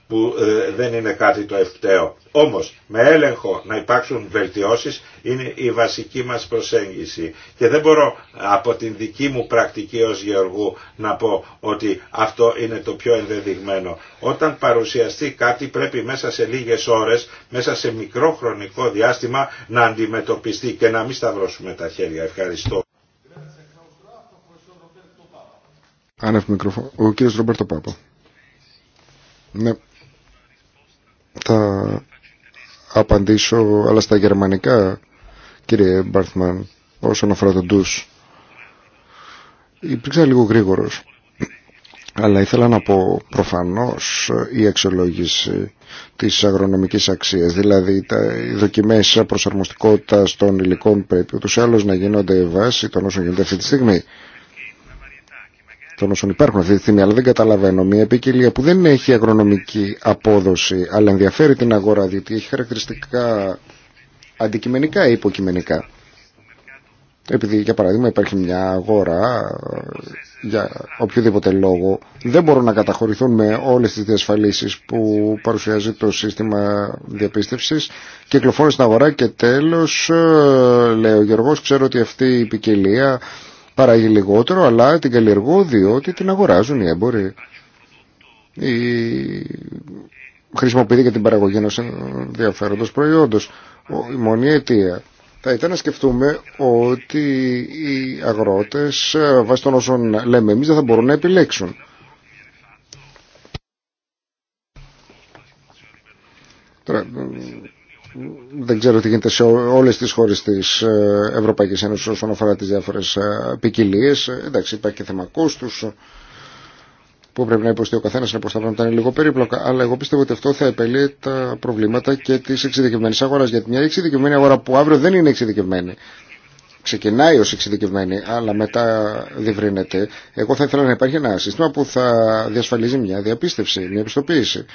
που ε, δεν είναι κάτι το ευκταίο. Όμως με έλεγχο να υπάρξουν βελτιώσεις είναι η βασική μας προσέγγιση και δεν μπορώ από την δική μου πρακτική ως γεωργού να πω ότι αυτό είναι το πιο ενδεδειγμένο. Όταν παρουσιαστεί κάτι πρέπει μέσα σε λίγες ώρες, μέσα σε μικρό χρονικό διάστημα να αντιμετωπιστεί και να μην σταυρώσουμε τα χέρια. Ευχαριστώ. Ο κύριος Ρομπέρτο Πάπα. Ναι. Θα απαντήσω αλλά στα γερμανικά, κύριε Μπάρθμαν, όσον αφορά τον ντους. Υπήρξα λίγο γρήγορος. Αλλά ήθελα να πω προφανώς η αξιολόγηση της αγρονομικής αξίας, δηλαδή τα, οι δοκιμές προσαρμοστικότητας των υλικών πρέπει ούτως ή άλλως να γίνονται βάση των όσων γίνονται αυτή τη στιγμή των όσων υπάρχουν αυτή τη στιγμή, αλλά δεν καταλαβαίνω. Μια επικοινία που δεν έχει αγρονομική απόδοση, αλλά ενδιαφέρει την αγορά, διότι έχει χαρακτηριστικά αντικειμενικά ή υποκειμενικά. Επειδή, για παράδειγμα, υπάρχει μια αγορά, ε, για οποιοδήποτε λόγο, δεν μπορούν να καταχωρηθούν με όλες τις διασφαλίσεις που παρουσιάζει το σύστημα διαπίστευσης. Κυκλοφόρησε στην αγορά και τέλος, ε, λέει ο Γεωργός, ξέρω ότι αυτή η υποκειμενικα επειδη για παραδειγμα υπαρχει μια αγορα για οποιοδηποτε λογο δεν μπορουν να καταχωρηθουν με ολε τι διασφαλισει που παρουσιαζει το συστημα διαπιστευση κυκλοφορησε στην αγορα και τελο λεει ο γεωργος ξερω οτι αυτη η ποικιλια παράγει λιγότερο αλλά την καλλιεργώ διότι την αγοράζουν οι έμποροι. Η... Χρησιμοποιείται για την παραγωγή ενός ενδιαφέροντος προϊόντος. Η μόνη αιτία θα ήταν να σκεφτούμε ότι οι αγρότες ε, βάσει των όσων λέμε εμείς δεν θα μπορούν να επιλέξουν. Τώρα, δεν ξέρω τι γίνεται σε όλες τις χώρες της ε, Ευρωπαϊκής Ένωσης όσον αφορά τις διάφορες ε, ποικιλίε. Ε, εντάξει, υπάρχει και θέμα κόστου, που πρέπει να υποστεί ο καθένα να προσταλώνει ήταν λίγο περίπλοκα. Αλλά εγώ πιστεύω ότι αυτό θα επελύει τα προβλήματα και τη εξειδικευμένη αγορά. Γιατί μια εξειδικευμένη αγορά που αύριο δεν είναι εξειδικευμένη. Ξεκινάει ω εξειδικευμένη, αλλά μετά διευρύνεται. Εγώ θα ήθελα να υπάρχει ένα σύστημα που θα διασφαλίζει μια διαπίστευση, μια επιστοποίηση.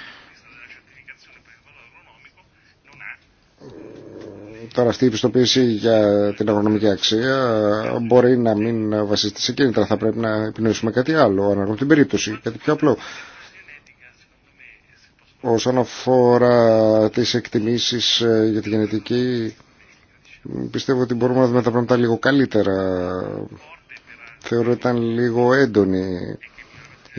Τώρα αυτή η πιστοποίηση για την αγρονομική αξία μπορεί να μην βασίζεται σε κίνητρα. Θα πρέπει να επινοήσουμε κάτι άλλο, ανάλογα με την περίπτωση, κάτι πιο απλό. Όσον αφορά τις εκτιμήσεις ε, για τη γενετική, πιστεύω ότι μπορούμε να δούμε τα πράγματα λίγο καλύτερα. Θεωρώ ότι ήταν λίγο έντονη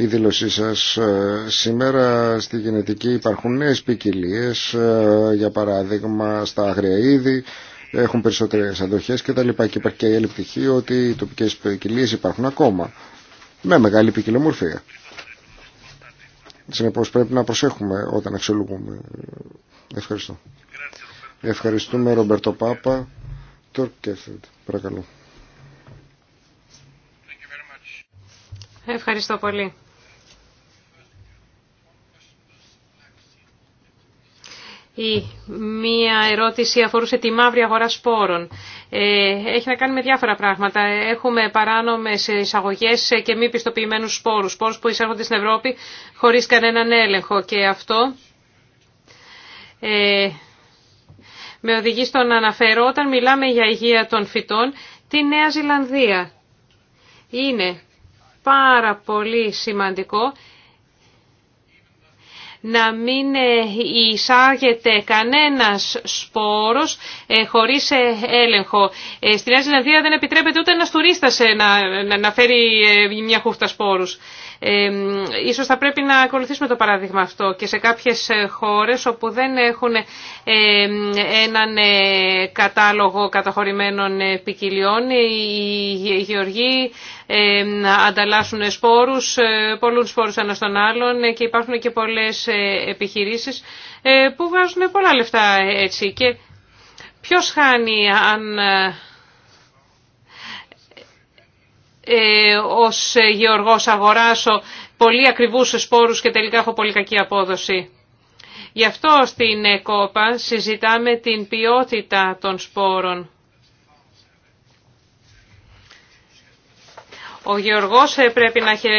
η δήλωσή σας. Ε, σήμερα στη γενετική υπάρχουν νέες ποικιλίε, ε, για παράδειγμα στα άγρια είδη, έχουν περισσότερες αντοχές και τα λοιπά και υπάρχει και η άλλη ότι οι τοπικές ποικιλίε υπάρχουν ακόμα με μεγάλη ποικιλομορφία. Συνεπώ πρέπει να προσέχουμε όταν αξιολογούμε. Ευχαριστώ. Ευχαριστούμε Ρομπερτο Πάπα. Τουρκέφιντ, παρακαλώ. Ευχαριστώ πολύ. Η μία ερώτηση αφορούσε τη μαύρη αγορά σπόρων. Ε, έχει να κάνει με διάφορα πράγματα. Έχουμε παράνομες εισαγωγές και μη πιστοποιημένους σπόρους. Σπόρους που εισέρχονται στην Ευρώπη χωρίς κανέναν έλεγχο. Και αυτό ε, με οδηγεί στο να αναφέρω όταν μιλάμε για υγεία των φυτών τη Νέα Ζηλανδία. Είναι πάρα πολύ σημαντικό να μην ε, εισάγεται κανένας σπόρος ε, χωρίς ε, έλεγχο. Στην Νέα δεν επιτρέπεται ούτε ένας τουρίστας να φέρει μια χούφτα σπόρους. Ίσως θα πρέπει να ακολουθήσουμε το παράδειγμα αυτό και σε κάποιες ε, χώρες όπου δεν έχουν έναν ε, κατάλογο καταχωρημένων ε, ποικιλιών οι γεωργοί ανταλλάσσουν σπόρους, πολλούν σπόρους ένα στον άλλον και υπάρχουν και πολλές επιχειρήσεις που βάζουν πολλά λεφτά έτσι και ποιος χάνει αν ε, ως ε, γεωργός αγοράσω πολύ ακριβούς σπόρους και τελικά έχω πολύ κακή απόδοση. Γι' αυτό στην κόπα συζητάμε την ποιότητα των σπόρων. Ο γεωργός ε, πρέπει να έχει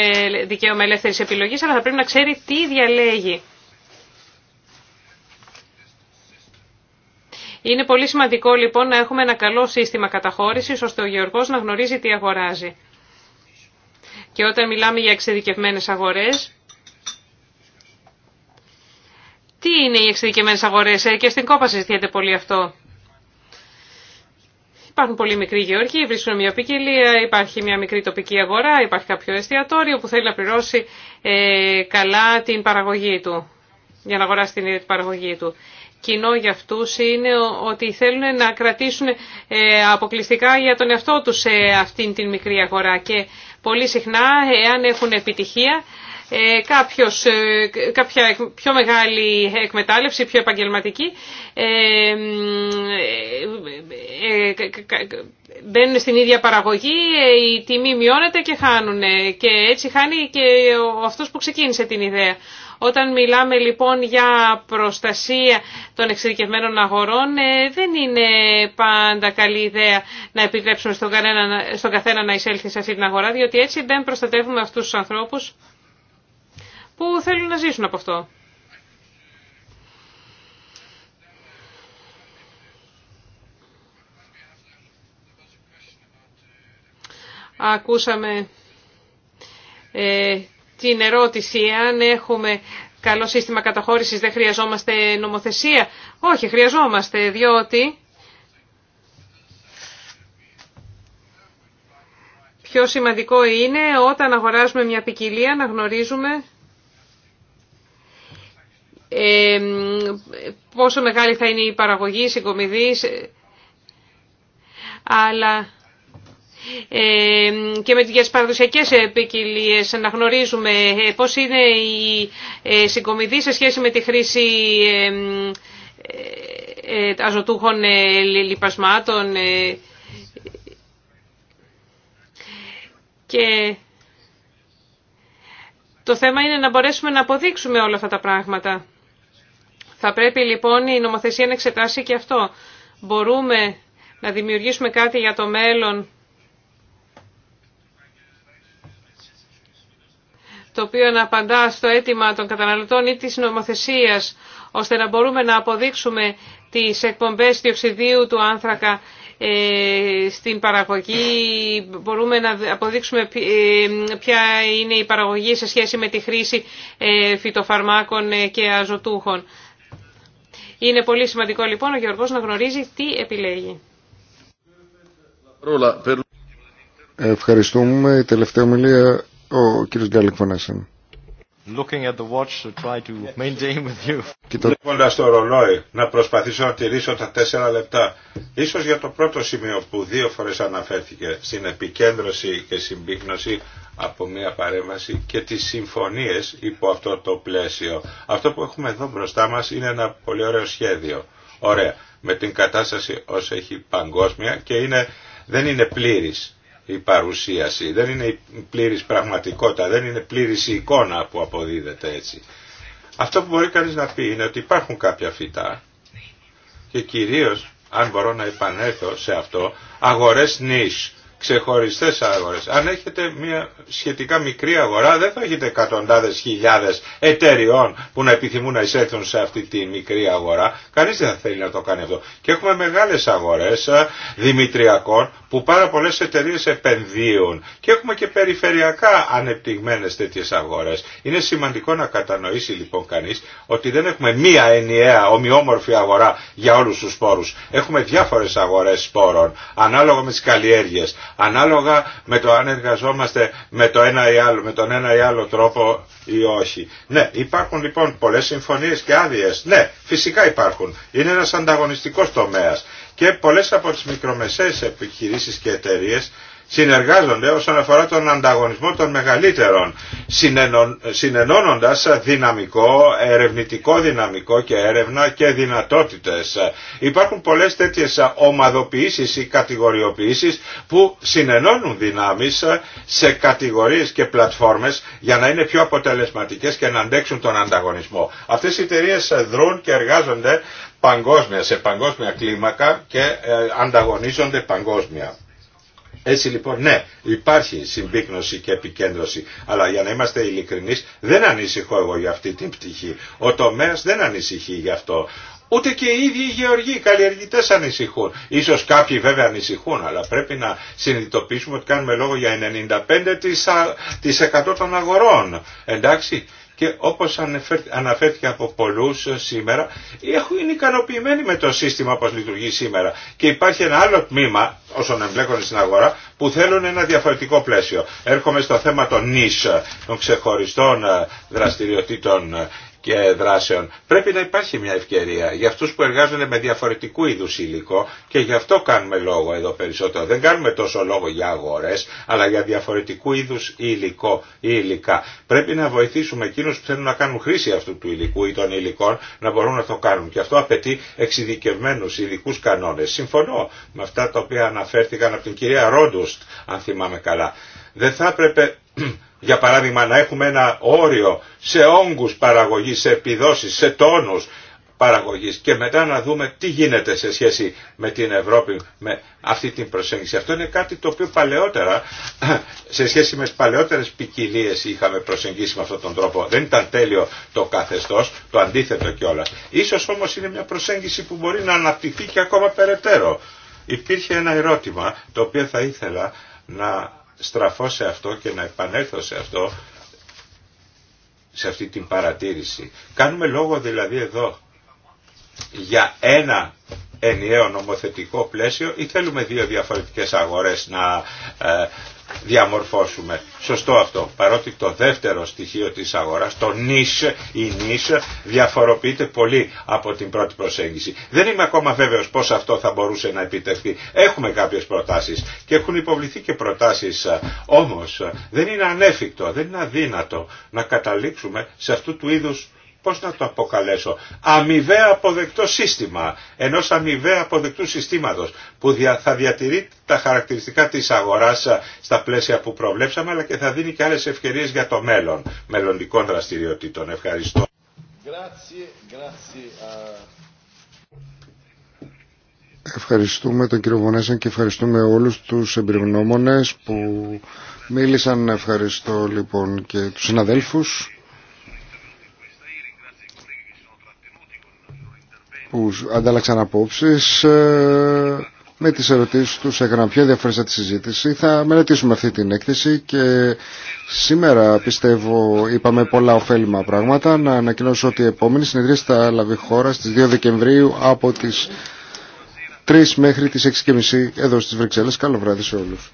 δικαίωμα ελεύθερη επιλογή, αλλά θα πρέπει να ξέρει τι διαλέγει. Είναι πολύ σημαντικό λοιπόν να έχουμε ένα καλό σύστημα καταχώρησης, ώστε ο γεωργός να γνωρίζει τι αγοράζει. Και όταν μιλάμε για εξειδικευμένες αγορές, τι είναι οι εξειδικευμένες αγορές ε, και στην κόπα συζητιέται πολύ αυτό. Υπάρχουν πολύ μικροί γεωργοί, βρίσκουν μια ποικιλία, υπάρχει μια μικρή τοπική αγορά, υπάρχει κάποιο εστιατόριο που θέλει να πληρώσει ε, καλά την παραγωγή του, για να αγοράσει την, την παραγωγή του. Κοινό για αυτούς είναι ότι θέλουν να κρατήσουν ε, αποκλειστικά για τον εαυτό τους σε αυτήν την μικρή αγορά και Πολύ συχνά, εάν έχουν επιτυχία, ε, κάποιος, ε, κάποια πιο μεγάλη εκμετάλλευση, πιο επαγγελματική, ε, μπαίνουν στην ίδια παραγωγή, η τιμή μειώνεται και χάνουν. Και έτσι χάνει και αυτός που ξεκίνησε την ιδέα. Όταν μιλάμε λοιπόν για προστασία των εξειδικευμένων αγορών, ε, δεν είναι πάντα καλή ιδέα να επιτρέψουμε στον, κανένα, στον καθένα να εισέλθει σε αυτή την αγορά, διότι έτσι δεν προστατεύουμε αυτούς τους ανθρώπους που θέλουν να ζήσουν από αυτό. Ακούσαμε ε, την ερώτηση αν έχουμε καλό σύστημα καταχώρησης δεν χρειαζόμαστε νομοθεσία. Όχι, χρειαζόμαστε διότι πιο σημαντικό είναι όταν αγοράζουμε μια ποικιλία να γνωρίζουμε πόσο μεγάλη θα είναι η παραγωγή, η συγκομιδή, αλλά και με τις παραδοσιακές ποικιλίε να γνωρίζουμε ε, πώς είναι η ε, συγκομιδή σε σχέση με τη χρήση ε, αζωτούχων λιπασμάτων και το θέμα είναι να μπορέσουμε να αποδείξουμε όλα αυτά τα πράγματα. Θα πρέπει λοιπόν η νομοθεσία να εξετάσει και αυτό. Μπορούμε να δημιουργήσουμε κάτι για το μέλλον το οποίο να απαντά στο αίτημα των καταναλωτών ή της νομοθεσίας, ώστε να μπορούμε να αποδείξουμε τις εκπομπές διοξιδίου του άνθρακα ε, στην παραγωγή, μπορούμε να αποδείξουμε ε, ποια είναι η παραγωγή σε σχέση με τη χρήση ε, φυτοφαρμάκων και αζωτούχων. Είναι πολύ σημαντικό λοιπόν ο Γεωργός να γνωρίζει τι επιλέγει. Ευχαριστούμε. Η τελευταία ομιλία ο κύριος Γκάλικ Φωνέσεν. Βλέποντα το ρολόι, να προσπαθήσω να τηρήσω τα τέσσερα λεπτά. Ίσως για το πρώτο σημείο που δύο φορές αναφέρθηκε στην επικέντρωση και συμπίκνωση από μια παρέμβαση και τις συμφωνίες υπό αυτό το πλαίσιο. Αυτό που έχουμε εδώ μπροστά μας είναι ένα πολύ ωραίο σχέδιο. Ωραία. Με την κατάσταση όσο έχει παγκόσμια και δεν είναι πλήρης η παρουσίαση, δεν είναι η πλήρης πραγματικότητα, δεν είναι πλήρης η εικόνα που αποδίδεται έτσι. Αυτό που μπορεί κανείς να πει είναι ότι υπάρχουν κάποια φυτά και κυρίως, αν μπορώ να επανέλθω σε αυτό, αγορές νης, ξεχωριστές αγορές. Αν έχετε μια σχετικά μικρή αγορά δεν θα έχετε εκατοντάδες χιλιάδες εταιριών που να επιθυμούν να εισέλθουν σε αυτή τη μικρή αγορά. Κανείς δεν θα θέλει να το κάνει αυτό. Και έχουμε μεγάλες αγορές δημητριακών που πάρα πολλές εταιρείες επενδύουν και έχουμε και περιφερειακά ανεπτυγμένες τέτοιες αγορές. Είναι σημαντικό να κατανοήσει λοιπόν κανείς ότι δεν έχουμε μία ενιαία ομοιόμορφη αγορά για όλους τους σπόρους. Έχουμε διάφορες αγορές σπόρων ανάλογα με τις καλλιέργειες, ανάλογα με το αν εργαζόμαστε με, το ένα ή άλλο, με τον ένα ή άλλο τρόπο ή όχι. Ναι, υπάρχουν λοιπόν πολλές συμφωνίες και άδειες. Ναι, φυσικά υπάρχουν. Είναι ένας ανταγωνιστικός τομέας και πολλές από τις μικρομεσαίες επιχειρήσεις και εταιρείες συνεργάζονται όσον αφορά τον ανταγωνισμό των μεγαλύτερων, συνενώνοντας δυναμικό, ερευνητικό δυναμικό και έρευνα και δυνατότητες. Υπάρχουν πολλές τέτοιες ομαδοποιήσεις ή κατηγοριοποιήσεις που συνενώνουν δυνάμεις σε κατηγορίες και πλατφόρμες για να είναι πιο αποτελεσματικές και να αντέξουν τον ανταγωνισμό. Αυτές οι εταιρείε δρούν και εργάζονται σε παγκόσμια κλίμακα και ε, ανταγωνίζονται παγκόσμια. Έτσι λοιπόν, ναι, υπάρχει συμπίκνωση και επικέντρωση, αλλά για να είμαστε ειλικρινεί, δεν ανησυχώ εγώ για αυτή την πτυχή. Ο τομέα δεν ανησυχεί γι' αυτό. Ούτε και οι ίδιοι οι γεωργοί, οι καλλιεργητές ανησυχούν. Ίσως κάποιοι βέβαια ανησυχούν, αλλά πρέπει να συνειδητοποιήσουμε ότι κάνουμε λόγο για 95% των αγορών. Εντάξει, και όπως αναφέρθηκε από πολλούς ε, σήμερα έχουν είναι ικανοποιημένοι με το σύστημα όπως λειτουργεί σήμερα και υπάρχει ένα άλλο τμήμα όσων εμπλέκονται στην αγορά που θέλουν ένα διαφορετικό πλαίσιο. Έρχομαι στο θέμα των νης, των ξεχωριστών ε, δραστηριοτήτων ε, και δράσεων. Πρέπει να υπάρχει μια ευκαιρία για αυτούς που εργάζονται με διαφορετικού είδους υλικό και γι' αυτό κάνουμε λόγο εδώ περισσότερο. Δεν κάνουμε τόσο λόγο για αγορές, αλλά για διαφορετικού είδους υλικό ή υλικά. Πρέπει να βοηθήσουμε εκείνους που θέλουν να κάνουν χρήση αυτού του υλικού ή των υλικών να μπορούν να το κάνουν. Και αυτό απαιτεί εξειδικευμένους ειδικού κανόνες. Συμφωνώ με αυτά τα οποία αναφέρθηκαν από την κυρία Ρόντουστ, αν θυμάμαι καλά. Δεν θα έπρεπε για παράδειγμα να έχουμε ένα όριο σε όγκους παραγωγής, σε επιδόσεις, σε τόνους παραγωγής και μετά να δούμε τι γίνεται σε σχέση με την Ευρώπη με αυτή την προσέγγιση. Αυτό είναι κάτι το οποίο παλαιότερα *clears throat* σε σχέση με τις παλαιότερες ποικιλίε είχαμε προσεγγίσει με αυτόν τον τρόπο. Δεν ήταν τέλειο το καθεστώς, το αντίθετο κιόλα. Ίσως όμως είναι μια προσέγγιση που μπορεί να αναπτυχθεί και ακόμα περαιτέρω. Υπήρχε ένα ερώτημα το οποίο θα ήθελα να στραφώ σε αυτό και να επανέλθω σε αυτό, σε αυτή την παρατήρηση. Κάνουμε λόγο δηλαδή εδώ για ένα ενιαίο νομοθετικό πλαίσιο ή θέλουμε δύο διαφορετικές αγορές να ε, διαμορφώσουμε. Σωστό αυτό. Παρότι το δεύτερο στοιχείο της αγοράς, το νης, η νης, διαφοροποιείται πολύ από την πρώτη προσέγγιση. Δεν είμαι ακόμα βέβαιος πώς αυτό θα μπορούσε να επιτευχθεί. Έχουμε κάποιες προτάσεις και έχουν υποβληθεί και προτάσεις. Όμως δεν είναι ανέφικτο, δεν είναι αδύνατο να καταλήξουμε σε αυτού του είδους πώς να το αποκαλέσω, αμοιβαία αποδεκτό σύστημα, ενός αμοιβαία αποδεκτού συστήματος που θα διατηρεί τα χαρακτηριστικά της αγοράς στα πλαίσια που προβλέψαμε αλλά και θα δίνει και άλλες ευκαιρίες για το μέλλον μελλοντικών δραστηριοτήτων. Ευχαριστώ. Ευχαριστούμε τον κύριο Βονέσαν και ευχαριστούμε όλους τους εμπειρογνώμονες που μίλησαν. Ευχαριστώ λοιπόν και τους συναδέλφους. που αντάλλαξαν απόψεις ε, με τις ερωτήσεις του έκαναν πιο ενδιαφέρουσα τη συζήτηση. Θα μελετήσουμε αυτή την έκθεση και σήμερα πιστεύω είπαμε πολλά ωφέλιμα πράγματα. Να ανακοινώσω ότι η επόμενη συνεδρία θα λάβει χώρα στις 2 Δεκεμβρίου από τις 3 μέχρι τις 6.30 εδώ στις Βρυξέλλες. Καλό βράδυ σε όλους.